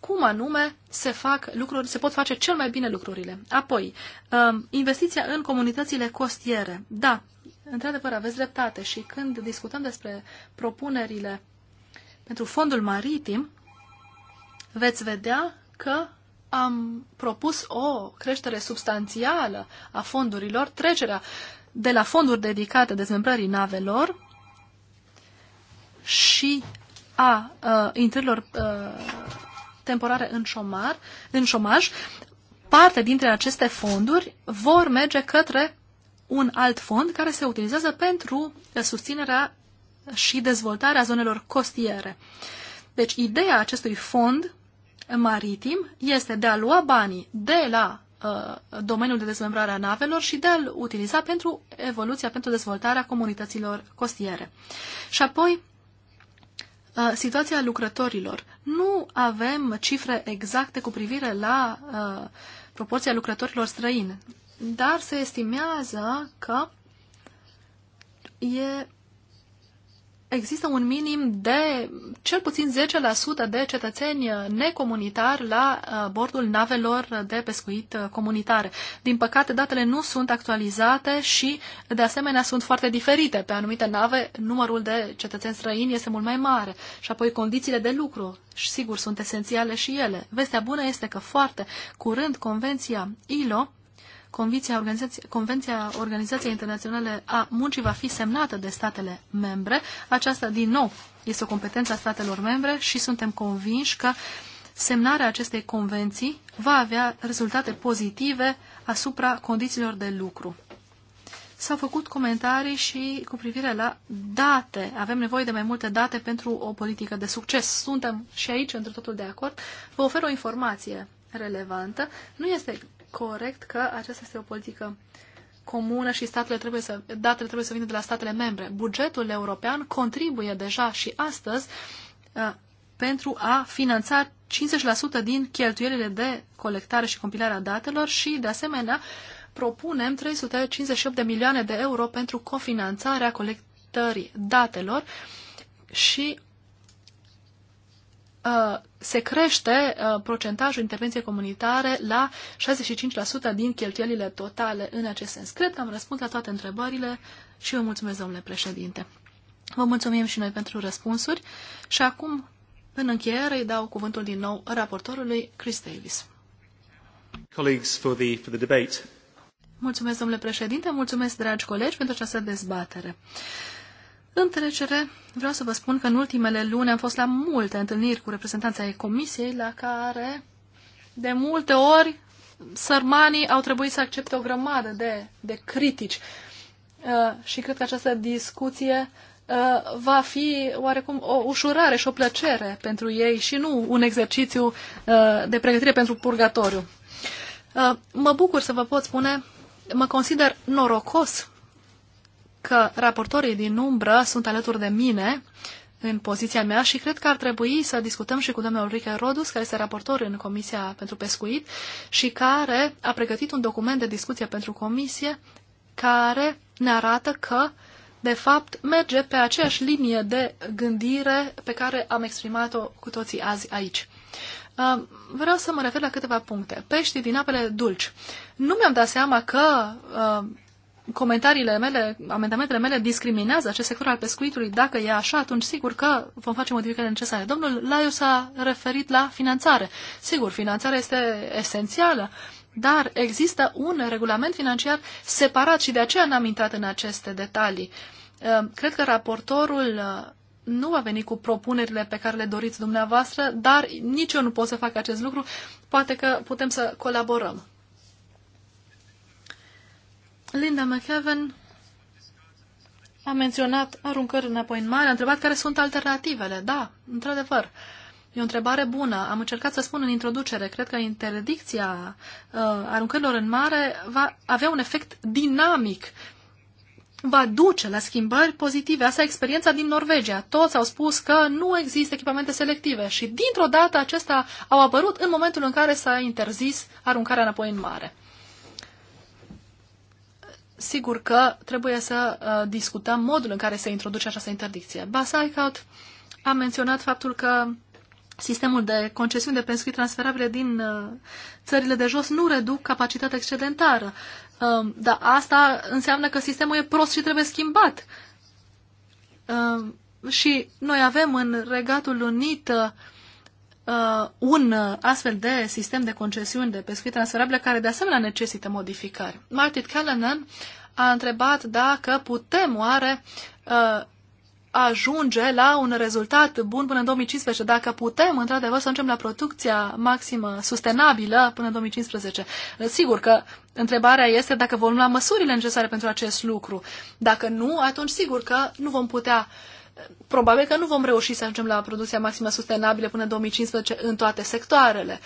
cum anume se fac lucruri, se pot face cel mai bine lucrurile. Apoi, um, investiția în comunitățile costiere. Da, într-adevăr aveți dreptate și când discutăm despre propunerile pentru fondul maritim, veți vedea că am propus o creștere substanțială a fondurilor, trecerea de la fonduri dedicate dezmembrării navelor și a uh, intrărilor uh, temporare în, șomar, în șomaj, parte dintre aceste fonduri vor merge către un alt fond care se utilizează pentru susținerea și dezvoltarea zonelor costiere. Deci, ideea acestui fond maritim este de a lua banii de la uh, domeniul de dezmembrare a navelor și de a-l utiliza pentru evoluția, pentru dezvoltarea comunităților costiere. Și apoi, uh, situația lucrătorilor. Nu avem cifre exacte cu privire la uh, proporția lucrătorilor străini, dar se estimează că e există un minim de cel puțin 10% de cetățeni necomunitari la uh, bordul navelor de pescuit uh, comunitare. Din păcate, datele nu sunt actualizate și, de asemenea, sunt foarte diferite. Pe anumite nave, numărul de cetățeni străini este mult mai mare. Și apoi, condițiile de lucru, și sigur, sunt esențiale și ele. Vestea bună este că foarte curând Convenția ILO Convenția, Convenția Organizației Internaționale a Muncii va fi semnată de statele membre. Aceasta, din nou, este o competență a statelor membre și suntem convinși că semnarea acestei convenții va avea rezultate pozitive asupra condițiilor de lucru. S-au făcut comentarii și cu privire la date. Avem nevoie de mai multe date pentru o politică de succes. Suntem și aici într totul de acord. Vă ofer o informație relevantă. Nu este corect că aceasta este o politică comună și statele trebuie să, datele trebuie să vină de la statele membre. Bugetul european contribuie deja și astăzi uh, pentru a finanța 50% din cheltuielile de colectare și compilare a datelor și, de asemenea, propunem 358 de milioane de euro pentru cofinanțarea colectării datelor și Uh, se crește uh, procentajul intervenției comunitare la 65% din cheltuielile totale în acest sens. Cred că am răspuns la toate întrebările și vă mulțumesc, domnule președinte. Vă mulțumim și noi pentru răspunsuri și acum, în încheiere, îi dau cuvântul din nou raportorului Chris Davis. for the, for the Mulțumesc, domnule președinte, mulțumesc, dragi colegi, pentru această dezbatere. În trecere, vreau să vă spun că în ultimele luni am fost la multe întâlniri cu reprezentanța ai comisiei, la care de multe ori sărmanii au trebuit să accepte o grămadă de, de critici. Uh, și cred că această discuție uh, va fi oarecum o ușurare și o plăcere pentru ei și nu un exercițiu uh, de pregătire pentru purgatoriu. Uh, mă bucur să vă pot spune, mă consider norocos că raportorii din umbră sunt alături de mine în poziția mea și cred că ar trebui să discutăm și cu doamna Ulrike Rodus, care este raportor în Comisia pentru Pescuit și care a pregătit un document de discuție pentru Comisie care ne arată că, de fapt, merge pe aceeași linie de gândire pe care am exprimat-o cu toții azi aici. Vreau să mă refer la câteva puncte. Peștii din apele dulci. Nu mi-am dat seama că comentariile mele, amendamentele mele discriminează acest sector al pescuitului. Dacă e așa, atunci sigur că vom face modificările necesare. Domnul Laiu s-a referit la finanțare. Sigur, finanțarea este esențială, dar există un regulament financiar separat și de aceea n-am intrat în aceste detalii. Ehm, cred că raportorul ehm, nu va veni cu propunerile pe care le doriți dumneavoastră, dar nici eu nu pot să fac acest lucru. Poate că putem să colaborăm. Linda McHeaven a menționat aruncări înapoi în mare, a întrebat care sunt alternativele. Da, într-adevăr. E o întrebare bună. Am încercat să spun în introducere. Cred că interdicția uh, aruncărilor în mare va avea un efect dinamic. Va duce la schimbări pozitive. Asta e experiența din Norvegia. Toți au spus că nu există echipamente selective și dintr-o dată acestea au apărut în momentul în care s-a interzis aruncarea înapoi în mare sigur că trebuie să uh, discutăm modul în care se introduce această interdicție. Basaicaut a menționat faptul că sistemul de concesiuni de pescuit transferabile din uh, țările de jos nu reduc capacitatea excedentară. Uh, dar asta înseamnă că sistemul e prost și trebuie schimbat. Uh, și noi avem în Regatul Unit uh, uh, un uh, astfel de sistem de concesiuni de pescuit transferabile care de asemenea necesită modificări. Martin Callanan a întrebat dacă putem oare uh, ajunge la un rezultat bun până în 2015, dacă putem într-adevăr să ajungem la producția maximă sustenabilă până în 2015. Uh, sigur că întrebarea este dacă vom lua măsurile necesare pentru acest lucru. Dacă nu, atunci sigur că nu vom putea uh, probabil că nu vom reuși să ajungem la producția maximă sustenabilă până în 2015 în toate sectoarele.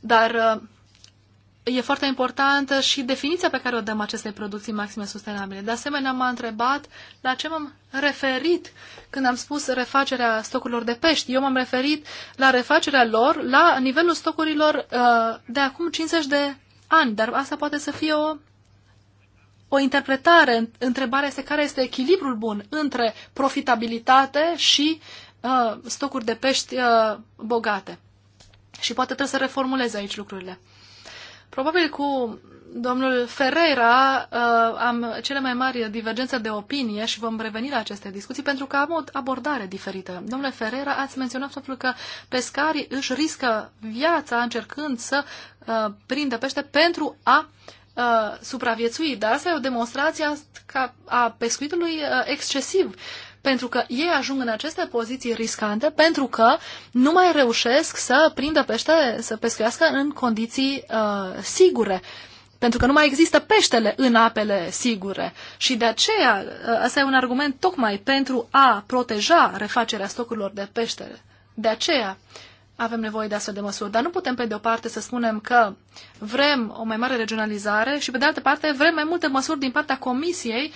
Dar uh, e foarte importantă și definiția pe care o dăm acestei producții maxime sustenabile. De asemenea, m-a întrebat la ce m-am referit când am spus refacerea stocurilor de pești. Eu m-am referit la refacerea lor la nivelul stocurilor uh, de acum 50 de ani, dar asta poate să fie o o interpretare. Întrebarea este care este echilibrul bun între profitabilitate și uh, stocuri de pești uh, bogate. Și poate trebuie să reformulez aici lucrurile. Probabil cu domnul Ferreira uh, am cele mai mari divergențe de opinie și vom reveni la aceste discuții pentru că am o abordare diferită. Domnule Ferreira, ați menționat faptul că pescarii își riscă viața încercând să uh, prindă pește pentru a uh, supraviețui, dar asta e o demonstrație a pescuitului uh, excesiv, pentru că ei ajung în aceste poziții riscante pentru că nu mai reușesc să prindă pește, să pescuiască în condiții uh, sigure. Pentru că nu mai există peștele în apele sigure. Și de aceea, uh, asta e un argument tocmai pentru a proteja refacerea stocurilor de pește. De aceea, uh, avem nevoie de astfel de măsuri. Dar nu putem, pe de o parte, să spunem că vrem o mai mare regionalizare și, pe de altă parte, vrem mai multe măsuri din partea Comisiei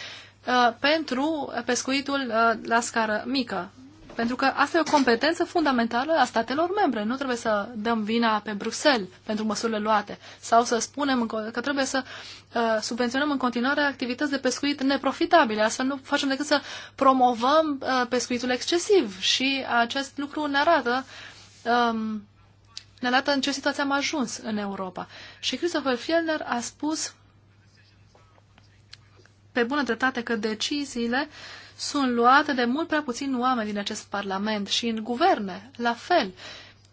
uh, pentru pescuitul uh, la scară mică. Pentru că asta e o competență fundamentală a statelor membre. Nu trebuie să dăm vina pe Bruxelles pentru măsurile luate. Sau să spunem că trebuie să uh, subvenționăm în continuare activități de pescuit neprofitabile. Astfel nu facem decât să promovăm uh, pescuitul excesiv. Și acest lucru ne arată uh, um, ne arată în ce situație am ajuns în Europa. Și Christopher Fielner a spus pe bună dreptate că deciziile sunt luate de mult prea puțin oameni din acest Parlament și în guverne, la fel.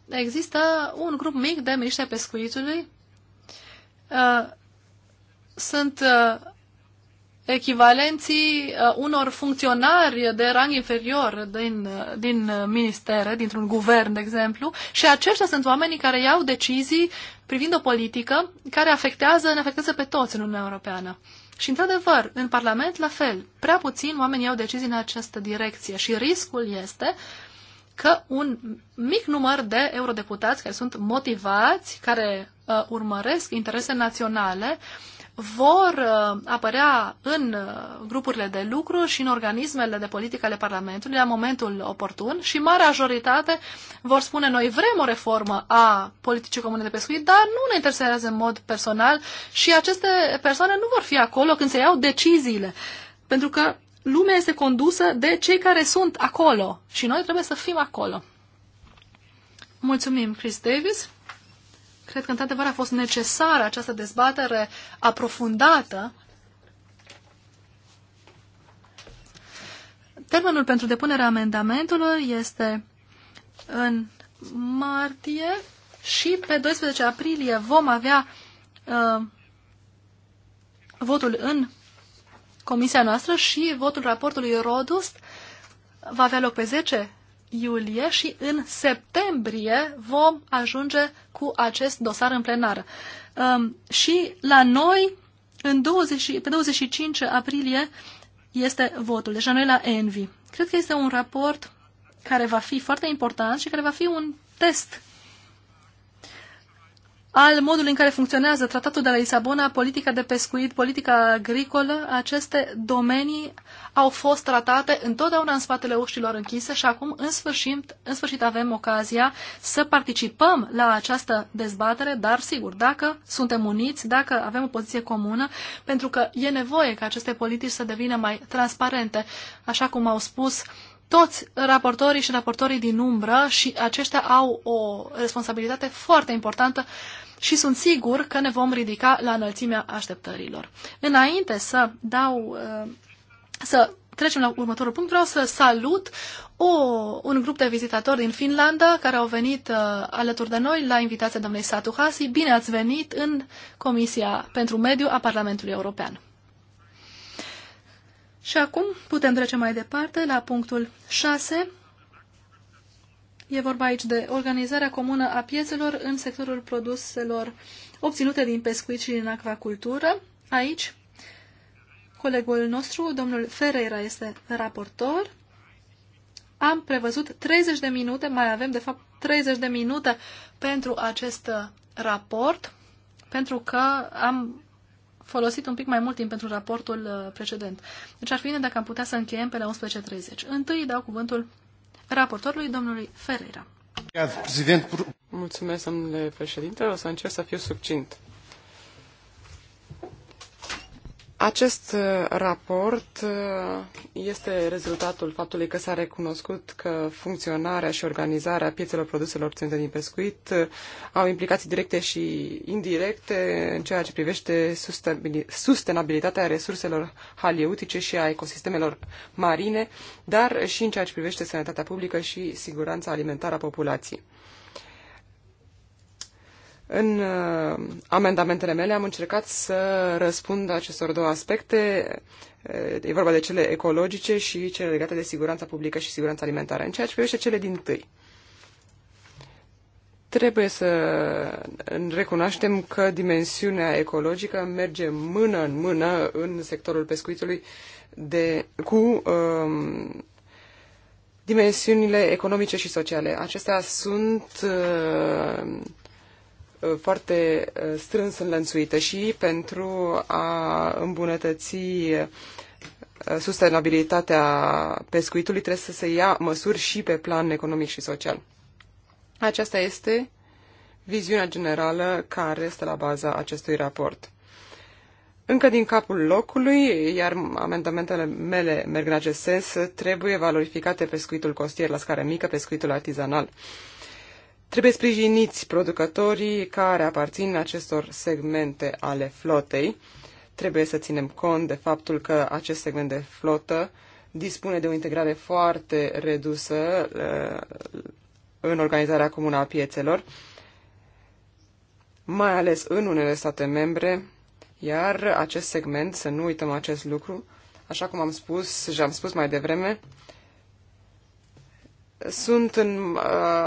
Există un grup mic de miniștri pescuitului. Uh, sunt uh, echivalenții uh, unor funcționari de rang inferior din, uh, din uh, ministere, dintr-un guvern, de exemplu, și aceștia sunt oamenii care iau decizii privind o politică care afectează, ne afectează pe toți în Uniunea Europeană. Și, într-adevăr, în Parlament, la fel, prea puțin oameni iau decizii în această direcție și riscul este că un mic număr de eurodeputați care sunt motivați, care uh, urmăresc interese naționale, uh, vor uh, apărea în uh, grupurile de lucru și în organismele de politică ale Parlamentului la momentul oportun și marea majoritate vor spune noi vrem o reformă a politicii comune de pescuit, dar nu ne interesează în mod personal și aceste persoane nu vor fi acolo când se iau deciziile. Pentru că lumea este condusă de cei care sunt acolo și noi trebuie să fim acolo. Mulțumim, Chris Davis. Cred că, într-adevăr, a fost necesară această dezbatere aprofundată. Termenul pentru depunerea amendamentelor este în martie și pe 12 aprilie vom avea uh, votul în comisia noastră și votul raportului Rodust va avea loc pe 10 iulie și în septembrie vom ajunge cu acest dosar în plenară. Um, și la noi, în 20, pe 25 aprilie, este votul. Deci noi la Envi. Cred că este un raport care va fi foarte important și care va fi un test al modului în care funcționează tratatul de la Lisabona, politica de pescuit, politica agricolă, aceste domenii au fost tratate întotdeauna în spatele uștilor închise și acum, în sfârșit, în sfârșit avem ocazia să participăm la această dezbatere, dar sigur, dacă suntem uniți, dacă avem o poziție comună, pentru că e nevoie ca aceste politici să devină mai transparente, așa cum au spus toți raportorii și raportorii din umbră și aceștia au o responsabilitate foarte importantă și sunt sigur că ne vom ridica la înălțimea așteptărilor. Înainte să dau, uh, să trecem la următorul punct, vreau să salut o, un grup de vizitatori din Finlanda care au venit uh, alături de noi la invitația domnului Satuhasi. Bine ați venit în Comisia pentru Mediu a Parlamentului European. Și acum putem trece mai departe la punctul 6, E vorba aici de organizarea comună a piețelor în sectorul produselor obținute din pescuit și din acvacultură. Aici, colegul nostru, domnul Ferreira, este raportor. Am prevăzut 30 de minute, mai avem de fapt 30 de minute pentru acest raport, pentru că am folosit un pic mai mult timp pentru raportul precedent. Deci ar fi bine dacă am putea să încheiem pe la 11.30. Întâi dau cuvântul raportorului, domnului Ferreira. Mulțumesc, domnule președinte. O să încerc să fiu succint. Acest uh, raport uh, este rezultatul faptului că s-a recunoscut că funcționarea și organizarea piețelor produselor ținute din pescuit uh, au implicații directe și indirecte în ceea ce privește sustenabilitatea resurselor halieutice și a ecosistemelor marine, dar și în ceea ce privește sănătatea publică și siguranța alimentară a populației. În uh, amendamentele mele am încercat să răspund acestor două aspecte. Uh, e vorba de cele ecologice și cele legate de siguranța publică și siguranța alimentară. În ceea ce privește cele din tâi, trebuie să recunoaștem că dimensiunea ecologică merge mână în mână în sectorul pescuitului de, cu um, dimensiunile economice și sociale. Acestea sunt uh, Uh, foarte uh, strâns înlănțuită și pentru a îmbunătăți uh, sustenabilitatea pescuitului trebuie să se ia măsuri și pe plan economic și social. Aceasta este viziunea generală care este la baza acestui raport. Încă din capul locului, iar amendamentele mele merg în acest sens, trebuie valorificate pescuitul costier la scară mică, pescuitul artizanal. Trebuie sprijiniți producătorii care aparțin acestor segmente ale flotei. Trebuie să ținem cont de faptul că acest segment de flotă dispune de o integrare foarte redusă eh, în organizarea comună a piețelor, mai ales în unele state membre, iar acest segment, să nu uităm acest lucru, așa cum am spus și am spus mai devreme, sunt în uh,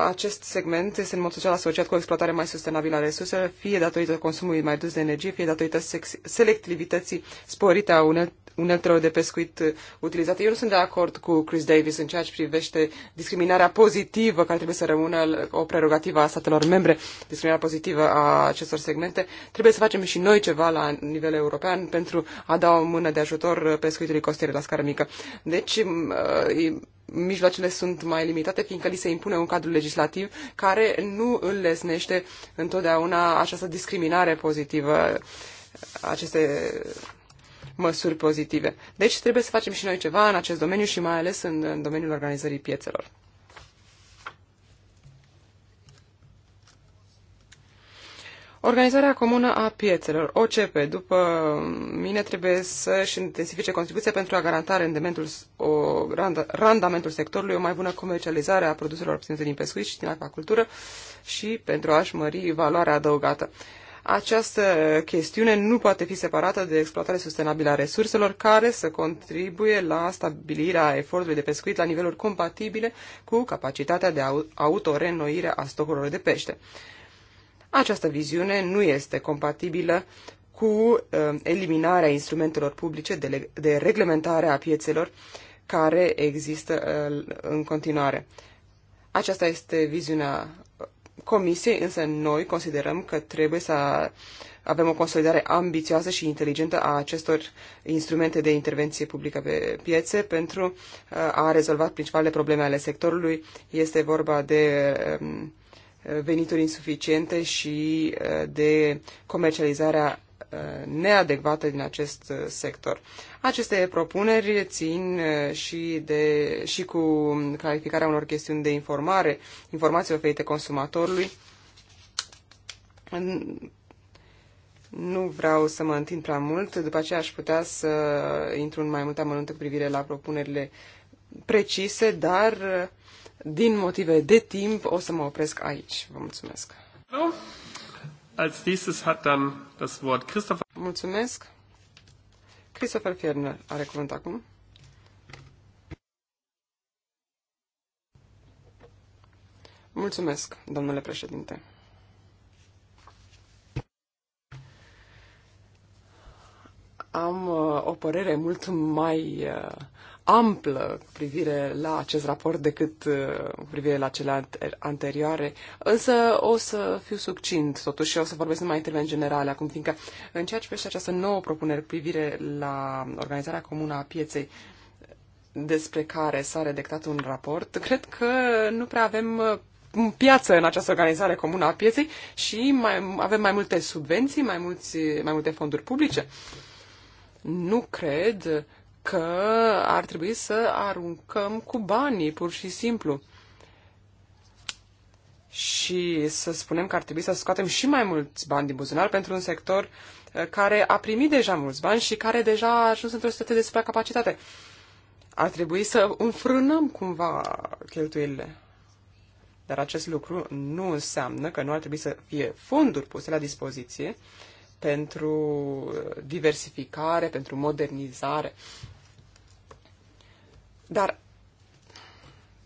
acest segment, este în mod social asociat cu o exploatare mai sustenabilă a resurselor, fie datorită consumului mai dus de energie, fie datorită selectivității sporite a unel uneltelor de pescuit uh, utilizate. Eu nu sunt de acord cu Chris Davis în ceea ce privește discriminarea pozitivă, care trebuie să rămână o prerogativă a statelor membre, discriminarea pozitivă a acestor segmente. Trebuie să facem și noi ceva la nivel european pentru a da o mână de ajutor uh, pescuitului costier la scară mică. Deci, mm, uh, mijloacele sunt mai limitate, fiindcă li se impune un cadru legislativ care nu îl lesnește întotdeauna această discriminare pozitivă, aceste măsuri pozitive. Deci trebuie să facem și noi ceva în acest domeniu și mai ales în, în domeniul organizării piețelor. Organizarea comună a piețelor, OCP, după mine trebuie să-și intensifice contribuția pentru a garanta rendimentul, o, randamentul sectorului, o mai bună comercializare a produselor obținute din pescuit și din acvacultură și pentru a-și mări valoarea adăugată. Această chestiune nu poate fi separată de exploatarea sustenabilă a resurselor care să contribuie la stabilirea efortului de pescuit la niveluri compatibile cu capacitatea de autorenoire a stocurilor de pește. Această viziune nu este compatibilă cu uh, eliminarea instrumentelor publice de, de reglementare a piețelor care există uh, în continuare. Aceasta este viziunea uh, Comisiei, însă noi considerăm că trebuie să avem o consolidare ambițioasă și inteligentă a acestor instrumente de intervenție publică pe piețe pentru a rezolva principalele probleme ale sectorului. Este vorba de um, venituri insuficiente și uh, de comercializarea uh, neadecvată din acest uh, sector. Aceste propuneri țin și, de, și cu clarificarea unor chestiuni de informare, informații oferite consumatorului. Nu vreau să mă întind prea mult, după aceea aș putea să intru în mai multe amănunte cu privire la propunerile precise, dar din motive de timp o să mă opresc aici. Vă mulțumesc. No? Als nächstes hat dann das Wort Christopher. Mulțumesc. Christopher Fierner are cuvânt acum. Mulțumesc, domnule președinte. Am uh, o părere mult mai uh, amplă cu privire la acest raport decât uh, cu privire la cele anterioare, însă o să fiu succint totuși și o să vorbesc numai în termeni generale acum, fiindcă în ceea ce privește această nouă propunere cu privire la organizarea comună a pieței, despre care s-a redactat un raport, cred că nu prea avem uh, piață în această organizare comună a pieței și mai, avem mai multe subvenții, mai, mulți, mai multe fonduri publice. Nu cred că ar trebui să aruncăm cu banii, pur și simplu. Și să spunem că ar trebui să scoatem și mai mulți bani din buzunar pentru un sector eh, care a primit deja mulți bani și care deja a ajuns într-o situație de supracapacitate. Ar trebui să înfrânăm cumva cheltuielile. Dar acest lucru nu înseamnă că nu ar trebui să fie fonduri puse la dispoziție pentru eh, diversificare, pentru modernizare. Dar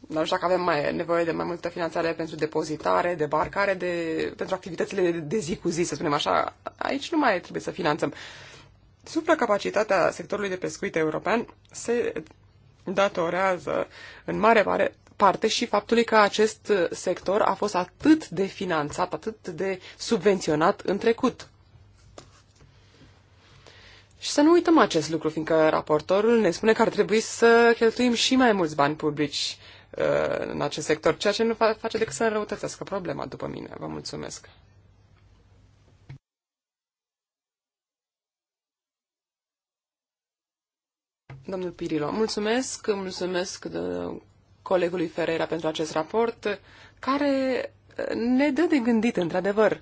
dar nu știu dacă avem mai, nevoie de mai multă finanțare pentru depozitare, debarcare, de, pentru activitățile de, de zi cu zi, să spunem așa. Aici nu mai trebuie să finanțăm. Supracapacitatea sectorului de pescuit european se datorează în mare pare, parte și faptului că acest sector a fost atât de finanțat, atât de subvenționat în trecut. Și să nu uităm acest lucru, fiindcă raportorul ne spune că ar trebui să cheltuim și mai mulți bani publici uh, în acest sector, ceea ce nu face decât să înrăutățească problema, după mine. Vă mulțumesc. Domnul Pirilo, mulțumesc, mulțumesc de colegului Ferreira pentru acest raport, care uh, ne dă de gândit, într-adevăr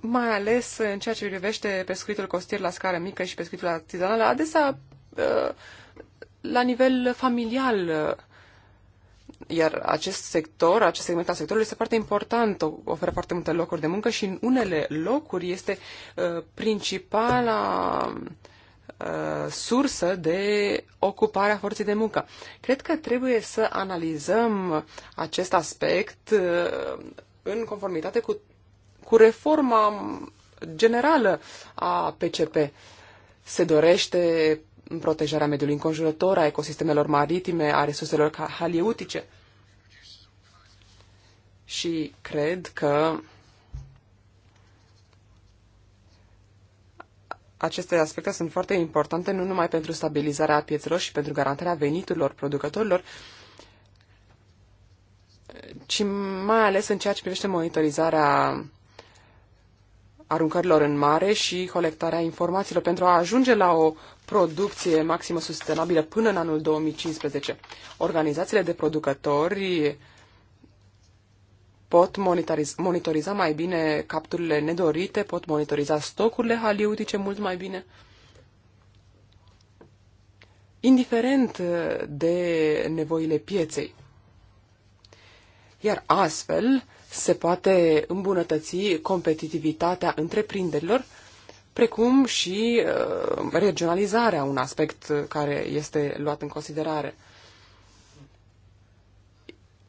mai ales în ceea ce privește pescuitul costier la scară mică și pescuitul artizanal, adesea uh, la nivel familial. Uh, iar acest sector, acest segment al sectorului este foarte important, oferă foarte multe locuri de muncă și în unele locuri este uh, principala sursă de ocupare a forței de muncă. Cred că trebuie să analizăm acest aspect în conformitate cu cu reforma generală a PCP. Se dorește protejarea mediului înconjurător, a ecosistemelor maritime, a resurselor halieutice Și cred că Aceste aspecte sunt foarte importante nu numai pentru stabilizarea piețelor și pentru garantarea veniturilor producătorilor, ci mai ales în ceea ce privește monitorizarea aruncărilor în mare și colectarea informațiilor pentru a ajunge la o producție maximă sustenabilă până în anul 2015. Organizațiile de producători pot monitoriza, monitoriza mai bine capturile nedorite, pot monitoriza stocurile haliutice mult mai bine. Indiferent de nevoile pieței. Iar astfel, se poate îmbunătăți competitivitatea întreprinderilor, precum și uh, regionalizarea, un aspect care este luat în considerare.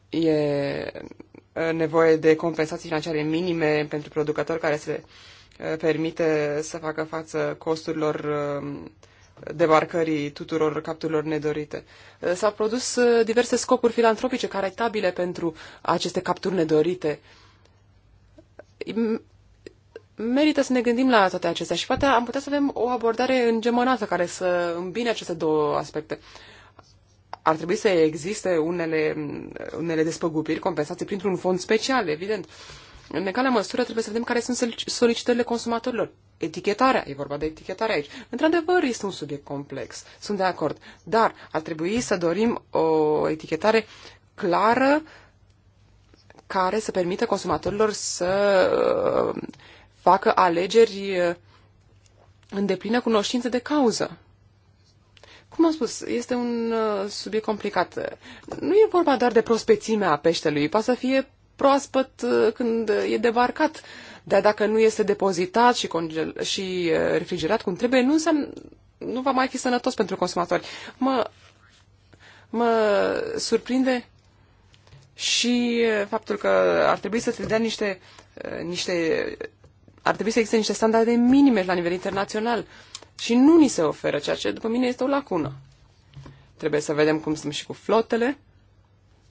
E uh, nevoie de compensații financiare minime pentru producători care se uh, permite să facă față costurilor uh, debarcării tuturor capturilor nedorite. Eh, S-au produs eh, diverse scopuri filantropice, caritabile pentru aceste capturi nedorite. Merită să ne gândim la toate acestea și poate am putea să avem o abordare îngemănată care să îmbine aceste două aspecte. Ar trebui să existe unele, unele despăgubiri compensate printr-un fond special, evident. În egală măsură trebuie să vedem care sunt solicitările consumatorilor etichetarea. E vorba de etichetare aici. Într-adevăr, este un subiect complex. Sunt de acord. Dar ar trebui să dorim o etichetare clară care să permită consumatorilor să uh, facă alegeri uh, în deplină cunoștință de cauză. Cum am spus, este un uh, subiect complicat. Nu e vorba doar de prospețimea peștelui, poate să fie proaspăt când e debarcat. Uh, dar dacă nu este depozitat și, congel- și refrigerat cum trebuie, nu, înseamnă, nu va mai fi sănătos pentru consumatori. Mă, mă surprinde și faptul că ar trebui să se dea niște, niște ar trebui să existe niște standarde minime la nivel internațional și nu ni se oferă, ceea ce după mine este o lacună. Trebuie să vedem cum sunt și cu flotele,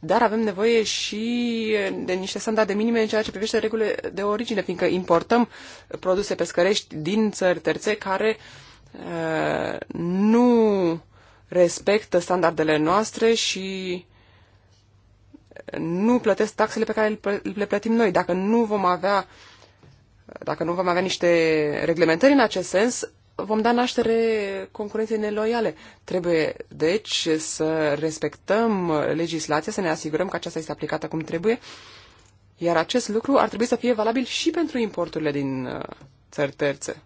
dar avem nevoie și de niște standarde minime în ceea ce privește regulile de origine, fiindcă importăm produse pescărești din țări terțe care uh, nu respectă standardele noastre și nu plătesc taxele pe care le plătim noi. Dacă nu vom avea dacă nu vom avea niște reglementări în acest sens, vom da naștere concurenței neloiale. Trebuie, deci, să respectăm legislația, să ne asigurăm că aceasta este aplicată cum trebuie, iar acest lucru ar trebui să fie valabil și pentru importurile din uh, țări terțe.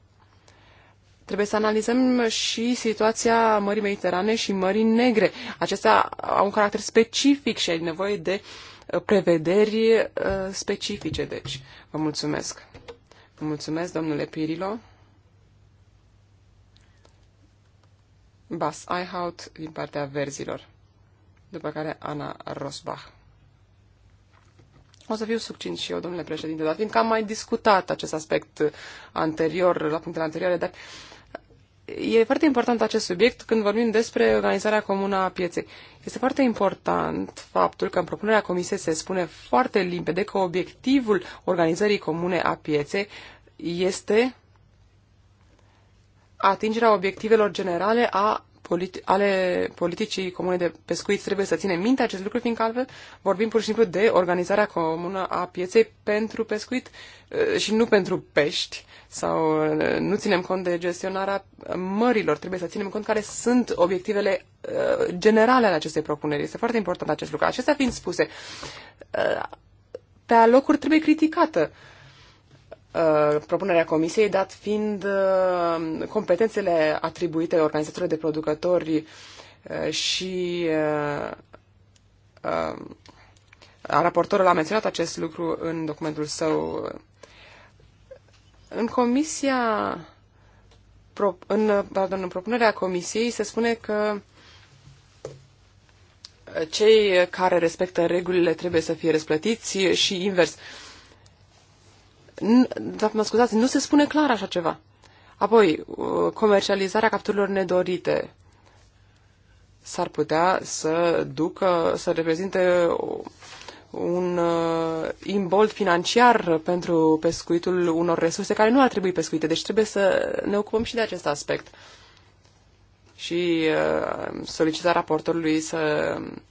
Trebuie să analizăm și situația Mării Mediterane și Mării Negre. Acestea au un caracter specific și ai nevoie de uh, prevederi uh, specifice, deci. Vă mulțumesc. Vă mulțumesc, domnule Pirilo. Bas Eichhout din partea verzilor, după care Ana Rosbach. O să fiu succint și eu, domnule președinte, dar fiindcă am mai discutat acest aspect anterior, la punctele anterioare, dar e foarte important acest subiect când vorbim despre organizarea comună a pieței. Este foarte important faptul că în propunerea comisiei se spune foarte limpede că obiectivul organizării comune a pieței este atingerea obiectivelor generale a politi- ale politicii comune de pescuit. Trebuie să ținem minte acest lucru, fiindcă altfel vorbim pur și simplu de organizarea comună a pieței pentru pescuit eh, și nu pentru pești sau eh, nu ținem cont de gestionarea mărilor. Trebuie să ținem cont care sunt obiectivele eh, generale ale acestei propuneri. Este foarte important acest lucru. Acestea fiind spuse, pe alocuri trebuie criticată uh, Uh, propunerea comisiei, dat fiind uh, competențele atribuite organizatorilor de producători uh, și raportorul a menționat acest lucru în documentul său. În comisia în, pardon, în propunerea comisiei se spune că cei care respectă regulile trebuie să fie răsplătiți și invers. Uh, dar mă scuzați, nu se spune clar așa ceva. Apoi, uh, comercializarea capturilor nedorite s-ar putea să ducă, să reprezinte uh, un uh, imbold financiar pentru pescuitul unor resurse care nu ar trebui pescuite. Deci trebuie să ne ocupăm și de acest aspect. Și uh, solicita raportorului să um,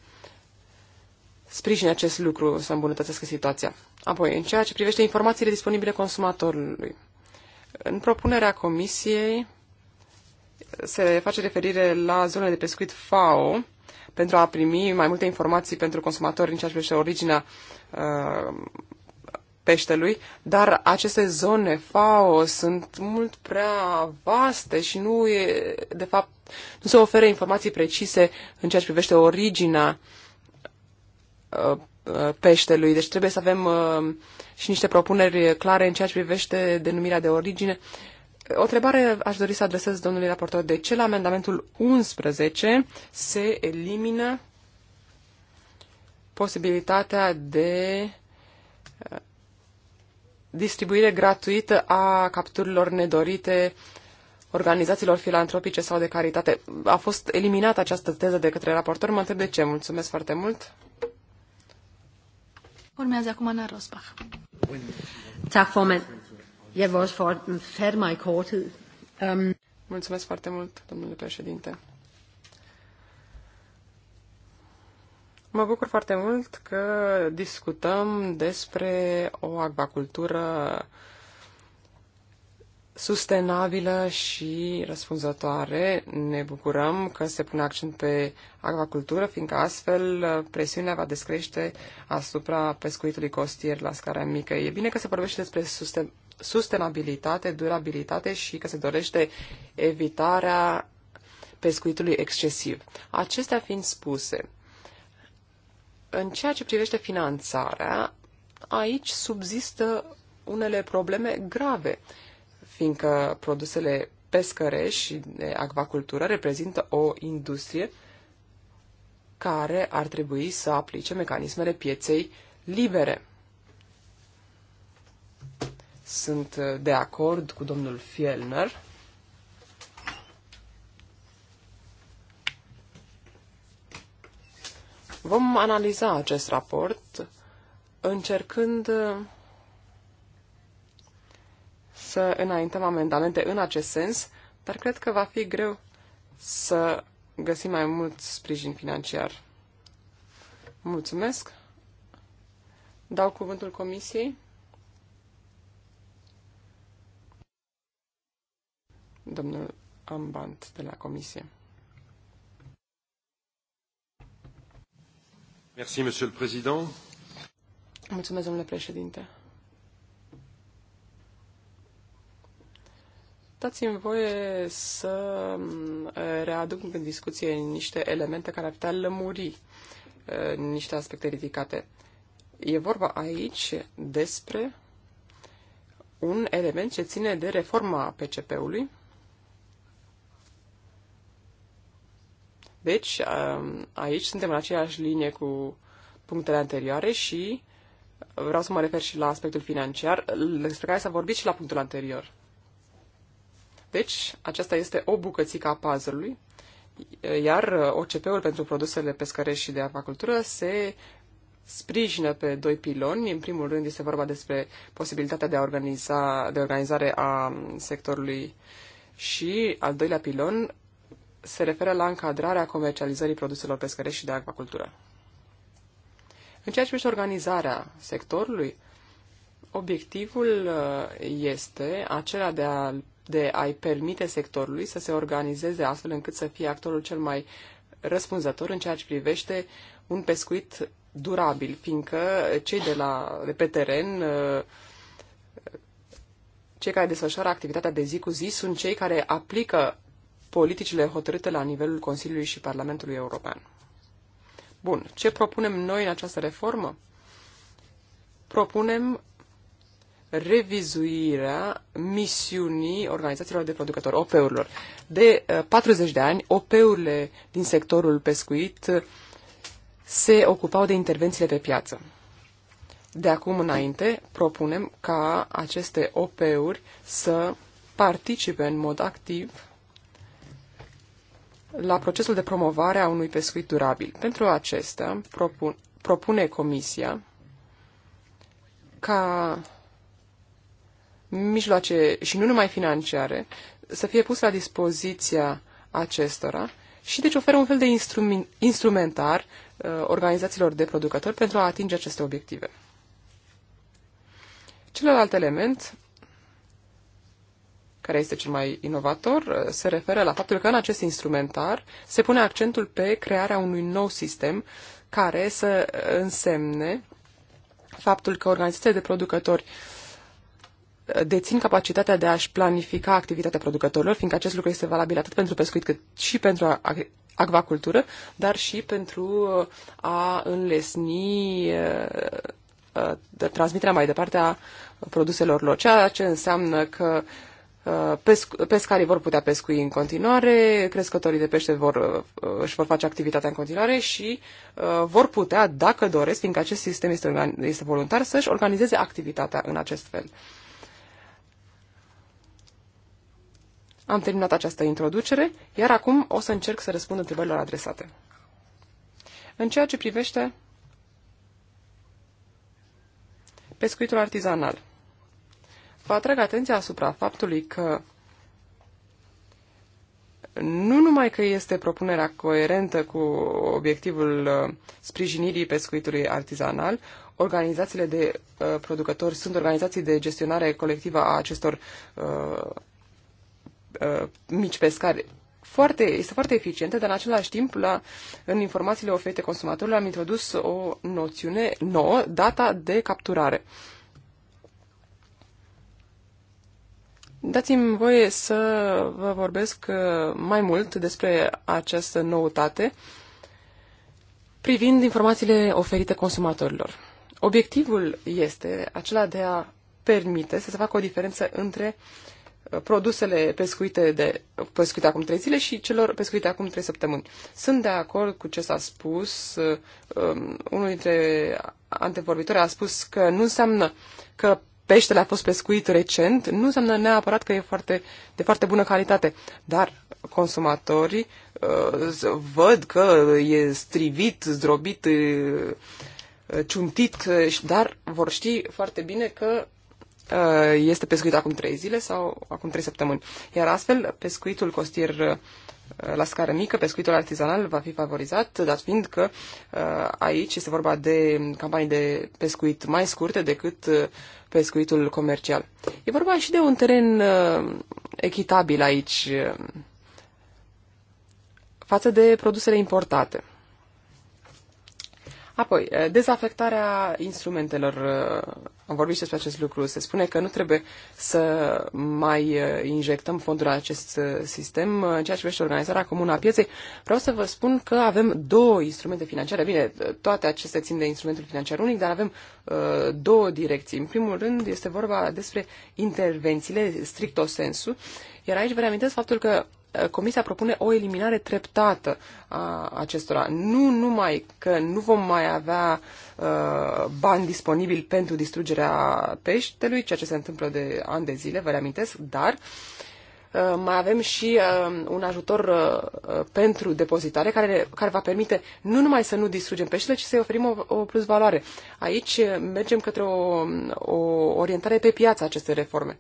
sprijine acest lucru, să îmbunătățească situația. Apoi, în ceea ce privește informațiile disponibile consumatorului, în propunerea comisiei se face referire la zonele de pescuit FAO pentru a primi mai multe informații pentru consumatori în ceea ce privește originea uh, peștelui, dar aceste zone FAO sunt mult prea vaste și nu e, de fapt, nu se oferă informații precise în ceea ce privește originea uh, Uh, peștelui. Deci trebuie să avem uh, și niște propuneri clare în ceea ce privește denumirea de origine. O întrebare aș dori să adresez domnului raportor. De ce la amendamentul 11 se elimină posibilitatea de uh, distribuire gratuită a capturilor nedorite organizațiilor filantropice sau de caritate. A fost eliminată această teză de către raportor. Mă întreb de ce. Mulțumesc foarte mult. Urmează acum Ana Rosbach. Tak, formand. Jeg vil også fatte mig i korthed. Um... Mulțumesc foarte mult, domnule președinte. Mă bucur foarte mult că discutăm despre o acvacultură sustenabilă și răspunzătoare. Ne bucurăm că se pune accent pe acvacultură, fiindcă astfel uh, presiunea va descrește asupra pescuitului costier la scara mică. E bine că se vorbește despre susten- sustenabilitate, durabilitate și că se dorește evitarea pescuitului excesiv. Acestea fiind spuse, în ceea ce privește finanțarea, aici subzistă unele probleme grave fiindcă produsele pescăre și de acvacultură reprezintă o industrie care ar trebui să aplice mecanismele pieței libere. Sunt de acord cu domnul Fielner Vom analiza acest raport încercând să înaintăm amendamente în acest sens, dar cred că va fi greu să găsim mai mult sprijin financiar. Mulțumesc. Dau cuvântul comisiei. Domnul Ambant de la comisie. Merci, monsieur le président. Mulțumesc, domnule președinte. Dați-mi voie să mm, readuc în discuție niște elemente care ar putea lămuri eh, niște aspecte ridicate. E vorba aici despre un element ce ține de reforma PCP-ului. Deci, ehm, aici suntem în aceeași linie cu punctele anterioare și vreau să mă refer și la aspectul financiar, despre care s-a vorbit și la punctul anterior. Deci, aceasta este o bucățică a puzzle-ului, iar uh, OCP-ul pentru produsele pescărești și de acvacultură se sprijină pe doi piloni. În primul rând este vorba despre posibilitatea de, a organiza, de organizare a sectorului și al doilea pilon se referă la încadrarea comercializării produselor pescărești și de acvacultură. În ceea ce privește organizarea sectorului, obiectivul uh, este acela de a de a-i permite sectorului să se organizeze astfel încât să fie actorul cel mai răspunzător în ceea ce privește un pescuit durabil, fiindcă cei de, la, de pe teren, uh, cei care desfășoară activitatea de zi cu zi, sunt cei care aplică politicile hotărâte la nivelul Consiliului și Parlamentului European. Bun, ce propunem noi în această reformă? Propunem revizuirea misiunii organizațiilor de producători, OP-urilor. De 40 uh, de ani, OP-urile din sectorul pescuit uh, se ocupau de intervențiile pe piață. De acum înainte, propunem ca aceste OP-uri să participe în mod activ la procesul de promovare a unui pescuit durabil. Pentru acesta propun, propune Comisia ca mijloace și nu numai financiare să fie pus la dispoziția acestora și deci oferă un fel de instrumentar uh, organizațiilor de producători pentru a atinge aceste obiective. Celălalt element, care este cel mai inovator, uh, se referă la faptul că în acest instrumentar se pune accentul pe crearea unui nou sistem care să uh, însemne faptul că organizațiile de producători uh, dețin capacitatea de a-și planifica activitatea producătorilor, fiindcă acest lucru este valabil atât pentru pescuit cât și pentru acvacultură, dar și pentru uh, a înlesni uh, uh, de transmiterea mai departe a produselor lor, ceea ce înseamnă că pesc- pescarii vor putea pescui în continuare, crescătorii de pește vor, își vor face activitatea în continuare și vor putea, dacă doresc, fiindcă acest sistem este, este voluntar, să-și organizeze activitatea în acest fel. Am terminat această introducere, iar acum o să încerc să răspund întrebărilor adresate. În ceea ce privește pescuitul artizanal, vă atrag atenția asupra faptului că nu numai că este propunerea coerentă cu obiectivul uh, sprijinirii pescuitului artizanal, organizațiile de uh, producători sunt organizații de gestionare colectivă a acestor uh, Uh, mici pescari foarte, este foarte eficientă, dar în același timp, la, în informațiile oferite consumatorilor, am introdus o noțiune nouă, data de capturare. Dați-mi voie să vă vorbesc uh, mai mult despre această noutate privind informațiile oferite consumatorilor. Obiectivul este acela de a permite să se facă o diferență între uh, produsele pescuite, de, pescuite acum trei zile și celor pescuite acum trei săptămâni. Sunt de acord cu ce s-a spus. Um, unul dintre antevorbitori a spus că nu înseamnă că peștele a fost pescuit recent, nu înseamnă neapărat că e foarte, de foarte bună calitate, dar consumatorii uh, văd că e strivit, zdrobit, uh, ciuntit, uh, dar vor ști foarte bine că Uh, este pescuit acum trei zile sau acum trei săptămâni. Iar astfel, pescuitul costier uh, la scară mică, pescuitul artizanal va fi favorizat, dat fiind că uh, aici este vorba de campanii de pescuit mai scurte decât pescuitul comercial. E vorba și de un teren echitabil aici față de produsele importate. Apoi, dezafectarea instrumentelor am vorbit și despre acest lucru, se spune că nu trebuie să mai uh, injectăm fonduri în acest uh, sistem. În ceea ce privește organizarea comună a pieței, vreau să vă spun că avem două instrumente financiare. Bine, toate acestea țin de instrumentul financiar unic, dar avem uh, două direcții. În primul rând este vorba despre intervențiile stricto sensu, iar aici vă reamintesc faptul că uh, Comisia propune o eliminare treptată a acestora. Nu numai că nu vom mai avea uh, Uh, bani disponibili pentru distrugerea peștelui, ceea ce se întâmplă de ani de zile, vă reamintesc, dar uh, mai avem și uh, un ajutor pentru depozitare care, care va permite nu numai să nu distrugem peștele, ci să-i oferim o, o plusvaloare. Aici mergem către o, o orientare pe piață aceste reforme.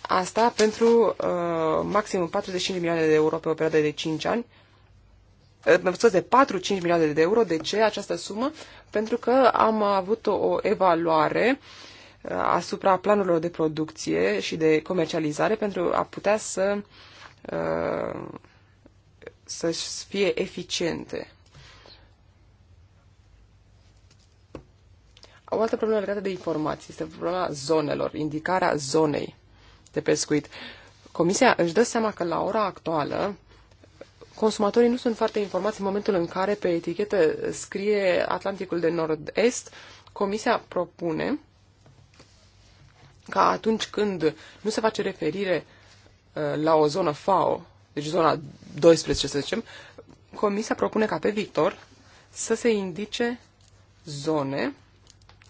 Asta pentru uh, maxim 45 milioane de euro pe o perioadă de 5 ani, de 4-5 milioane de euro. De ce această sumă? Pentru că am avut o evaluare uh, asupra planurilor de producție și de comercializare pentru a putea să uh, să fie eficiente. O altă problemă legată de informații este problema zonelor, indicarea zonei de pescuit. Comisia își dă seama că la ora actuală consumatorii nu sunt foarte informați în momentul în care pe etichetă scrie Atlanticul de Nord-Est, Comisia propune ca atunci când nu se face referire uh, la o zonă FAO, deci zona 12 să zicem, Comisia propune ca pe viitor să se indice zone,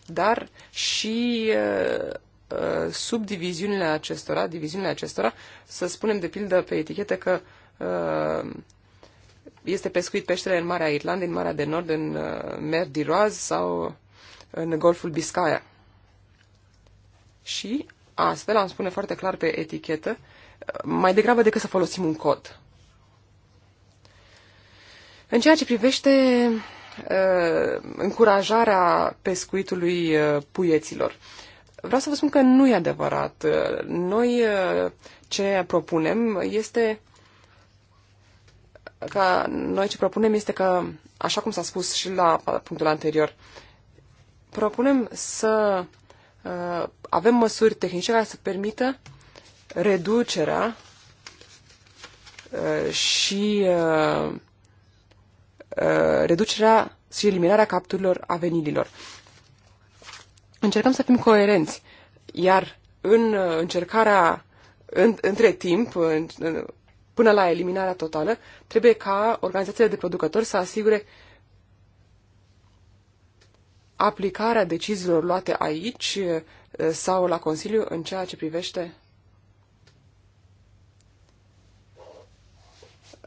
dar și uh, uh, subdiviziunile acestora, diviziunile acestora, să spunem de pildă pe etichetă că uh, Uh, este pescuit peștele în Marea Irlandei, în Marea de Nord, în uh, Mer d'Iroaz sau în Golful Biscaya. Și astfel am spune foarte clar pe etichetă, uh, mai degrabă decât să folosim un cod. În ceea ce privește uh, încurajarea pescuitului uh, puieților, vreau să vă spun că nu e adevărat. Noi uh, ce propunem este că noi ce propunem este că, așa cum s-a spus și la uh, punctul anterior, propunem să uh, avem măsuri tehnice care să permită reducerea uh, și uh, uh, reducerea și eliminarea capturilor a venililor Încercăm să fim coerenți, iar în uh, încercarea în, între timp, în, în, până la eliminarea totală, trebuie ca organizațiile de producători să asigure aplicarea deciziilor luate aici eh, sau la Consiliu în ceea ce privește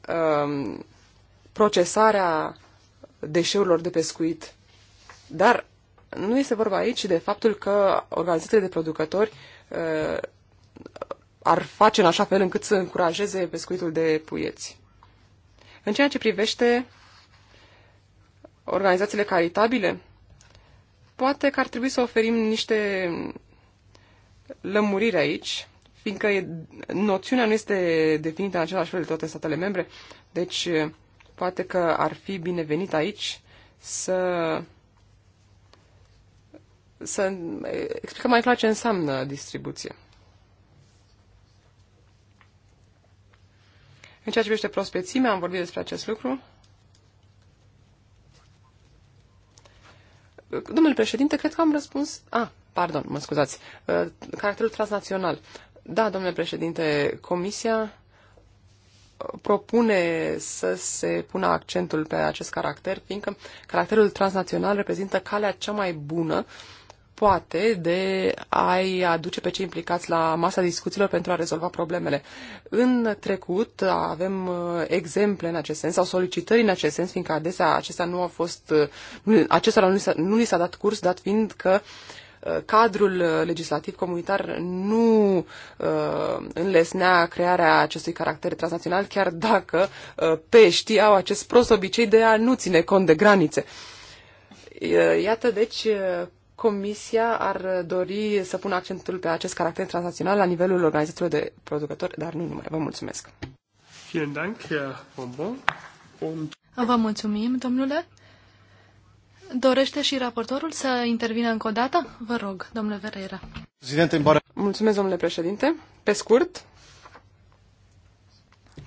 um, procesarea deșeurilor de pescuit. Dar nu este vorba aici de faptul că organizațiile de producători uh, ar face în așa fel încât să încurajeze pescuitul de puieți. În ceea ce privește organizațiile caritabile, poate că ar trebui să oferim niște lămuriri aici, fiindcă e, noțiunea nu este definită în același fel de toate statele membre, deci poate că ar fi binevenit aici să, să explicăm mai clar ce înseamnă distribuție. În ceea ce privește prospețimea, am vorbit despre acest lucru. Domnule președinte, cred că am răspuns... Ah, pardon, mă scuzați. Uh, caracterul transnațional. Da, domnule președinte, Comisia propune să se pună accentul pe acest caracter, fiindcă caracterul transnațional reprezintă calea cea mai bună uh, poate de a-i aduce pe cei implicați la masa discuțiilor pentru a rezolva problemele. În trecut avem uh, exemple în acest sens sau solicitări în acest sens, fiindcă adesea acestea nu au fost, uh, acestora nu li s-a dat curs, dat fiind că uh, cadrul legislativ comunitar nu uh, înlesnea crearea acestui caracter transnațional, chiar dacă uh, peștii au acest prost obicei de a nu ține cont de granițe. Iată, deci, Comisia ar dori să pună accentul pe acest caracter transnațional la nivelul organizațiilor de producători, dar nu numai. Vă mulțumesc. Vă mulțumim, domnule. Dorește și raportorul să intervină încă o dată? Vă rog, domnule Vereira. Mulțumesc, domnule președinte. Pe scurt,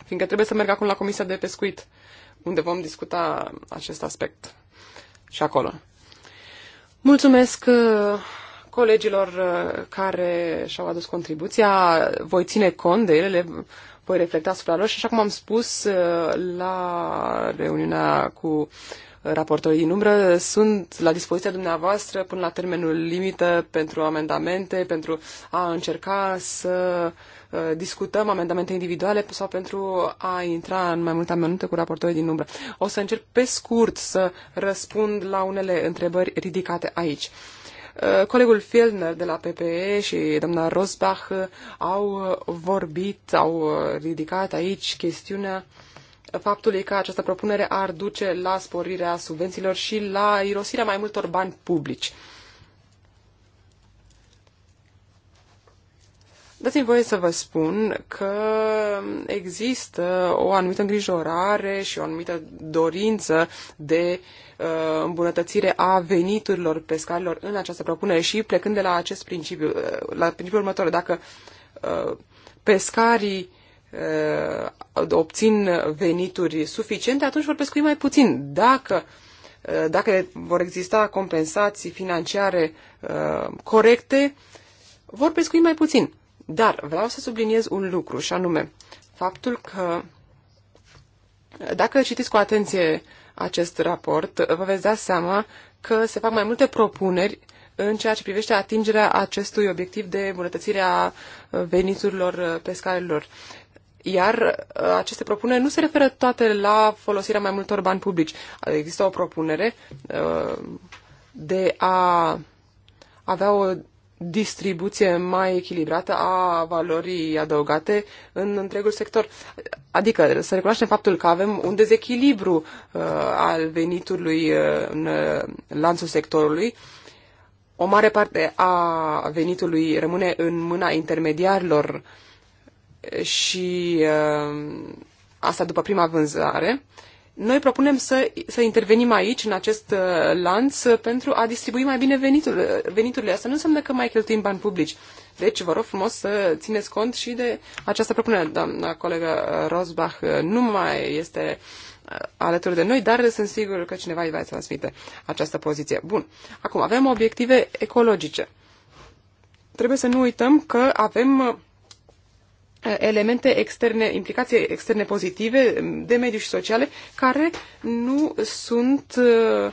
fiindcă trebuie să merg acum la Comisia de Pescuit, unde vom discuta acest aspect și acolo. Mulțumesc uh, colegilor uh, care și-au adus contribuția. Voi ține cont de ele, le voi reflecta asupra lor și așa cum am spus uh, la reuniunea cu raportorii din umbră, sunt la dispoziția dumneavoastră până la termenul limită pentru amendamente, pentru a încerca să uh, Uh, discutăm amendamente individuale sau pentru a intra în mai multe amănunte cu raportorii din umbră. O să încerc pe scurt să răspund la unele întrebări ridicate aici. Uh, colegul Fielner de la PPE și doamna Rosbach uh, au vorbit, au ridicat aici chestiunea faptului că această propunere ar duce la sporirea subvențiilor și la irosirea mai multor bani publici. Uh, Dați-mi voie să vă spun că există o anumită îngrijorare și o anumită dorință de uh, îmbunătățire a veniturilor pescarilor în această propunere și plecând de la acest principiu, uh, la principiul următor, dacă uh, pescarii uh, obțin venituri suficiente, atunci vor pescui mai puțin. Dacă uh, dacă vor exista compensații financiare uh, corecte, vor pescui mai puțin. Dar vreau să subliniez un lucru, și anume faptul că dacă citiți cu atenție acest raport, vă veți da seama că se fac mai multe propuneri în ceea ce privește atingerea acestui obiectiv de îmbunătățire a veniturilor pescarilor. Iar uh, aceste propuneri nu se referă toate la folosirea mai multor bani publici. Există o propunere uh, de a avea o distribuție mai echilibrată a valorii adăugate în întregul sector. Adică să recunoaștem faptul că avem un dezechilibru uh, al venitului uh, în uh, lanțul sectorului. O mare parte a venitului rămâne în mâna intermediarilor și uh, asta după prima vânzare. Uh, noi propunem să, să intervenim aici, în acest uh, lanț, uh, pentru a distribui mai bine venitur, uh, veniturile. Asta nu înseamnă că mai cheltuim bani publici. Deci, vă rog frumos să țineți cont și de această propunere. Doamna colegă Rosbach nu mai este alături de noi, dar sunt sigur că cineva îi va transmite această poziție. Bun. Acum, avem obiective ecologice. Trebuie să nu uităm că avem elemente externe, implicații externe pozitive de mediu și sociale care nu sunt uh,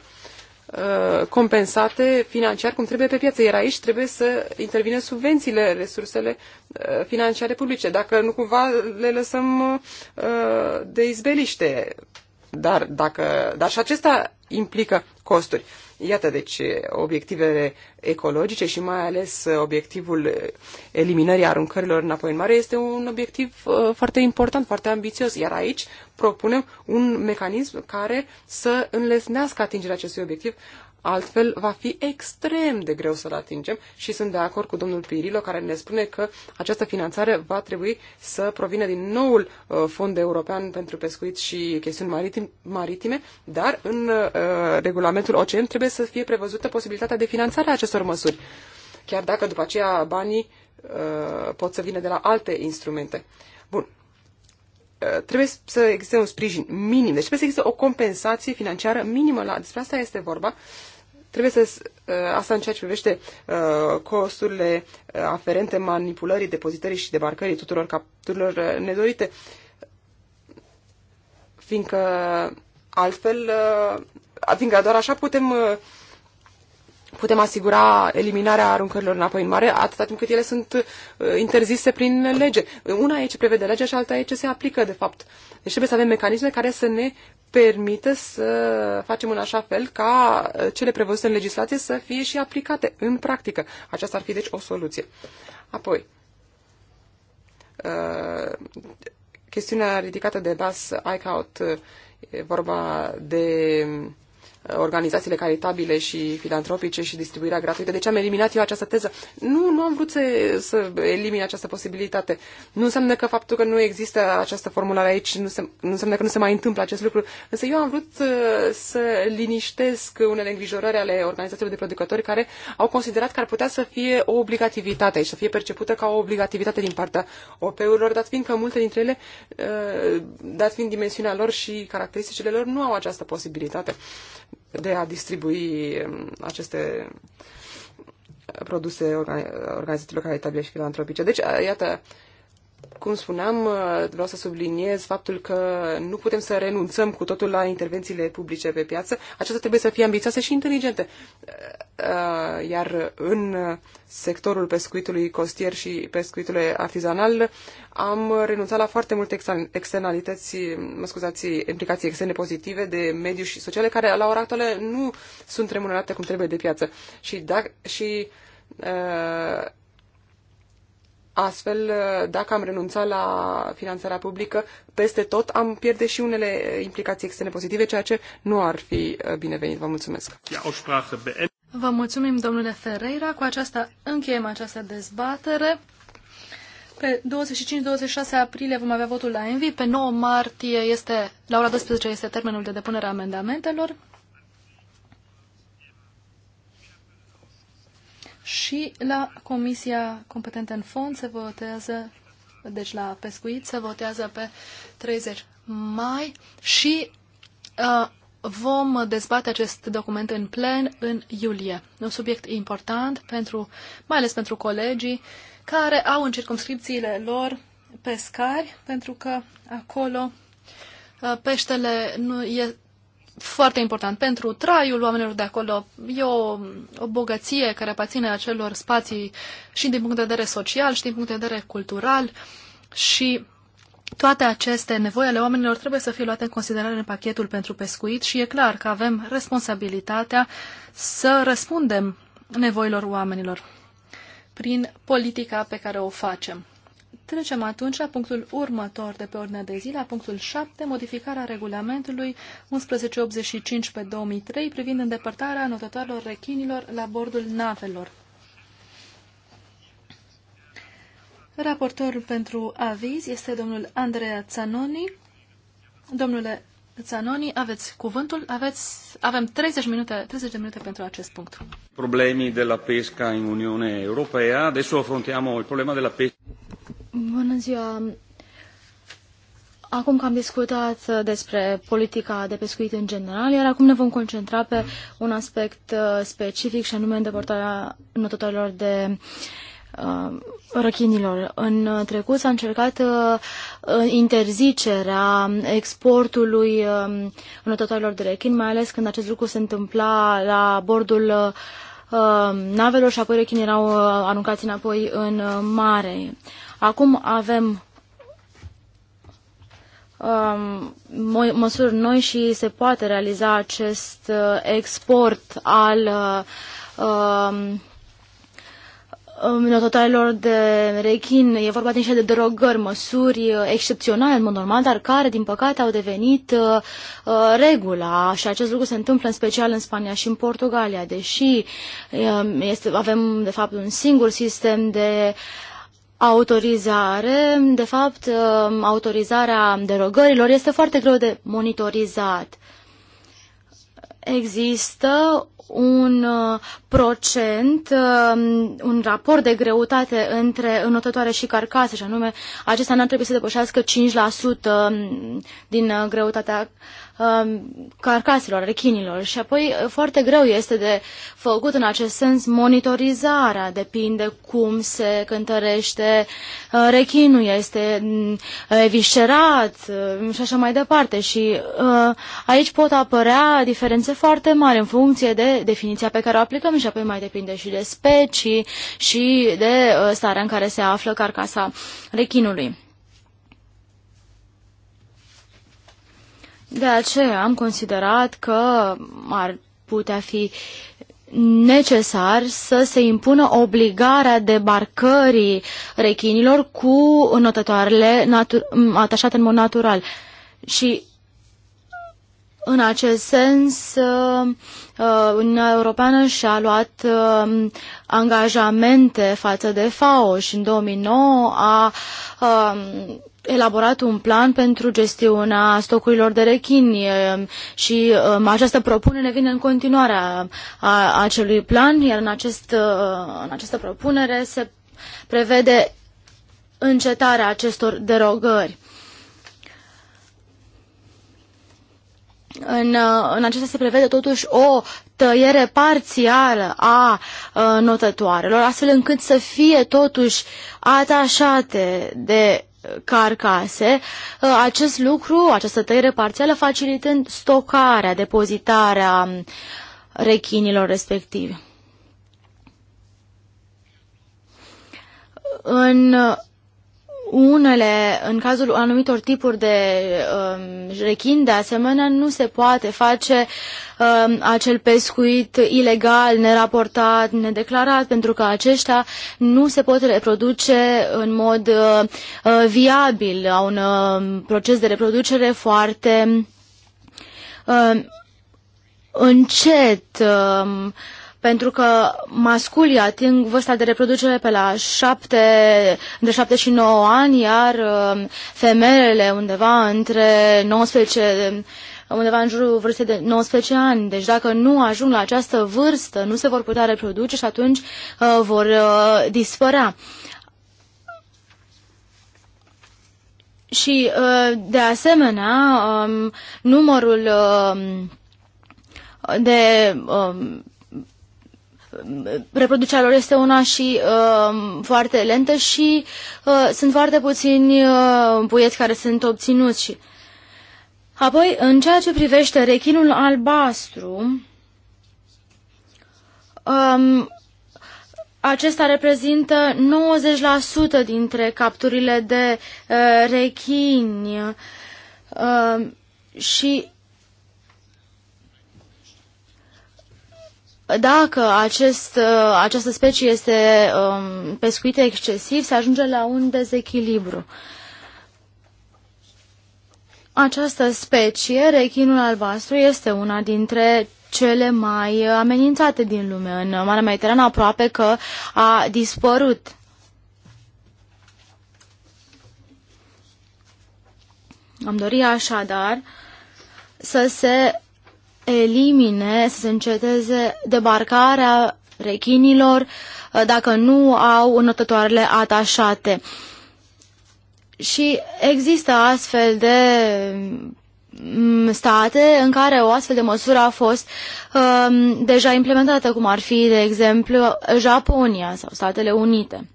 uh, compensate financiar cum trebuie pe piață. Iar aici trebuie să intervine subvențiile, resursele uh, financiare publice. Dacă nu cumva le lăsăm de izbeliște. Dar, dacă, dar și acesta implică costuri. Iată, deci, obiectivele ecologice și mai ales obiectivul eliminării aruncărilor înapoi în mare este un obiectiv uh, foarte important, foarte ambițios. Iar aici propunem un mecanism care să înlesnească atingerea acestui obiectiv, Altfel, va fi extrem de greu să-l atingem și sunt de acord cu domnul Pirilo, care ne spune că această finanțare va trebui să provină din noul uh, Fond European pentru Pescuit și Chestiuni maritim, Maritime, dar în uh, regulamentul OCM trebuie să fie prevăzută posibilitatea de finanțare a acestor măsuri, chiar dacă după aceea banii uh, pot să vină de la alte instrumente. Bun, Uh, trebuie să existe un sprijin minim, deci trebuie să existe o compensație financiară minimă la, despre asta este vorba, trebuie să, uh, asta în ceea ce privește uh, costurile aferente manipulării, depozitării și debarcării tuturor capturilor nedorite, fiindcă altfel, fiindcă doar așa putem putem asigura eliminarea aruncărilor înapoi în mare atâta timp cât ele sunt uh, interzise prin lege. Una e ce prevede legea și alta e ce se aplică, de fapt. Deci trebuie să avem mecanisme care să ne permită să facem în așa fel ca uh, cele prevăzute în legislație să fie și aplicate în practică. Aceasta ar fi, deci, o soluție. Apoi, uh, chestiunea ridicată de Das Eichhout, vorba de um, organizațiile caritabile și filantropice și distribuirea gratuită. Deci am eliminat eu această teză. Nu, nu am vrut să, să elimin această posibilitate. Nu înseamnă că faptul că nu există această formulare aici, nu, se, nu înseamnă că nu se mai întâmplă acest lucru. Însă eu am vrut uh, să liniștesc unele îngrijorări ale organizațiilor de producători care au considerat că ar putea să fie o obligativitate aici, să fie percepută ca o obligativitate din partea OP-urilor, dat fiind că multe dintre ele, uh, dat fiind dimensiunea lor și caracteristicile lor, nu au această posibilitate de a distribui um, aceste produse organizațiilor caritabile și filantropice. Deci, uh, iată, cum spuneam, uh, vreau să subliniez faptul că nu putem să renunțăm cu totul la intervențiile publice pe piață. Aceasta trebuie să fie ambițioasă și inteligentă. Uh, uh, iar în sectorul pescuitului costier și pescuitului artizanal am renunțat la foarte multe externalități, mă scuzați, implicații externe pozitive de mediu și sociale, care la ora actuală nu sunt remunerate cum trebuie de piață. Și, dacă, și Astfel, dacă am renunțat la finanțarea publică, peste tot am pierde și unele implicații externe pozitive, ceea ce nu ar fi uh, binevenit. Vă mulțumesc! Vă mulțumim, domnule Ferreira. Cu aceasta încheiem această dezbatere. Pe 25-26 aprilie vom avea votul la Envi. Pe 9 martie este, la ora 12 este termenul de depunere a amendamentelor. și la Comisia competentă în fond se votează, deci la pescuit se votează pe 30 mai și uh, vom dezbate acest document în plen în iulie. Un subiect important, pentru, mai ales pentru colegii care au în circumscripțiile lor pescari, pentru că acolo uh, peștele nu e foarte important pentru traiul oamenilor de acolo. E o, o bogăție care aparține acelor spații și din punct de vedere social și din punct de vedere cultural și toate aceste nevoi ale oamenilor trebuie să fie luate în considerare în pachetul pentru pescuit și e clar că avem responsabilitatea să răspundem nevoilor oamenilor prin politica pe care o facem. Trecem atunci la punctul următor de pe ordinea de zi, la punctul 7, modificarea regulamentului 1185 pe 2003 privind îndepărtarea notătoarelor rechinilor la bordul navelor. Raportorul pentru aviz este domnul Andrea Țanoni. Domnule Țanoni, aveți cuvântul, aveți, avem 30, minute, 30 de minute pentru acest punct. de la pesca în Uniunea Europeană. adesso affrontiamo il problema della pesca. Bună ziua! Acum că am discutat despre politica de pescuit în general, iar acum ne vom concentra pe un aspect uh, specific și anume îndepărtarea notătorilor de uh, răchinilor. În trecut s-a încercat uh, uh interzicerea exportului uh, notătorilor de rechin, mai ales când acest lucru se întâmpla la bordul uh, navelor și apoi rechinii erau uh, aruncați înapoi în mare. Acum avem um, măsuri noi și se poate realiza acest uh, export al uh, um, de rechin. E vorba de niște de derogări, măsuri uh, excepționale în mod normal, dar care, din păcate, au devenit uh, regula și acest lucru se întâmplă în special în Spania și în Portugalia, deși uh, este, avem, de fapt, un singur sistem de uh, autorizare, de fapt, um, autorizarea derogărilor este foarte greu de monitorizat. Există un uh, procent, um, un raport de greutate între înotătoare și carcase, și anume acesta nu ar trebui să depășească 5% um, din uh, greutatea Um, carcaselor, rechinilor și apoi uh, foarte greu este de făcut în acest sens monitorizarea, depinde cum se cântărește uh, rechinul, este mm, eviscerat uh, și așa mai departe și aici pot apărea diferențe foarte mari în funcție de definiția pe care o aplicăm și apoi mai depinde și de specii și de starea în care se află carcasa rechinului. De aceea am considerat că ar putea fi necesar să se impună obligarea debarcării rechinilor cu notătoarele atașate în mod natural. Și în acest sens, uh, Uniunea Europeană și-a luat um, angajamente față de FAO și în 2009 a um, elaborat un plan pentru gestiunea stocurilor de rechini ehm, și ehm, această propunere vine în continuarea acelui plan, iar în, acest, ehm, în această propunere se prevede încetarea acestor derogări. În, în acesta se prevede totuși o tăiere parțială a, a notătoarelor, astfel încât să fie totuși atașate de carcase, uh, acest lucru, această tăiere parțială, facilitând stocarea, depozitarea um, rechinilor respectivi. În unele, în cazul anumitor tipuri de um, rechin, de asemenea, nu se poate face um, acel pescuit ilegal, neraportat, nedeclarat, pentru că aceștia nu se pot reproduce în mod uh, uh viabil, au un uh, proces de reproducere foarte uh, încet. Uh, pentru că masculii ating vârsta de reproducere pe la 7, între 7 și 9 ani, iar uh, femelele undeva între 19 undeva în jurul vârstei de 19 ani. Deci dacă nu ajung la această vârstă, nu se vor putea reproduce și atunci uh, vor uh, dispărea. Și, uh, de asemenea, um, numărul uh, de uh, reproducerea lor este una și uh, foarte lentă și uh, sunt foarte puțini uh, puieți care sunt obținuți. Și... Apoi, în ceea ce privește rechinul albastru, um, acesta reprezintă 90% dintre capturile de uh, rechini uh, și dacă acest, uh, această specie este um, pescuită excesiv, se ajunge la un dezechilibru. Această specie, rechinul albastru, este una dintre cele mai amenințate din lume. În Marea Mediterană aproape că a dispărut. Am dorit așadar să se elimine, să se înceteze debarcarea rechinilor uh, dacă nu au notătoarele atașate. Și există astfel de mm, state în care o astfel de măsură a fost um, deja implementată, cum ar fi, de exemplu, Japonia sau Statele Unite.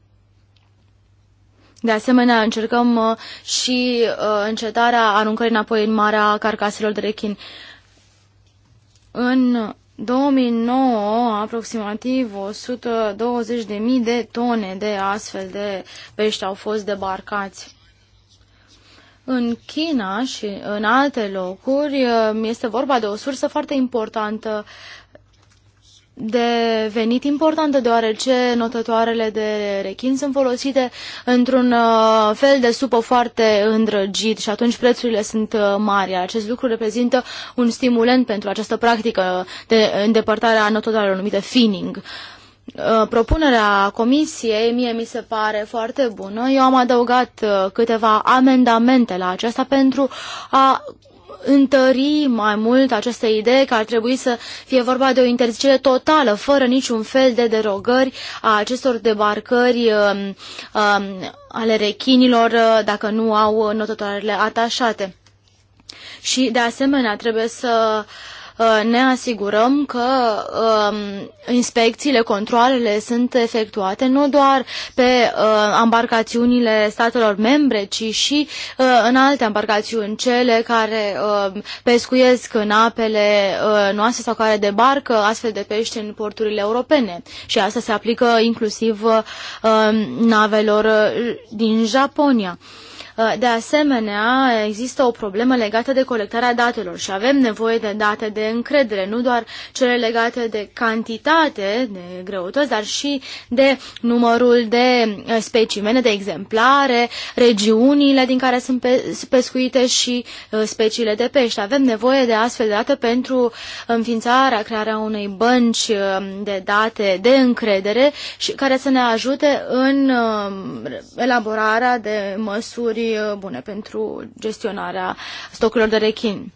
De asemenea, încercăm uh, și uh, încetarea aruncării înapoi în marea carcaselor de rechin. Uh, în 2009, aproximativ 120.000 de tone de astfel de pești au fost debarcați. În China și în alte locuri este vorba de o sursă foarte importantă de venit importantă, deoarece notătoarele de rechin sunt folosite într-un uh, fel de supă foarte îndrăgit și atunci prețurile sunt uh, mari. Acest lucru reprezintă un stimulent pentru această practică de îndepărtare a notătoarelor numită finning. Uh, propunerea comisiei mie mi se pare foarte bună. Eu am adăugat câteva amendamente la aceasta pentru a întări mai mult această idee că ar trebui să fie vorba de o interzicere totală, fără niciun fel de derogări a acestor debarcări um, um, ale rechinilor uh, dacă nu au notătoarele atașate. Și, de asemenea, trebuie să uh, Uh, ne asigurăm că um, inspecțiile, controlele sunt efectuate nu doar pe uh, embarcațiunile statelor membre, ci și uh, în alte embarcațiuni, cele care um, pescuiesc în apele noastre sau care debarcă astfel de pește în porturile europene. Și asta se aplică inclusiv um, navelor din Japonia. Uh, de asemenea, există o problemă legată de colectarea datelor și avem nevoie de date de încredere, nu doar cele legate de cantitate, de greutăți, dar și de numărul de uh, specimene, de exemplare, regiunile din care sunt pescuite și uh, speciile de pește. Avem nevoie de astfel de date pentru înființarea, crearea unei bănci de date de încredere și care să ne ajute în elaborarea de măsuri Uh, bune pentru gestionarea stocurilor de rechin.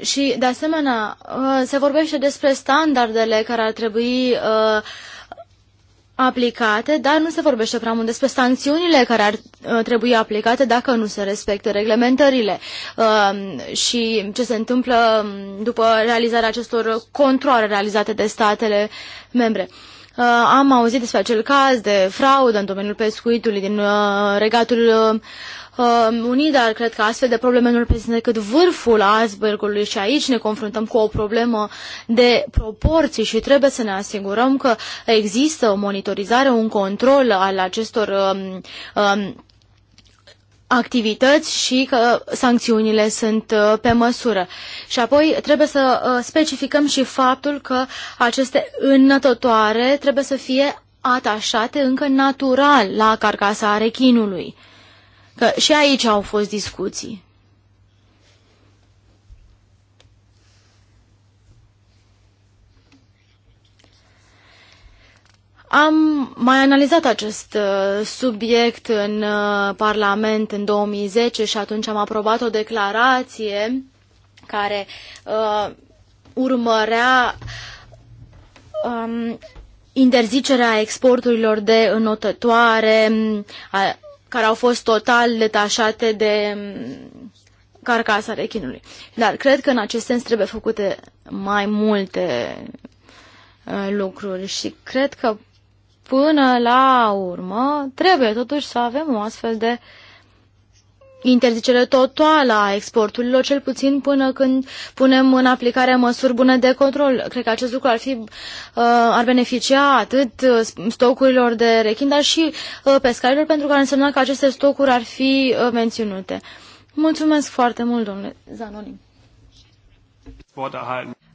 Și, de asemenea, uh, se vorbește despre standardele care ar trebui uh, aplicate, dar nu se vorbește prea mult despre sancțiunile care ar trebui aplicate dacă nu se respectă reglementările și ce se întâmplă um, după realizarea acestor controle realizate de statele membre. Uh, am auzit despre acel caz de fraudă în domeniul pescuitului din uh, Regatul uh, um, Unit, dar cred că astfel de probleme nu reprezintă decât vârful icebergului și aici ne confruntăm cu o problemă de proporții și trebuie să ne asigurăm că există o monitorizare, un control al acestor uh, uh, activități și că sancțiunile sunt uh, pe măsură. Și apoi trebuie să uh, specificăm și faptul că aceste înnătătoare trebuie să fie atașate încă natural la carcasa rechinului. Că și aici au fost discuții. Am mai analizat acest uh, subiect în uh, Parlament în 2010 și atunci am aprobat o declarație care uh, urmărea um, interzicerea exporturilor de înotătoare a, care au fost total detașate de um, carcasa rechinului. Dar cred că în acest sens trebuie făcute mai multe uh, lucruri și cred că până la urmă trebuie totuși să avem o astfel de interzicere totală a exporturilor, cel puțin până când punem în aplicare măsuri bune de control. Cred că acest lucru ar, fi, uh, ar beneficia atât uh, stocurilor de rechin, dar și uh, pescarilor, pentru că ar însemna că aceste stocuri ar fi menținute. Mulțumesc foarte mult, domnule Zanoni.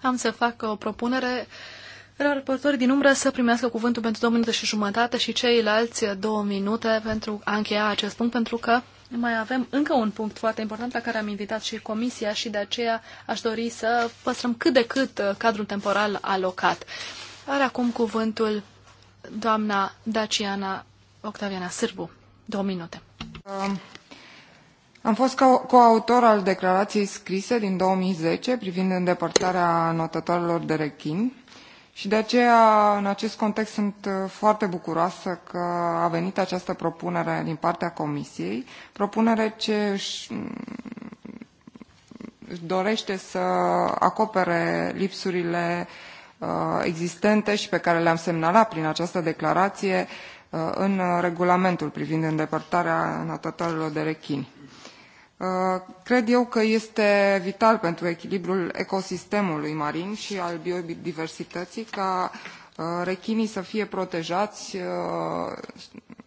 Am să fac o propunere raportorii din umbră să primească cuvântul pentru două minute și jumătate și ceilalți două minute pentru a încheia acest punct, pentru că mai avem încă un punct foarte important la care am invitat și comisia și de aceea aș dori să păstrăm cât de cât uh, cadrul temporal alocat. Are acum cuvântul doamna Daciana Octaviana Sârbu. Două minute. Um. Am fost coautor al declarației scrise din 2010 privind îndepărtarea notătoarelor de rechin și de aceea, în acest context, sunt uh, foarte bucuroasă că a venit această propunere din partea Comisiei, propunere ce își mm, dorește să acopere lipsurile uh, existente și pe care le-am semnalat prin această declarație uh, în regulamentul privind îndepărtarea natatorilor de rechini. Uh, cred eu că este vital pentru echilibrul ecosistemului marin și al biodiversității ca uh, rechinii să fie protejați uh,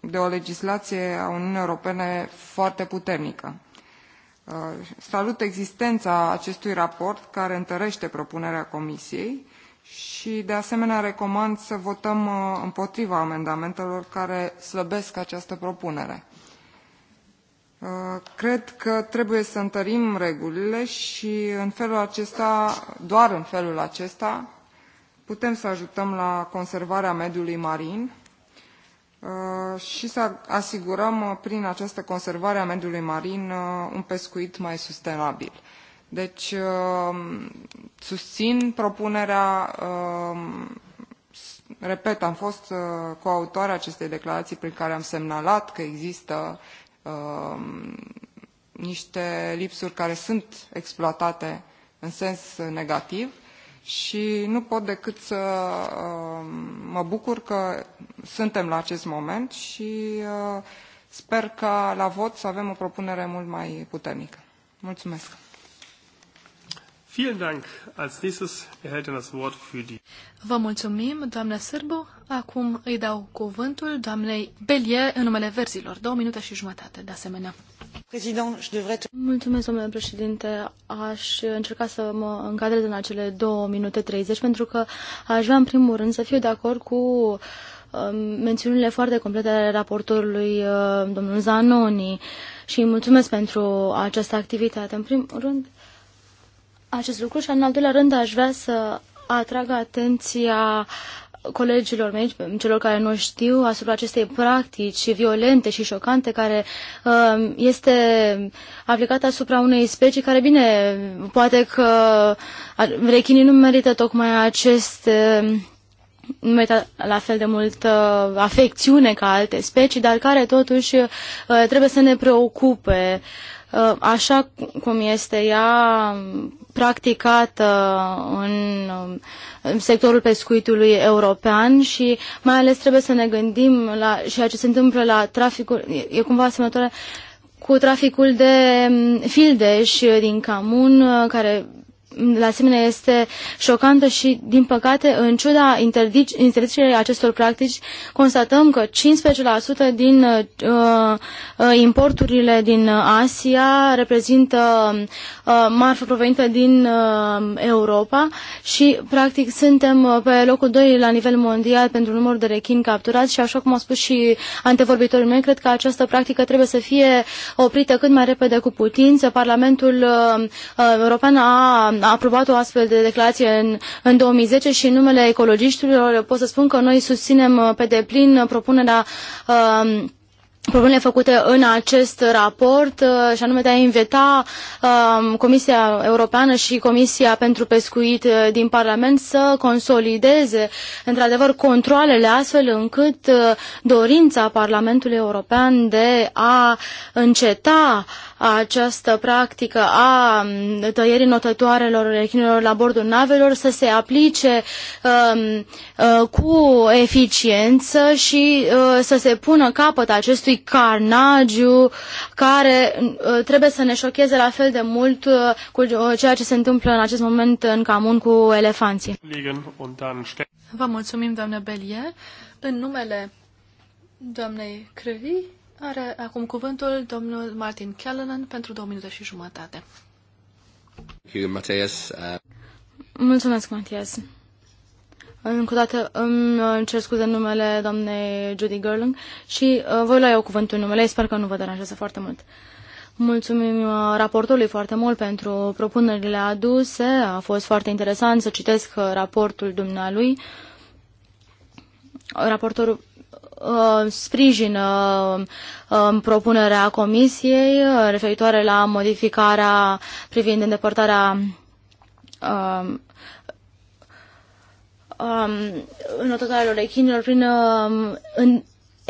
de o legislație a Uniunii Europene foarte puternică. Salut existența acestui raport care întărește propunerea Comisiei și de asemenea recomand să votăm împotriva amendamentelor care slăbesc această propunere. Uh, cred că trebuie să întărim regulile și în felul acesta, doar în felul acesta, putem să ajutăm la conservarea mediului marin uh, și să asigurăm uh, prin această conservare a mediului marin un pescuit mai sustenabil. Deci susțin propunerea, repet, am fost coautoare acestei declarații prin care am semnalat că există Um, niște lipsuri care sunt exploatate în sens negativ și nu pot decât să um, mă bucur că suntem la acest moment și uh, sper ca la vot să avem o propunere mult mai puternică. Mulțumesc! Er Vă mulțumim, doamna Sârbu. Acum îi dau cuvântul doamnei Belie în numele verzilor. Două minute și jumătate, de asemenea. Mulțumesc, domnule președinte. Aș încerca să mă încadrez în acele două minute 30, pentru că aș vrea, în primul rând, să fiu de acord cu um, mențiunile foarte complete ale raportorului uh, domnul Zanoni și îi mulțumesc pentru această activitate. În primul rând, acest lucru și, în al doilea rând, aș vrea să atrag atenția colegilor mei, celor care nu știu, asupra acestei practici violente și șocante care um, este aplicată asupra unei specii care, bine, poate că rechinii nu merită tocmai acest um, nu merită la fel de mult afecțiune ca alte specii, dar care totuși uh, trebuie să ne preocupe uh, Uh, așa cum este ea practicată uh, în sectorul pescuitului european și mai ales trebuie să ne gândim la ceea ce se întâmplă la traficul, e cumva asemănător cu traficul de mm, fildeș din Camun, uh, care de asemenea, este șocantă și, din păcate, în ciuda interdicției acestor practici, constatăm că 15% din uh, uh, importurile din Asia reprezintă uh, marfă provenită din uh, Europa și, practic, suntem uh, pe locul 2 la nivel mondial pentru numărul de rechini capturați și, așa cum au spus și antevorbitorii mei, cred că această practică trebuie să fie oprită cât mai repede cu putință. Parlamentul uh, uh European a a aprobat o astfel de declarație în, în 2010 și în numele ecologiștilor pot să spun că noi susținem uh, pe deplin uh, propunerea uh, propunerile făcute în acest raport uh, și anume de a invita um, Comisia Europeană și Comisia pentru Pescuit din Parlament să consolideze într-adevăr controlele astfel încât dorința Parlamentului European de a înceta uh, această practică a mm, tăierii notătoarelor rechinilor la bordul navelor să se aplice um, uh, cu eficiență și uh, să se pună capăt acestui carnagiu care uh, trebuie să ne șocheze la fel de mult uh, cu uh, ceea ce se întâmplă în acest moment în Camun cu elefanții. Vă mulțumim, doamnă Belie. În numele doamnei Crevi, are acum cuvântul domnul Martin Callanan pentru două minute și jumătate. Uh, Mulțumesc, Matias. Încă o dată îmi uh, cer scuze numele doamnei Judy Gerling și uh, voi lua eu cuvântul numele ei, sper că nu vă deranjează foarte mult. Mulțumim raportului foarte mult pentru propunerile aduse, a fost foarte interesant să citesc raportul dumnealui. Raportorul Uh, sprijină uh, propunerea Comisiei uh, referitoare la modificarea privind îndepărtarea um, um, înotătoarelor echinilor prin um, în,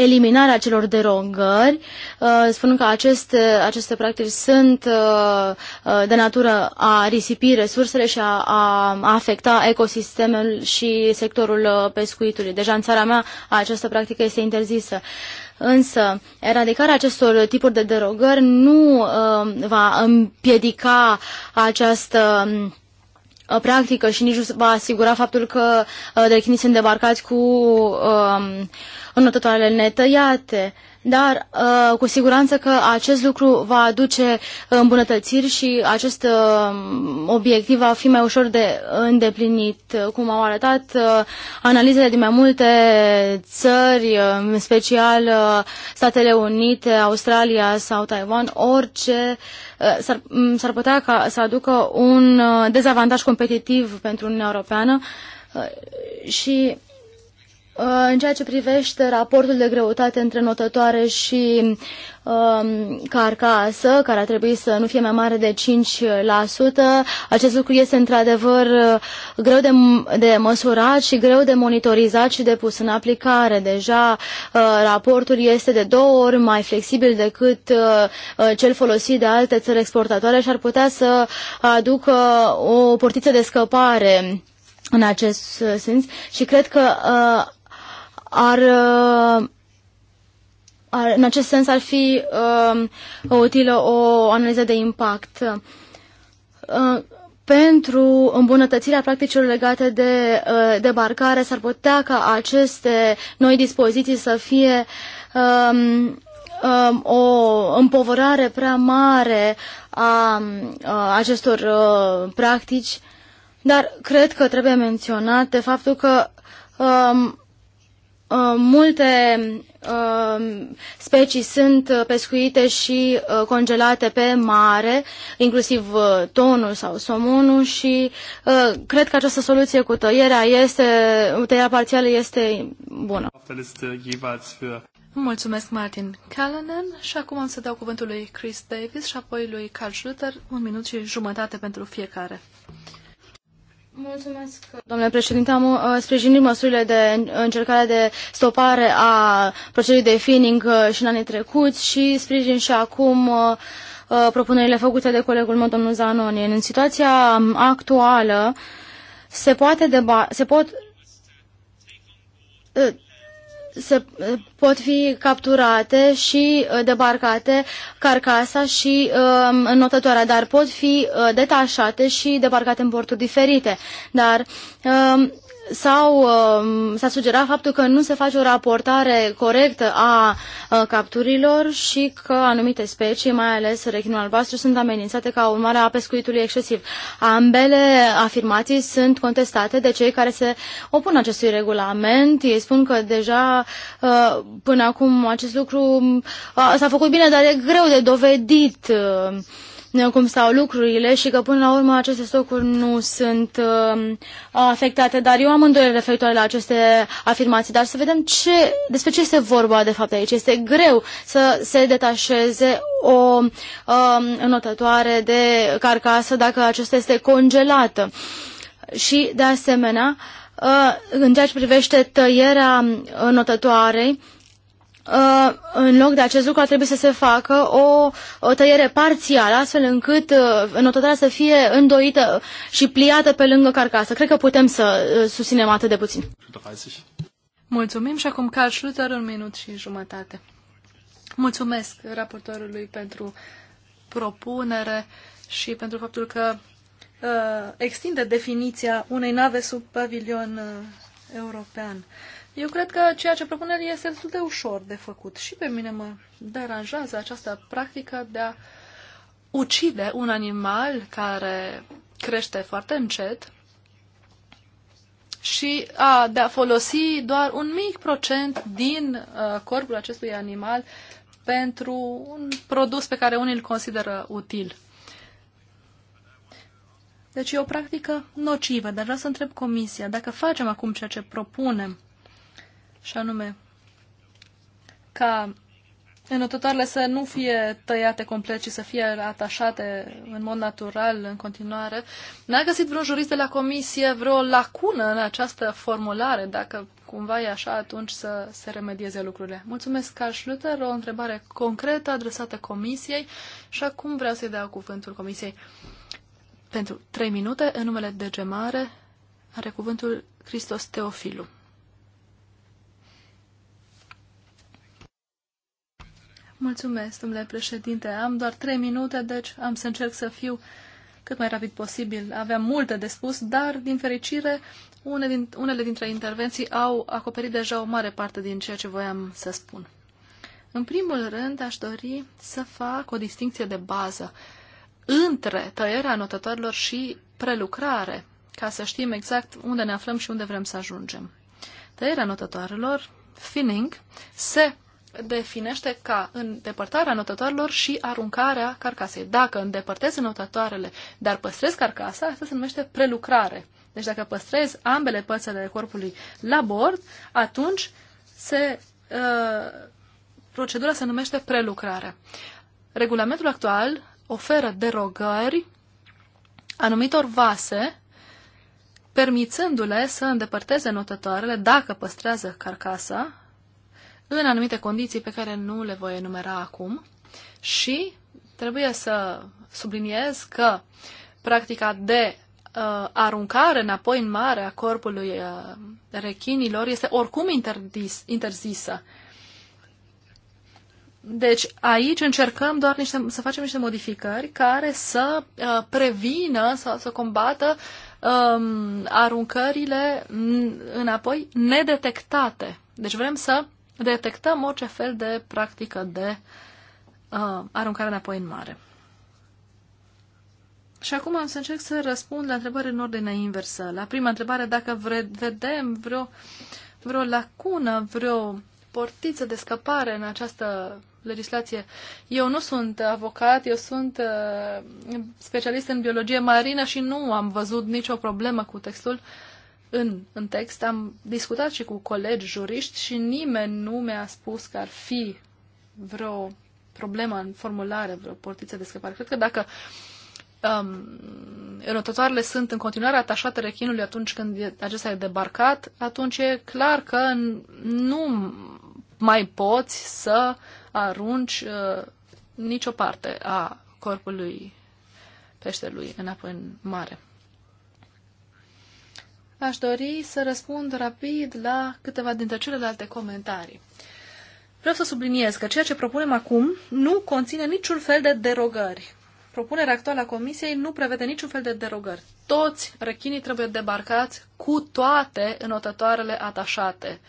eliminarea celor derogări, uh, spunând că aceste, aceste practici sunt uh, uh, de natură a risipi resursele și a, a afecta ecosistemul și sectorul pescuitului. Deja în țara mea această practică este interzisă. Însă, eradicarea acestor tipuri de derogări nu va împiedica această Uh, practică și nici nu va asigura faptul că uh, delfinii sunt debarcați cu um, înotătoarele netăiate. Dar uh, cu siguranță că acest lucru va aduce îmbunătățiri și acest uh, obiectiv va fi mai ușor de îndeplinit, cum au arătat uh, analizele din mai multe țări, uh, în special uh, Statele Unite, Australia sau Taiwan, orice uh, Eh, s-ar, putea ca să aducă un eh, dezavantaj competitiv pentru Uniunea Europeană eh, și în ceea ce privește raportul de greutate între notătoare și um, carcasă, care ar trebui să nu fie mai mare de 5%. Acest lucru este într-adevăr uh, greu de, de măsurat și greu de monitorizat și de pus în aplicare. Deja uh, raportul este de două ori mai flexibil decât uh, uh cel folosit de alte țări exportatoare și ar putea să aducă o portiță de scăpare în acest uh, sens și cred că uh, ar uh, ar, în acest sens ar fi uh, utilă o analiză de impact. Uh, pentru îmbunătățirea practicilor legate de uh, debarcare s-ar putea ca aceste noi dispoziții să fie um, um, o împovărare prea mare a, a uh, acestor uh, practici, dar cred că trebuie menționat de faptul că um, Uh, multe uh, specii sunt uh, pescuite și uh, congelate pe mare, inclusiv uh, tonul sau somonul și uh, cred că această soluție cu tăierea este, tăierea parțială este bună. Mulțumesc, Martin Callanan. Și acum am să dau cuvântul lui Chris Davis și apoi lui Carl Schlüter, un minut și jumătate pentru fiecare. Mulțumesc, domnule președinte. Am uh, sprijinit măsurile de încercare de stopare a procesului de finning uh, și în anii trecuți și sprijin și acum uh, propunerile făcute de colegul meu, domnul Zanoni. În situația um, actuală se, poate deba- se pot să eh, pot fi capturate și eh, debarcate carcasa și eh, înotătoarea, dar pot fi detașate și debarcate în porturi diferite. Dar sau um, s-a sugerat faptul că nu se face o raportare corectă a capturilor și că anumite specii, mai ales rechinul albastru, sunt amenințate ca urmare a pescuitului excesiv. Ambele afirmații sunt contestate de cei care se opun acestui regulament. Ei spun că deja uh, până acum acest lucru uh, s-a făcut bine, dar e greu de dovedit uh, cum stau lucrurile și că până la urmă aceste stocuri nu sunt uh, afectate. Dar eu am îndoieli referitoare la aceste afirmații, dar să vedem ce, despre ce este vorba de fapt aici. Este greu să se detașeze o uh, um, notătoare de carcasă dacă aceasta este congelată. Și de asemenea, uh, în ceea ce privește tăierea notătoarei, uh, Uh, în loc de acest lucru ar trebui să se facă o, o tăiere parțială, astfel încât uh, înotătarea să fie îndoită și pliată pe lângă carcasă. Cred că putem să uh, susținem atât de puțin. Mulțumim și acum Carl Schluter, un minut și jumătate. Mulțumesc raportorului pentru propunere și pentru faptul că uh, extinde definiția unei nave sub pavilion uh, european. Uh, eu cred că ceea ce propune el este destul de ușor de făcut și pe mine mă deranjează această practică de a ucide un animal care crește foarte încet și a, de a folosi doar un mic procent din uh, corpul acestui animal pentru un produs pe care unii îl consideră util. Deci e o practică nocivă, dar vreau să întreb Comisia, dacă facem acum ceea ce propunem, și anume ca înotătoarele să nu fie tăiate complet, ci să fie atașate în mod natural în continuare. N-a găsit vreun jurist de la comisie vreo lacună în această formulare, dacă cumva e așa, atunci să se remedieze lucrurile. Mulțumesc, Carl Schlüter, o întrebare concretă adresată comisiei și acum vreau să-i dau cuvântul comisiei. Pentru trei minute, în numele de gemare, are cuvântul Cristos Teofilu. Mulțumesc, domnule președinte. Am doar trei minute, deci am să încerc să fiu cât mai rapid posibil. Aveam multe de spus, dar, din fericire, unele dintre intervenții au acoperit deja o mare parte din ceea ce voiam să spun. În primul rând, aș dori să fac o distinție de bază între tăierea anotătorilor și prelucrare, ca să știm exact unde ne aflăm și unde vrem să ajungem. Tăierea notătorilor, finning, se definește ca îndepărtarea notătoarelor și aruncarea carcasei. Dacă îndepărtezi notătoarele, dar păstrezi carcasa, asta se numește prelucrare. Deci dacă păstrezi ambele părți ale corpului la bord, atunci se, uh, procedura se numește prelucrare. Regulamentul actual oferă derogări anumitor vase permițându-le să îndepărteze notătoarele dacă păstrează carcasa în anumite condiții pe care nu le voi enumera acum și trebuie să subliniez că practica de uh, aruncare înapoi în mare a corpului uh, rechinilor este oricum interdis, interzisă. Deci aici încercăm doar niște, să facem niște modificări care să uh, prevină sau să combată uh, aruncările înapoi nedetectate. Deci vrem să detectăm orice fel de practică de uh, aruncare înapoi în mare. Și acum am să încerc să răspund la întrebări în ordine inversă. La prima întrebare, dacă vre- vedem vreo, vreo lacună, vreo portiță de scăpare în această legislație. Eu nu sunt avocat, eu sunt uh, specialist în biologie marină și nu am văzut nicio problemă cu textul în, în text. Am discutat și cu colegi juriști și nimeni nu mi-a spus că ar fi vreo problemă în formulare, vreo portiță de scăpare. Cred că dacă um, rotatoarele sunt în continuare atașate rechinului atunci când acesta e debarcat, atunci e clar că nu mai poți să arunci uh, nicio parte a corpului peștelui înapoi în mare aș dori să răspund rapid la câteva dintre celelalte comentarii. Vreau să subliniez că ceea ce propunem acum nu conține niciun fel de derogări. Propunerea actuală a Comisiei nu prevede niciun fel de derogări. Toți rechinii trebuie debarcați cu toate înotătoarele atașate.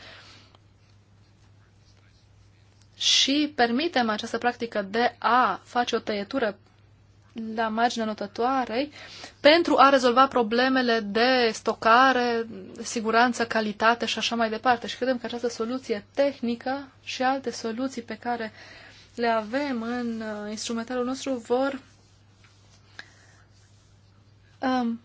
Și permitem această practică de a face o tăietură la da, marginea notătoarei pentru a rezolva problemele de stocare, siguranță, calitate și așa mai departe. Și credem că această soluție tehnică și alte soluții pe care le avem în uh, instrumentarul nostru vor um,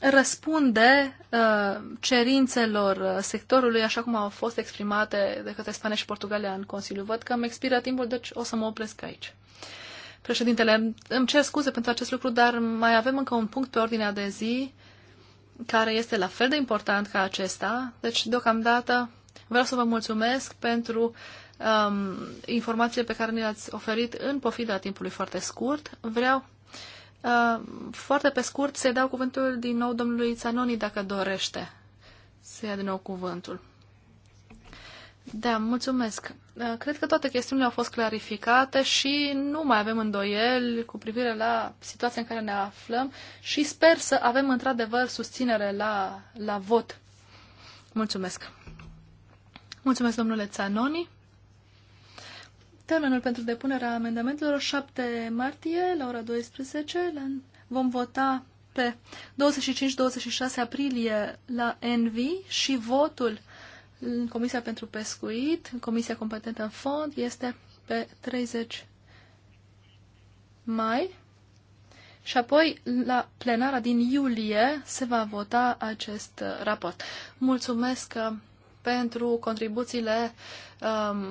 răspunde uh, cerințelor uh, sectorului așa cum au fost exprimate de către Spania și Portugalia în Consiliu. Văd că îmi expiră timpul, deci o să mă opresc aici. Președintele, îmi cer scuze pentru acest lucru, dar mai avem încă un punct pe ordinea de zi care este la fel de important ca acesta. Deci, deocamdată, vreau să vă mulțumesc pentru um, informațiile pe care ne le-ați oferit în pofida timpului foarte scurt. Vreau uh, foarte pe scurt să-i dau cuvântul din nou domnului Țanoni, dacă dorește să ia din nou cuvântul. Da, mulțumesc. Da, cred că toate chestiunile au fost clarificate și nu mai avem îndoieli cu privire la situația în care ne aflăm și sper să avem într-adevăr susținere la, la vot. Mulțumesc. Mulțumesc, domnule Țanoni. Termenul pentru depunerea amendamentelor 7 martie la ora 12. La, vom vota pe 25-26 aprilie la NV și votul Comisia pentru Pescuit, Comisia competentă în fond, este pe 30 mai și apoi la plenara din iulie se va vota acest uh, raport. Mulțumesc uh, pentru contribuțiile um,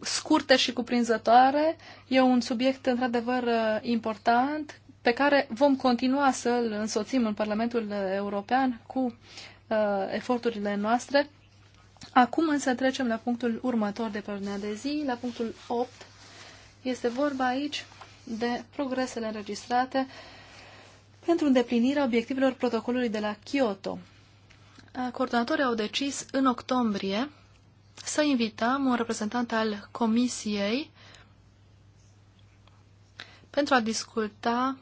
scurte și cuprinzătoare. E un subiect într-adevăr uh, important pe care vom continua să-l însoțim în Parlamentul European cu uh, eforturile noastre. Acum însă trecem la punctul următor de pe de zi, la punctul 8. Este vorba aici de progresele înregistrate pentru îndeplinirea obiectivelor protocolului de la Kyoto. Coordonatorii au decis în octombrie să invităm un reprezentant al Comisiei pentru a discuta,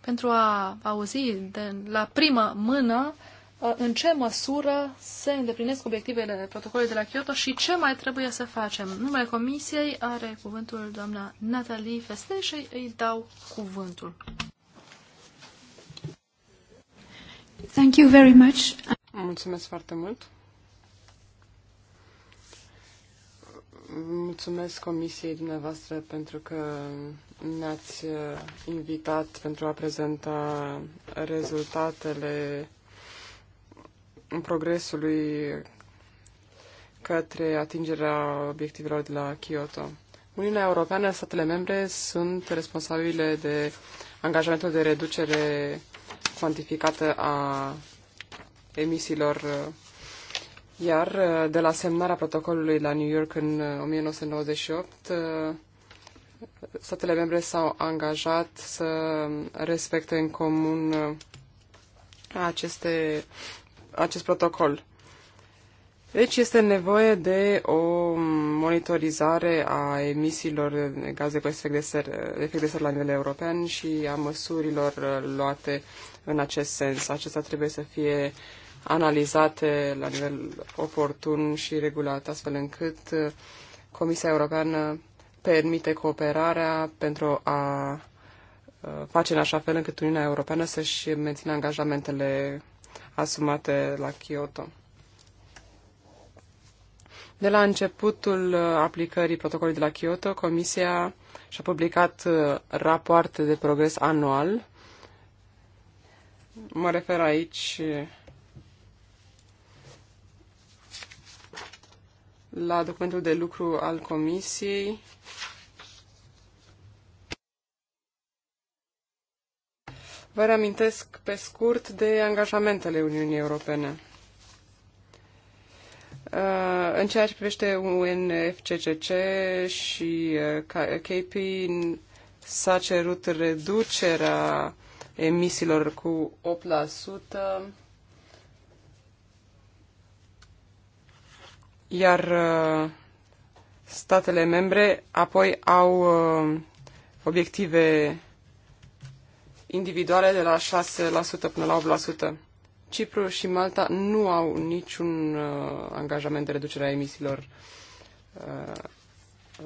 pentru a auzi de la primă mână Uh, în ce măsură se îndeplinesc obiectivele protocolului de la Kyoto și ce mai trebuie să facem. Numele Comisiei are cuvântul doamna Natalie Festei și îi dau cuvântul. Thank you very much. Mulțumesc foarte mult. Mulțumesc Comisiei dumneavoastră pentru că ne-ați invitat pentru a prezenta rezultatele progresului către atingerea obiectivelor de la Kyoto. Uniunea Europeană, statele membre sunt responsabile de angajamentul de reducere cuantificată a emisiilor, iar de la semnarea protocolului la New York în 1998, statele membre s-au angajat să respecte în comun aceste acest protocol. Deci este nevoie de o monitorizare a emisiilor de gaze cu efect de, ser, efect de ser la nivel european și a măsurilor luate în acest sens. Acestea trebuie să fie analizate la nivel oportun și regulat, astfel încât Comisia Europeană permite cooperarea pentru a face în așa fel încât Uniunea Europeană să-și mențină angajamentele asumate la Kyoto. De la începutul uh, aplicării protocolului de la Kyoto, Comisia și-a publicat uh, rapoarte de progres anual. Mă refer aici uh, la documentul de lucru al Comisiei Vă reamintesc pe scurt de angajamentele Uniunii Europene. Uh, în ceea ce privește UNFCCC și uh, KP, s-a cerut reducerea emisiilor cu 8%, iar uh, statele membre apoi au obiective individuale de la 6% până la 8%. Cipru și Malta nu au niciun uh, angajament de reducere a emisiilor uh,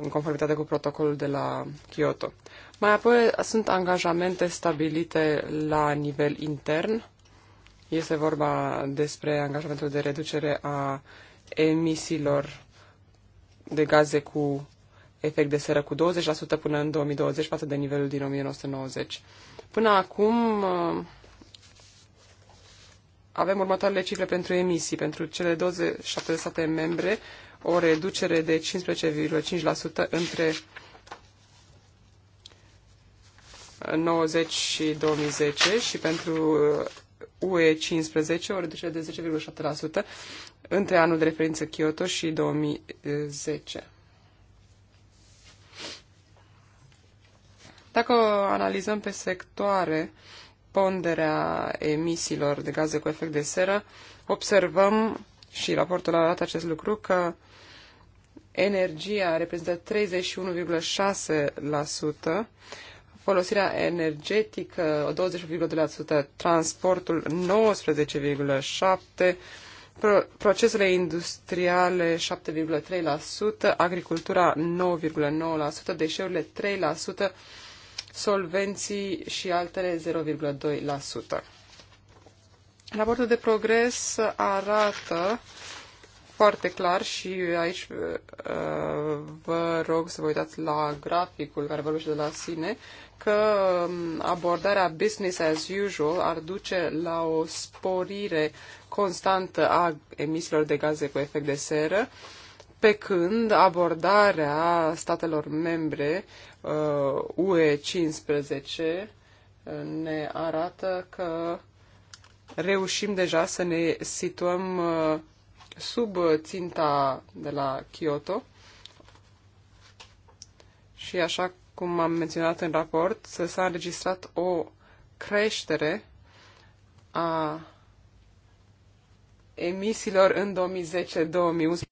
în conformitate cu protocolul de la Kyoto. Mai apoi sunt angajamente stabilite la nivel intern. Este vorba despre angajamentul de reducere a emisiilor de gaze cu efect de seră cu 20% până în 2020 față de nivelul din 1990. Până acum uh, avem următoarele cifre pentru emisii. Pentru cele 27 de state membre, o reducere de 15,5% între 90 și 2010 și pentru uh, UE 15 o reducere de 10,7% între anul de referință Kyoto și 2010. Dacă analizăm pe sectoare ponderea emisiilor de gaze cu efect de seră, observăm, și raportul arată acest lucru, că energia reprezintă 31,6%, folosirea energetică 20,2%, transportul 19,7%, procesele industriale 7,3%, agricultura 9,9%, deșeurile 3%, solvenții și altele 0,2%. Raportul de progres arată foarte clar și aici uh, vă rog să vă uitați la graficul care vorbește de la sine că um, abordarea business as usual ar duce la o sporire constantă a emisiilor de gaze cu efect de seră, pe când abordarea statelor membre UE uh, 15 uh, ne arată că reușim deja să ne situăm uh, sub ținta de la Kyoto și așa cum am menționat în raport, s-a înregistrat o creștere a emisiilor în 2010-2011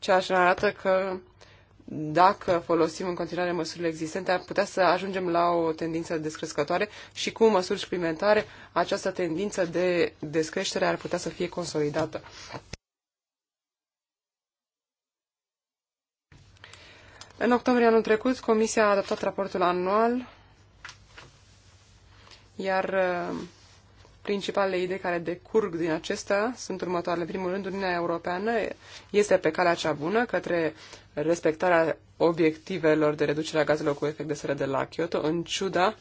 ceea ce ne arată că dacă folosim în continuare măsurile existente, ar putea să ajungem la o tendință descrescătoare și cu măsuri suplimentare, această tendință de descreștere ar putea să fie consolidată. În octombrie anul trecut, Comisia a adoptat raportul anual, iar uh, Principalele idei care decurg din acestea sunt următoarele. În primul rând, Uniunea Europeană este pe calea cea bună către respectarea obiectivelor de reducere a gazelor cu efect de seră de la Kyoto, în ciuda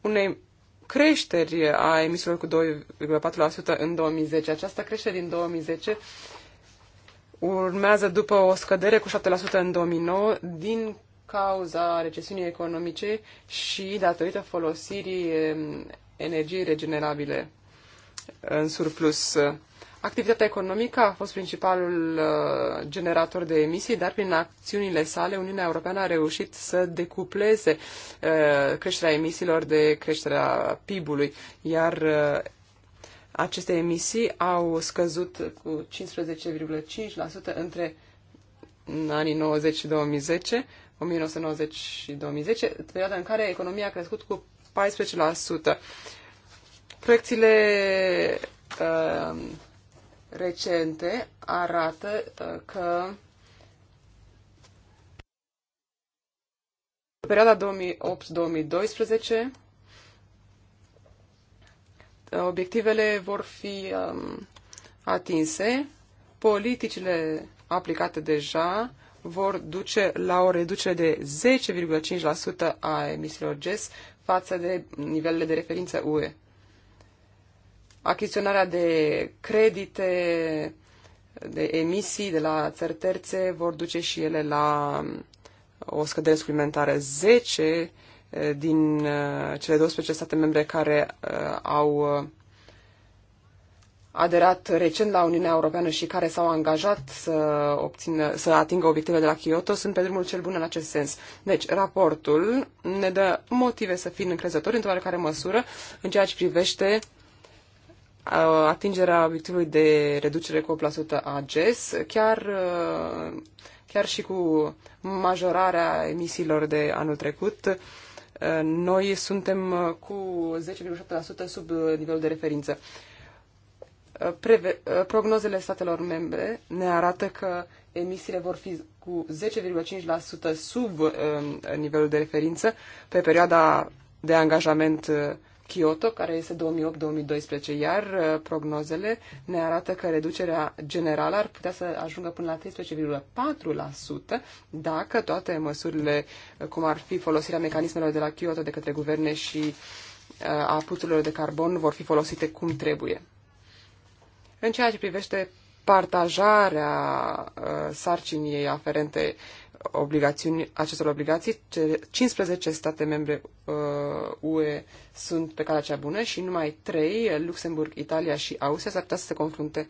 unei creșteri a emisiilor cu 2,4% în 2010. Această creștere din 2010 urmează după o scădere cu 7% în 2009 din cauza recesiunii economice și datorită folosirii energiei regenerabile în surplus. Activitatea economică a fost principalul uh, generator de emisii, dar prin acțiunile sale Uniunea Europeană a reușit să decupleze uh, creșterea emisiilor de creșterea PIB-ului, iar uh, aceste emisii au scăzut cu 15,5% între anii 90 și 2010, 1990 și 2010, perioada în care economia a crescut cu 14%. Proiecțiile uh, recente arată uh, că perioada 2008-2012 uh, obiectivele vor fi um, atinse, politicile aplicate deja vor duce la o reducere de 10,5% a emisiilor GES față de nivelele de referință UE. Achiziționarea de credite, de emisii de la țări terțe vor duce și ele la um, o scădere suplimentară 10 uh, din uh, cele 12 state membre care uh, au aderat recent la Uniunea Europeană și care s-au angajat să, obțină, să atingă obiectivele de la Kyoto sunt pe drumul cel bun în acest sens. Deci, raportul ne dă motive să fim încrezători într-o oarecare măsură în ceea ce privește uh, atingerea obiectivului de reducere cu 8% a GES, chiar, uh, chiar și cu majorarea emisiilor de anul trecut, uh, noi suntem cu 10,7% sub nivelul de referință preve- prognozele statelor membre ne arată că emisiile vor fi cu 10,5% sub uh, nivelul de referință pe perioada de angajament uh, Kyoto, care este 2008-2012, iar uh, prognozele ne arată că reducerea generală ar putea să ajungă până la 13,4% dacă toate măsurile, uh, cum ar fi folosirea mecanismelor de la Kyoto de către guverne și uh, a puturilor de carbon, vor fi folosite cum trebuie. În ceea ce privește partajarea uh, sarcinii aferente obligațiuni, acestor obligații, 15 state membre UE uh, sunt pe calea cea bună și numai 3, Luxemburg, Italia și Austria, s-ar putea să se confrunte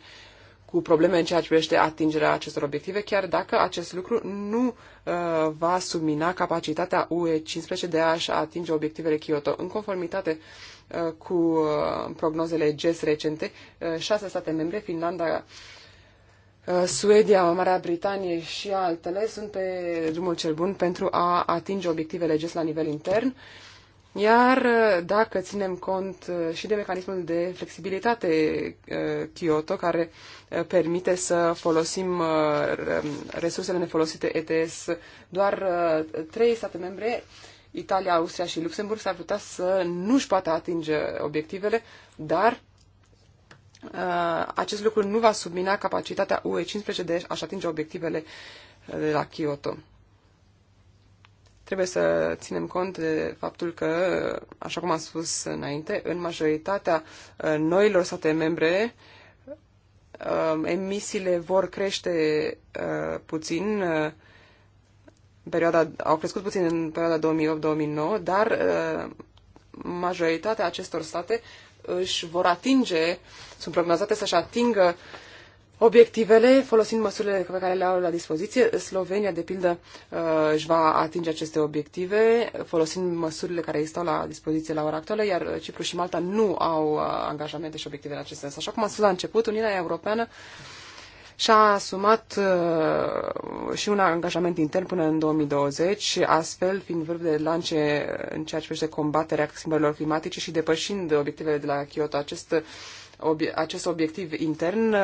cu probleme în ceea ce privește atingerea acestor obiective, chiar dacă acest lucru nu uh, va submina capacitatea UE 15 de a-și atinge obiectivele Kyoto. În conformitate uh, Uh, cu uh, prognozele GES recente, uh, șase state membre, Finlanda, Suedia, Marea Britanie și altele sunt pe drumul cel bun pentru a atinge obiectivele GES la nivel intern. Iar dacă ținem cont și de mecanismul de flexibilitate Kyoto, care permite să folosim resursele nefolosite ETS, doar trei state membre Italia, Austria și Luxemburg s-ar putea să nu-și poată atinge obiectivele, dar uh, acest lucru nu va submina capacitatea UE15 de a-și atinge obiectivele uh, de la Kyoto. Trebuie să ținem cont de faptul că, uh, așa cum am spus înainte, în majoritatea noilor state membre, emisiile vor crește puțin perioada, au crescut puțin în perioada 2008-2009, dar uh, majoritatea acestor state își vor atinge, sunt prognozate să-și atingă obiectivele folosind măsurile pe care le au la dispoziție. Slovenia, de pildă, uh, își va atinge aceste obiective folosind măsurile care stau la dispoziție la ora actuală, iar Cipru și Malta nu au uh, angajamente și obiective în acest sens. Așa cum am spus la început, Uniunea Europeană uh, și-a asumat uh, și un angajament intern până în 2020, astfel fiind vârf de lance în ceea ce privește combaterea schimbărilor climatice și depășind obiectivele de la Kyoto. Acest, obie, acest obiectiv intern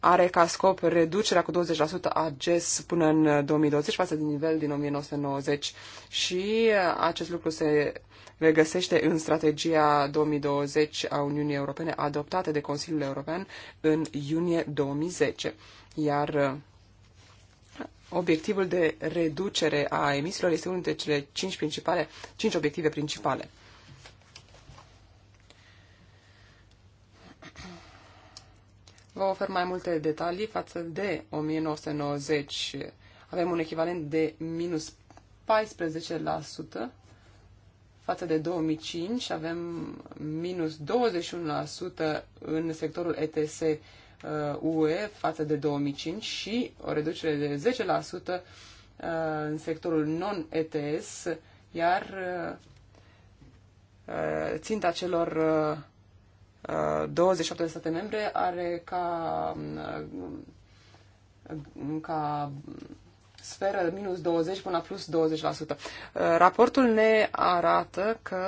are ca scop reducerea cu 20% a GES până în 2020 față de nivel din 1990 și acest lucru se regăsește în strategia 2020 a Uniunii Europene adoptată de Consiliul European în iunie 2010. Iar uh, obiectivul de reducere a emisiilor este unul dintre cele cinci principale, cinci obiective principale. Vă ofer mai multe detalii față de 1990. Avem un echivalent de minus 14% față de 2005 avem minus 21% în sectorul ETS UE uh, față de 2005 și o reducere de 10% uh, în sectorul non-ETS, iar uh, ținta celor 27 de state membre are ca, um, ca sferă minus 20 până la plus 20%. Uh, raportul ne arată că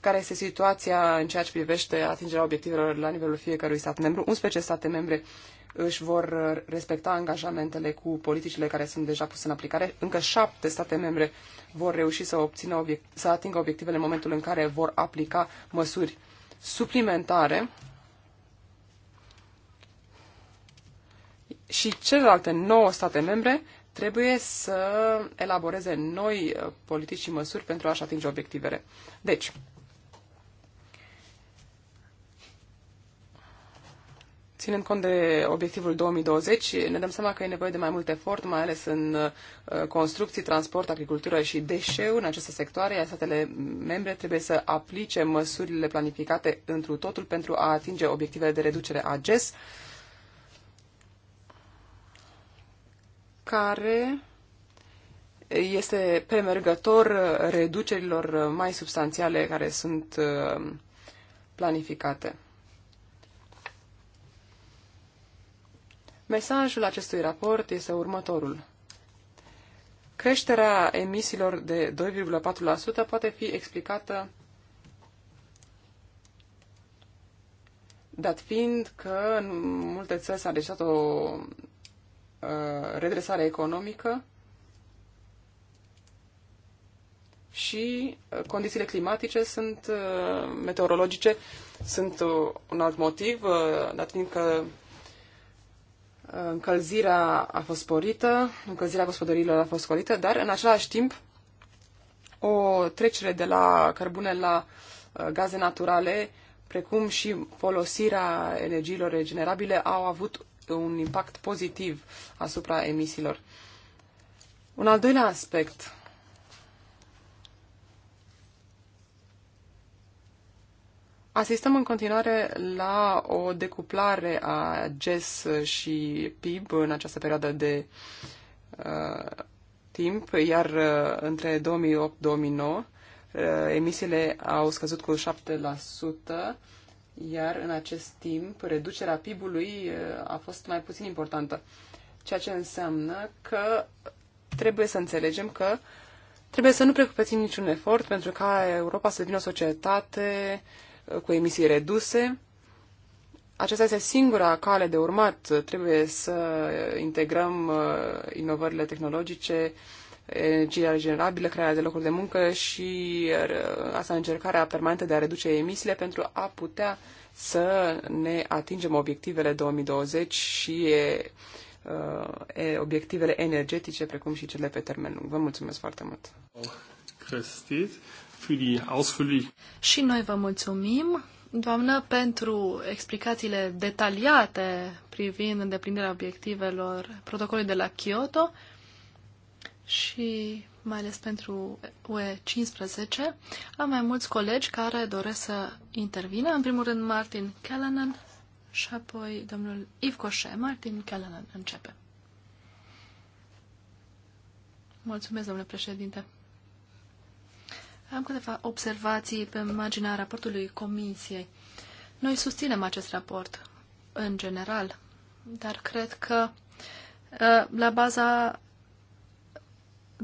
care este situația în ceea ce privește atingerea obiectivelor la nivelul fiecărui stat membru. 11 state membre își vor respecta angajamentele cu politicile care sunt deja puse în aplicare. Încă șapte state membre vor reuși să, obțină obiect- să atingă obiectivele în momentul în care vor aplica măsuri suplimentare și celelalte 9 state membre trebuie să elaboreze noi uh, politici și măsuri pentru a-și atinge obiectivele. Deci, Ținând cont de obiectivul 2020, ne dăm seama că e nevoie de mai mult efort, mai ales în uh, construcții, transport, agricultură și deșeuri. În aceste sectoare, iar statele membre trebuie să aplice măsurile planificate întru totul pentru a atinge obiectivele de reducere a GES care este premergător reducerilor mai substanțiale care sunt uh, planificate. Mesajul acestui raport este următorul. Creșterea emisiilor de 2,4% poate fi explicată dat fiind că în multe țări s-a deșat o Uh, redresarea economică și uh, condițiile climatice sunt uh, meteorologice, sunt un alt motiv, dat fiind că încălzirea a fost sporită, încălzirea gospodăriilor a fost sporită, dar în același timp o trecere de la cărbune la gaze naturale, precum și folosirea energiilor regenerabile, au avut un impact pozitiv asupra emisiilor. Un al doilea aspect. Asistăm în continuare la o decuplare a GES și PIB în această perioadă de uh, timp, iar uh, între 2008-2009 uh, emisiile au scăzut cu 7%, iar în acest timp reducerea PIB-ului a fost mai puțin importantă. Ceea ce înseamnă că trebuie să înțelegem că trebuie să nu precupețim niciun efort pentru ca Europa să devină o societate cu emisii reduse. Aceasta este singura cale de urmat. Trebuie să integrăm inovările tehnologice, energia regenerabilă, crearea de locuri de muncă și uh, asta încercarea permanentă de a reduce emisiile pentru a putea să ne atingem obiectivele 2020 și uh, e, obiectivele energetice, precum și cele pe termen lung. Vă mulțumesc foarte mult! Și noi vă mulțumim, doamnă, pentru explicațiile detaliate privind îndeplinirea obiectivelor protocolului de la Kyoto și mai ales pentru UE15, am mai mulți colegi care doresc să intervină. În primul rând Martin Callanan și apoi domnul Coșe. Martin Callanan începe. Mulțumesc, domnule președinte. Am câteva observații pe marginea raportului Comisiei. Noi susținem acest raport în general, dar cred că uh, la baza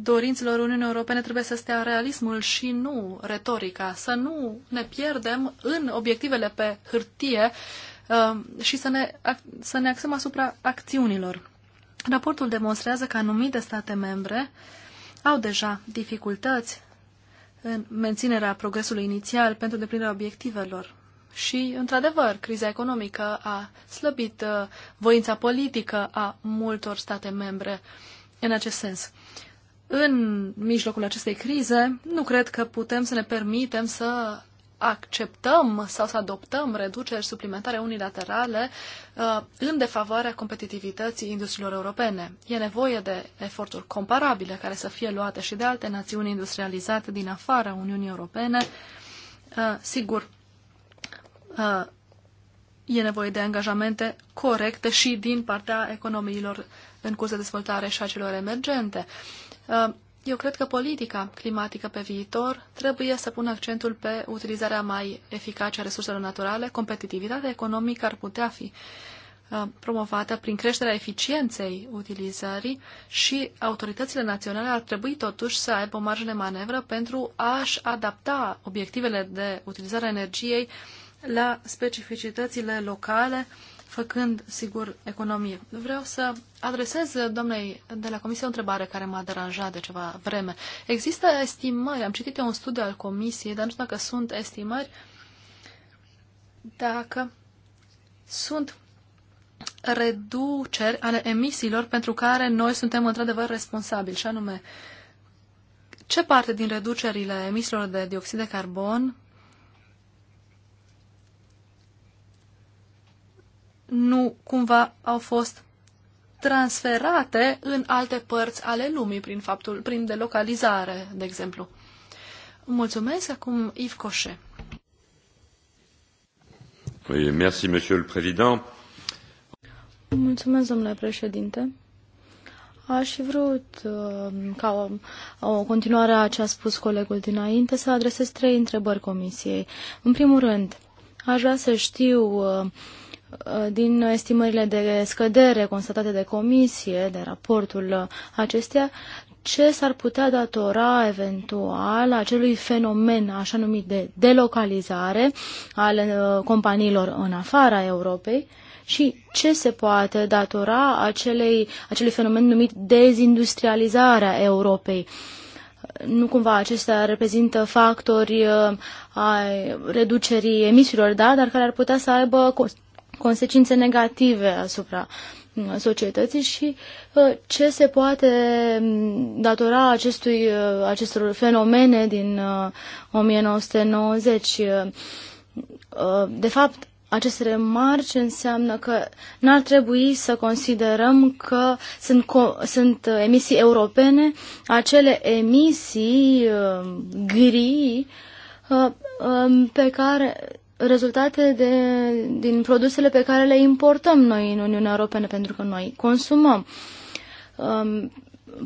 dorințelor Uniunii Europene trebuie să stea realismul și nu retorica, să nu ne pierdem în obiectivele pe hârtie um, și să ne, să ne axăm asupra acțiunilor. Raportul demonstrează că anumite state membre au deja dificultăți în menținerea progresului inițial pentru deplinirea obiectivelor. Și, într-adevăr, criza economică a slăbit uh, voința politică a multor state membre în acest sens în mijlocul acestei crize, nu cred că putem să ne permitem să acceptăm sau să adoptăm reduceri suplimentare unilaterale uh, în defavoarea competitivității industriilor europene. E nevoie de eforturi comparabile care să fie luate și de alte națiuni industrializate din afara Uniunii Europene. Uh, sigur, uh, e nevoie de angajamente corecte și din partea economiilor în curs de dezvoltare și a celor emergente. Uh, Uh, eu cred că politica climatică pe viitor trebuie să pună accentul pe utilizarea mai eficace a resurselor naturale. Competitivitatea economică ar putea fi uh, promovată prin creșterea eficienței utilizării și autoritățile naționale ar trebui totuși să aibă o marjă de manevră pentru a-și adapta obiectivele de utilizare a energiei la specificitățile locale uh, făcând, sigur, economie. Vreau să adresez doamnei de la Comisie o întrebare care m-a deranjat de ceva vreme. Există estimări, am citit eu un studiu al Comisiei, dar nu știu dacă sunt estimări, dacă sunt reduceri ale emisiilor pentru care noi suntem într-adevăr responsabili, și anume ce parte din reducerile emisiilor de dioxid de carbon nu cumva au fost transferate în alte părți ale lumii prin faptul, prin delocalizare, de exemplu. Mulțumesc acum Yves Cochet. Oui, merci, monsieur le président. Mulțumesc, domnule președinte. Aș fi vrut uh, ca o continuare a ce a spus colegul dinainte să adresez trei întrebări comisiei. În primul rând, aș vrea să știu uh, Uh, din estimările de scădere constatate de comisie, de raportul uh, acestea, ce s-ar putea datora eventual acelui fenomen așa numit de delocalizare al uh, companiilor în afara Europei și ce se poate datora acelei, acelui fenomen numit dezindustrializarea Europei. Nu cumva acestea reprezintă factori ai reducerii emisiilor, da, dar care ar putea să aibă consecințe negative asupra mm, societății și uh, ce se poate mm, datora acestui, uh, acestor fenomene din 1990. Uh, de fapt, aceste remarci înseamnă că n-ar trebui să considerăm că sunt, co- sunt emisii europene, acele emisii gri um, pe care rezultate de, din produsele pe care le importăm noi în Uniunea Europeană, pentru că noi consumăm. Um,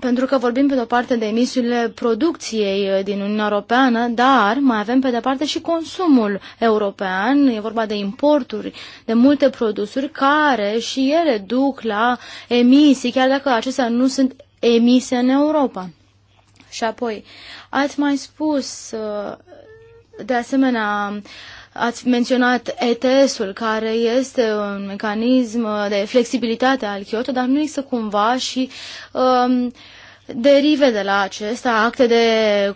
pentru că vorbim pe de-o parte de emisiile producției uh, din Uniunea Europeană, dar mai avem pe de parte și consumul european, e vorba de importuri, de multe produsuri care și ele duc la emisii, chiar dacă acestea nu sunt emise în Europa. Și apoi, ați mai spus, uh, de asemenea, uh, Ați menționat ETS-ul, care este un mecanism de flexibilitate al Kyoto, dar nu există cumva și um, derive de la acesta, acte de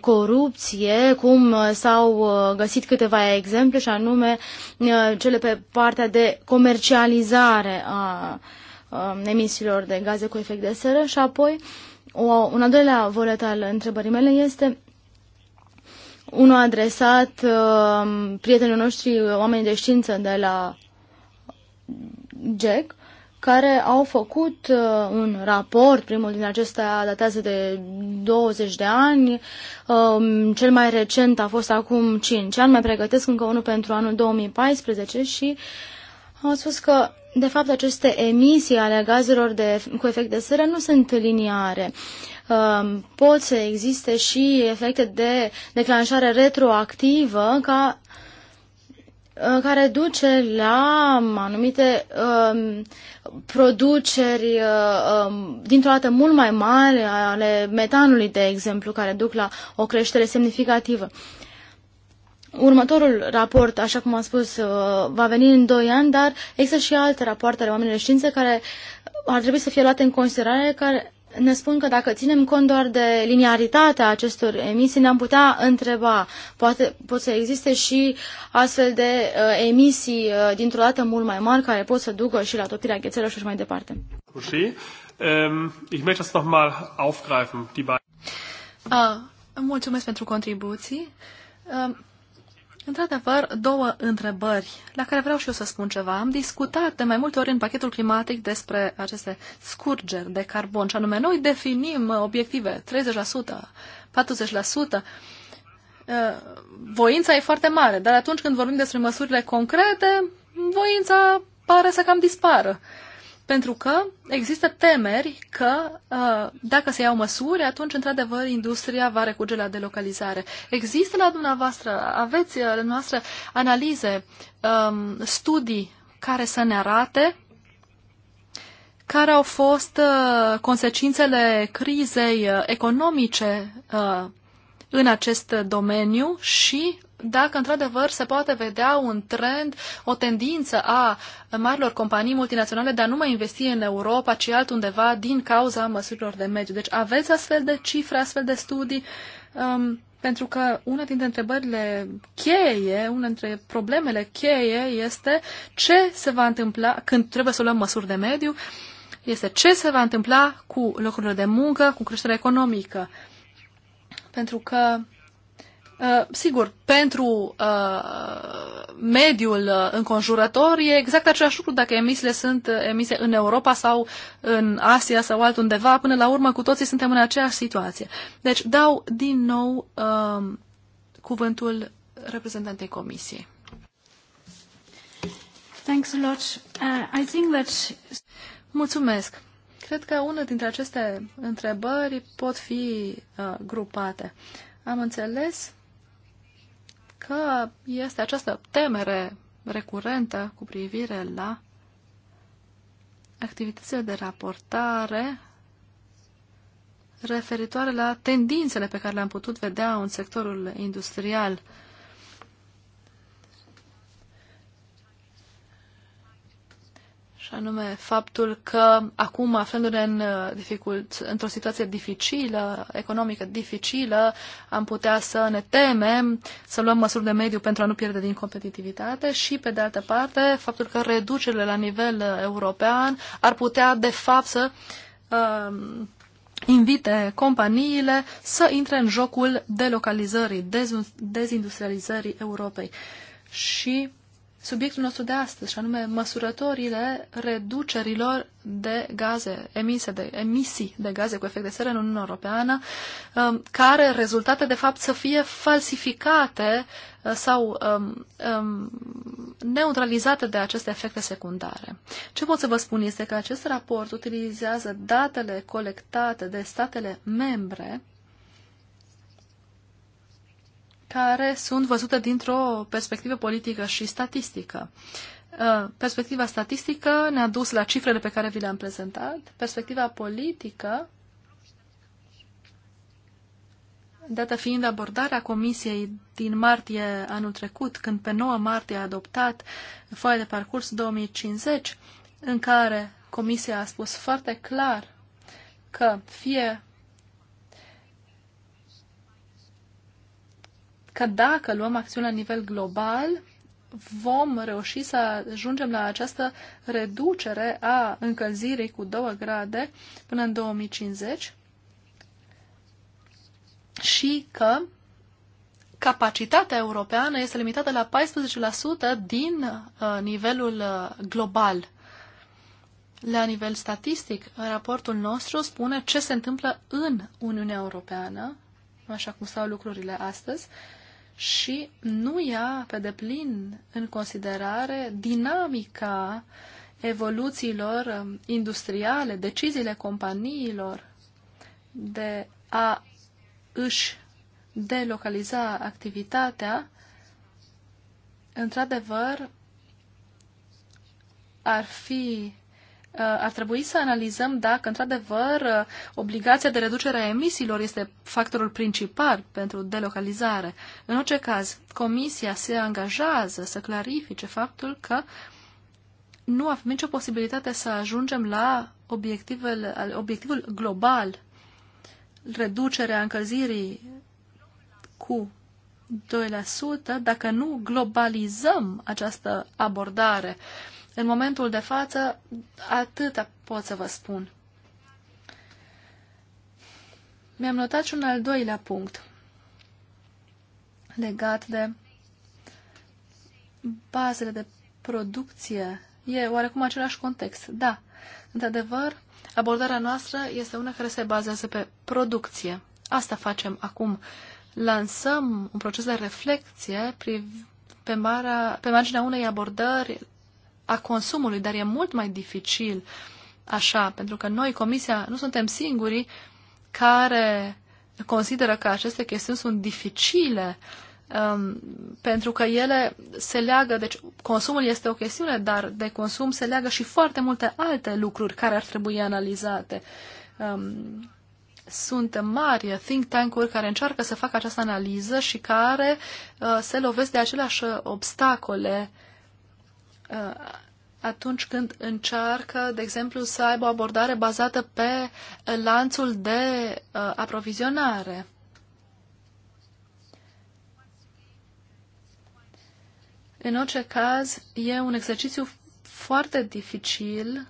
corupție, cum s-au uh, găsit câteva exemple, și anume uh, cele pe partea de comercializare a um, emisiilor de gaze cu efect de seră și apoi o, un al doilea volet al întrebării mele este unul adresat uh, prietenilor noștri, uh, oameni de știință de la GEC, care au făcut uh, un raport, primul din acesta datează de 20 de ani, uh, cel mai recent a fost acum 5 ani, mai pregătesc încă unul pentru anul 2014 și au spus că de fapt aceste emisii ale gazelor de, cu efect de seră nu sunt liniare. Uh, Um, pot să existe și efecte de declanșare retroactivă ca, uh, care duce la um, anumite um, produceri uh, um, dintr-o dată mult mai mari ale metanului, de exemplu, care duc la o creștere semnificativă. Următorul raport, așa cum am spus, uh, va veni în 2 ani, dar există și alte rapoarte ale oamenilor de știință care ar trebui să fie luate în considerare, care ne spun că dacă ținem cont doar de linearitatea acestor emisii, ne-am putea întreba, poate pot să existe și astfel de uh, emisii uh, dintr-o dată mult mai mari care pot să ducă și la topirea ghețelor și așa mai departe. Uh, mulțumesc pentru contribuții. Uh, Într-adevăr, două întrebări la care vreau și eu să spun ceva. Am discutat de mai multe ori în pachetul climatic despre aceste scurgeri de carbon și anume noi definim obiective 30%, 40%. Eh, voința e foarte mare, dar atunci când vorbim despre măsurile concrete, voința pare să cam dispară. Pentru că există temeri că uh, dacă se iau măsuri, atunci, într-adevăr, industria va recurge la delocalizare. Există la dumneavoastră, aveți uh, la dumneavoastră analize, um, studii care să ne arate care au fost uh, consecințele crizei economice în acest domeniu și dacă într-adevăr se poate vedea un trend, o tendință a marilor companii multinaționale de a nu mai investi în Europa, ci altundeva din cauza măsurilor de mediu. Deci aveți astfel de cifre, astfel de studii, um, pentru că una dintre întrebările cheie, una dintre problemele cheie este ce se va întâmpla când trebuie să luăm măsuri de mediu, este ce se va întâmpla cu locurile de muncă, cu creșterea economică. Pentru că Uh, sigur, pentru uh, mediul uh, înconjurător e exact același lucru dacă emisiile sunt uh, emise în Europa sau în Asia sau altundeva. Până la urmă, cu toții suntem în aceeași situație. Deci dau din nou uh, cuvântul reprezentantei Comisiei. Thanks a lot. Uh, I think that... Mulțumesc. Cred că una dintre aceste întrebări pot fi uh, grupate. Am înțeles că este această temere recurentă cu privire la activitățile de raportare referitoare la tendințele pe care le-am putut vedea în sectorul industrial anume faptul că acum, aflându-ne în uh, dificult, într-o situație dificilă, economică dificilă, am putea să ne temem, să luăm măsuri de mediu pentru a nu pierde din competitivitate și, pe de altă parte, faptul că reducerile la nivel uh, european ar putea, de fapt, să uh, invite companiile să intre în jocul delocalizării, dezindustrializării Europei. Și subiectul nostru de astăzi, și anume măsurătorile reducerilor de gaze emise, de emisii de gaze cu efect de seră în Uniunea Europeană, um, care rezultate de fapt să fie falsificate uh, sau um, um, neutralizate de aceste efecte secundare. Ce pot să vă spun este că acest raport utilizează datele colectate de statele membre care sunt văzute dintr-o perspectivă politică și statistică. Uh, perspectiva statistică ne-a dus la cifrele pe care vi le-am prezentat. Perspectiva politică, dată fiind abordarea Comisiei din martie anul trecut, când pe 9 martie a adoptat foaia de parcurs 2050, în care Comisia a spus foarte clar că fie că dacă luăm acțiune la nivel global, vom reuși să ajungem la această reducere a încălzirii cu 2 grade până în 2050 și că capacitatea europeană este limitată la 14% din uh, nivelul uh, global. La nivel statistic, raportul nostru spune ce se întâmplă în Uniunea Europeană, așa cum stau lucrurile astăzi, uh, și nu ia pe deplin în considerare dinamica evoluțiilor um, industriale, deciziile companiilor de a își delocaliza activitatea, într-adevăr, ar fi Uh, ar trebui să analizăm dacă, într-adevăr, uh, obligația de reducere a emisiilor este factorul principal pentru delocalizare. În orice caz, Comisia se angajează să clarifice faptul că nu avem nicio posibilitate să ajungem la obiectivul global, reducerea încălzirii cu 2%, dacă nu globalizăm această abordare. Uh, în momentul de față, atât pot să vă spun. Mi-am notat și un al doilea punct legat de bazele de producție. E oarecum același context. Da, într-adevăr, abordarea noastră este una care se bazează pe producție. Asta facem acum. Lansăm un proces de reflexie pe, marea, pe marginea unei abordări a consumului, dar e mult mai dificil așa, pentru că noi, Comisia, nu suntem singurii care consideră că aceste chestiuni sunt dificile, um, pentru că ele se leagă, deci consumul este o chestiune, dar de consum se leagă și foarte multe alte lucruri care ar trebui analizate. Um, sunt mari think tank-uri care încearcă să facă această analiză și care uh, se lovesc de aceleași obstacole uh, Uh, atunci când încearcă, de exemplu, să aibă o abordare bazată pe lanțul de uh, aprovizionare. În orice caz, e un exercițiu foarte dificil.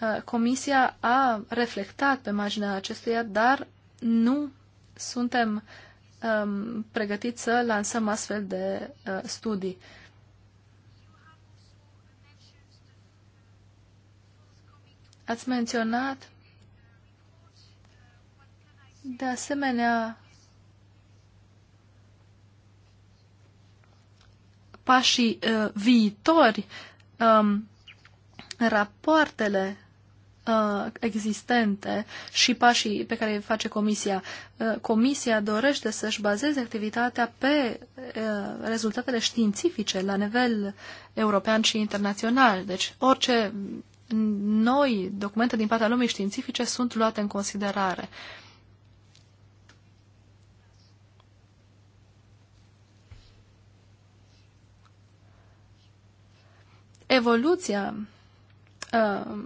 Uh, comisia a reflectat pe marginea acestuia, dar nu suntem um, pregătiți să lansăm astfel de uh, studii. Uh, Ați menționat de asemenea pașii uh, viitori, um, rapoartele uh, existente și pașii pe care îi face Comisia. Uh, comisia dorește să-și bazeze activitatea pe uh, rezultatele științifice la nivel european și internațional. Deci orice noi documente din partea lumii științifice sunt luate în considerare. Evoluția uh,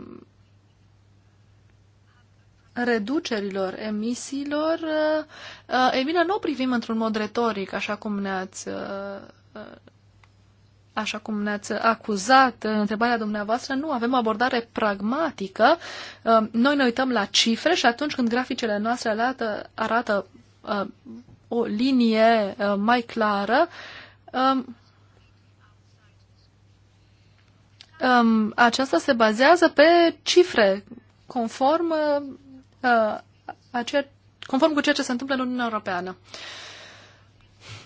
reducerilor emisiilor, uh, uh e bine, nu o privim într-un mod retoric, așa cum ne-ați uh, uh așa cum ne-ați acuzat în întrebarea dumneavoastră, nu avem abordare pragmatică. Uh, noi ne uităm la cifre și atunci când graficele noastre arată, arată uh, o linie uh, mai clară, um, um, aceasta se bazează pe cifre conform, conform cu ceea ce se întâmplă în Uniunea Europeană.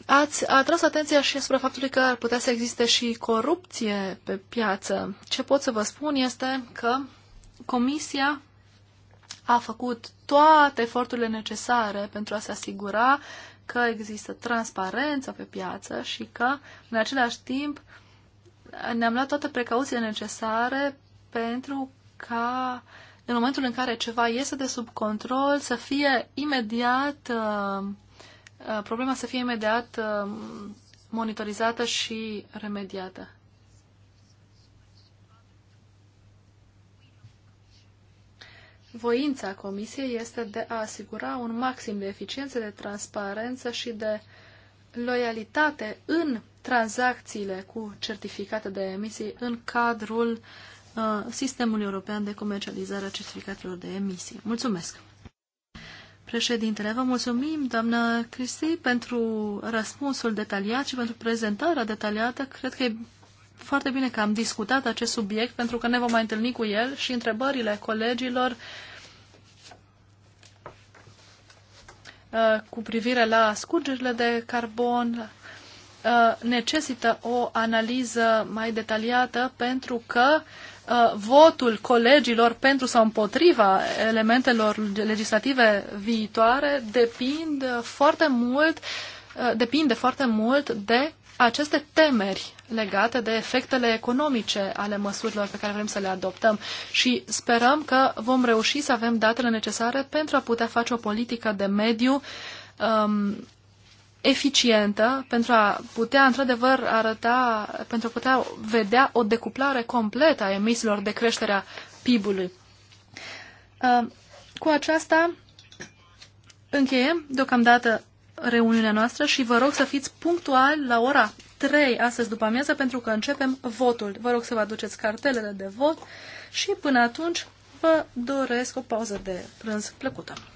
Ați atras atenția și asupra faptului că ar putea să existe și corupție pe piață. Ce pot să vă spun este că Comisia a făcut toate eforturile necesare pentru a se asigura că există transparență pe piață și că, în același timp, ne-am luat toate precauțiile necesare pentru ca, în momentul în care ceva iese de sub control, să fie imediat uh, Uh, problema să fie imediat uh, monitorizată și remediată. Voința Comisiei este de a asigura un maxim de eficiență, de transparență și de loialitate în tranzacțiile cu certificate de emisii în cadrul uh, sistemului european de comercializare a certificatelor de emisii. Mulțumesc! Președintele, vă mulțumim, doamnă Cristi, pentru răspunsul detaliat și pentru prezentarea detaliată. Cred că e foarte bine că am discutat acest subiect, pentru că ne vom mai întâlni cu el și întrebările colegilor uh, cu privire la scurgerile de carbon uh, necesită o analiză mai detaliată pentru că uh, Uh, votul colegilor pentru sau împotriva elementelor legislative viitoare depind foarte mult, uh, depinde foarte mult de aceste temeri legate de efectele economice ale măsurilor pe care vrem să le adoptăm și sperăm că vom reuși să avem datele necesare pentru a putea face o politică de mediu um, eficientă pentru a putea, într-adevăr, arăta, pentru a putea vedea o decuplare completă a emisiilor de creșterea PIB-ului. Uh, cu aceasta încheiem deocamdată reuniunea noastră și vă rog să fiți punctuali la ora 3 astăzi după amiază pentru că începem votul. Vă rog să vă aduceți cartelele de vot și până atunci vă doresc o pauză de prânz plăcută.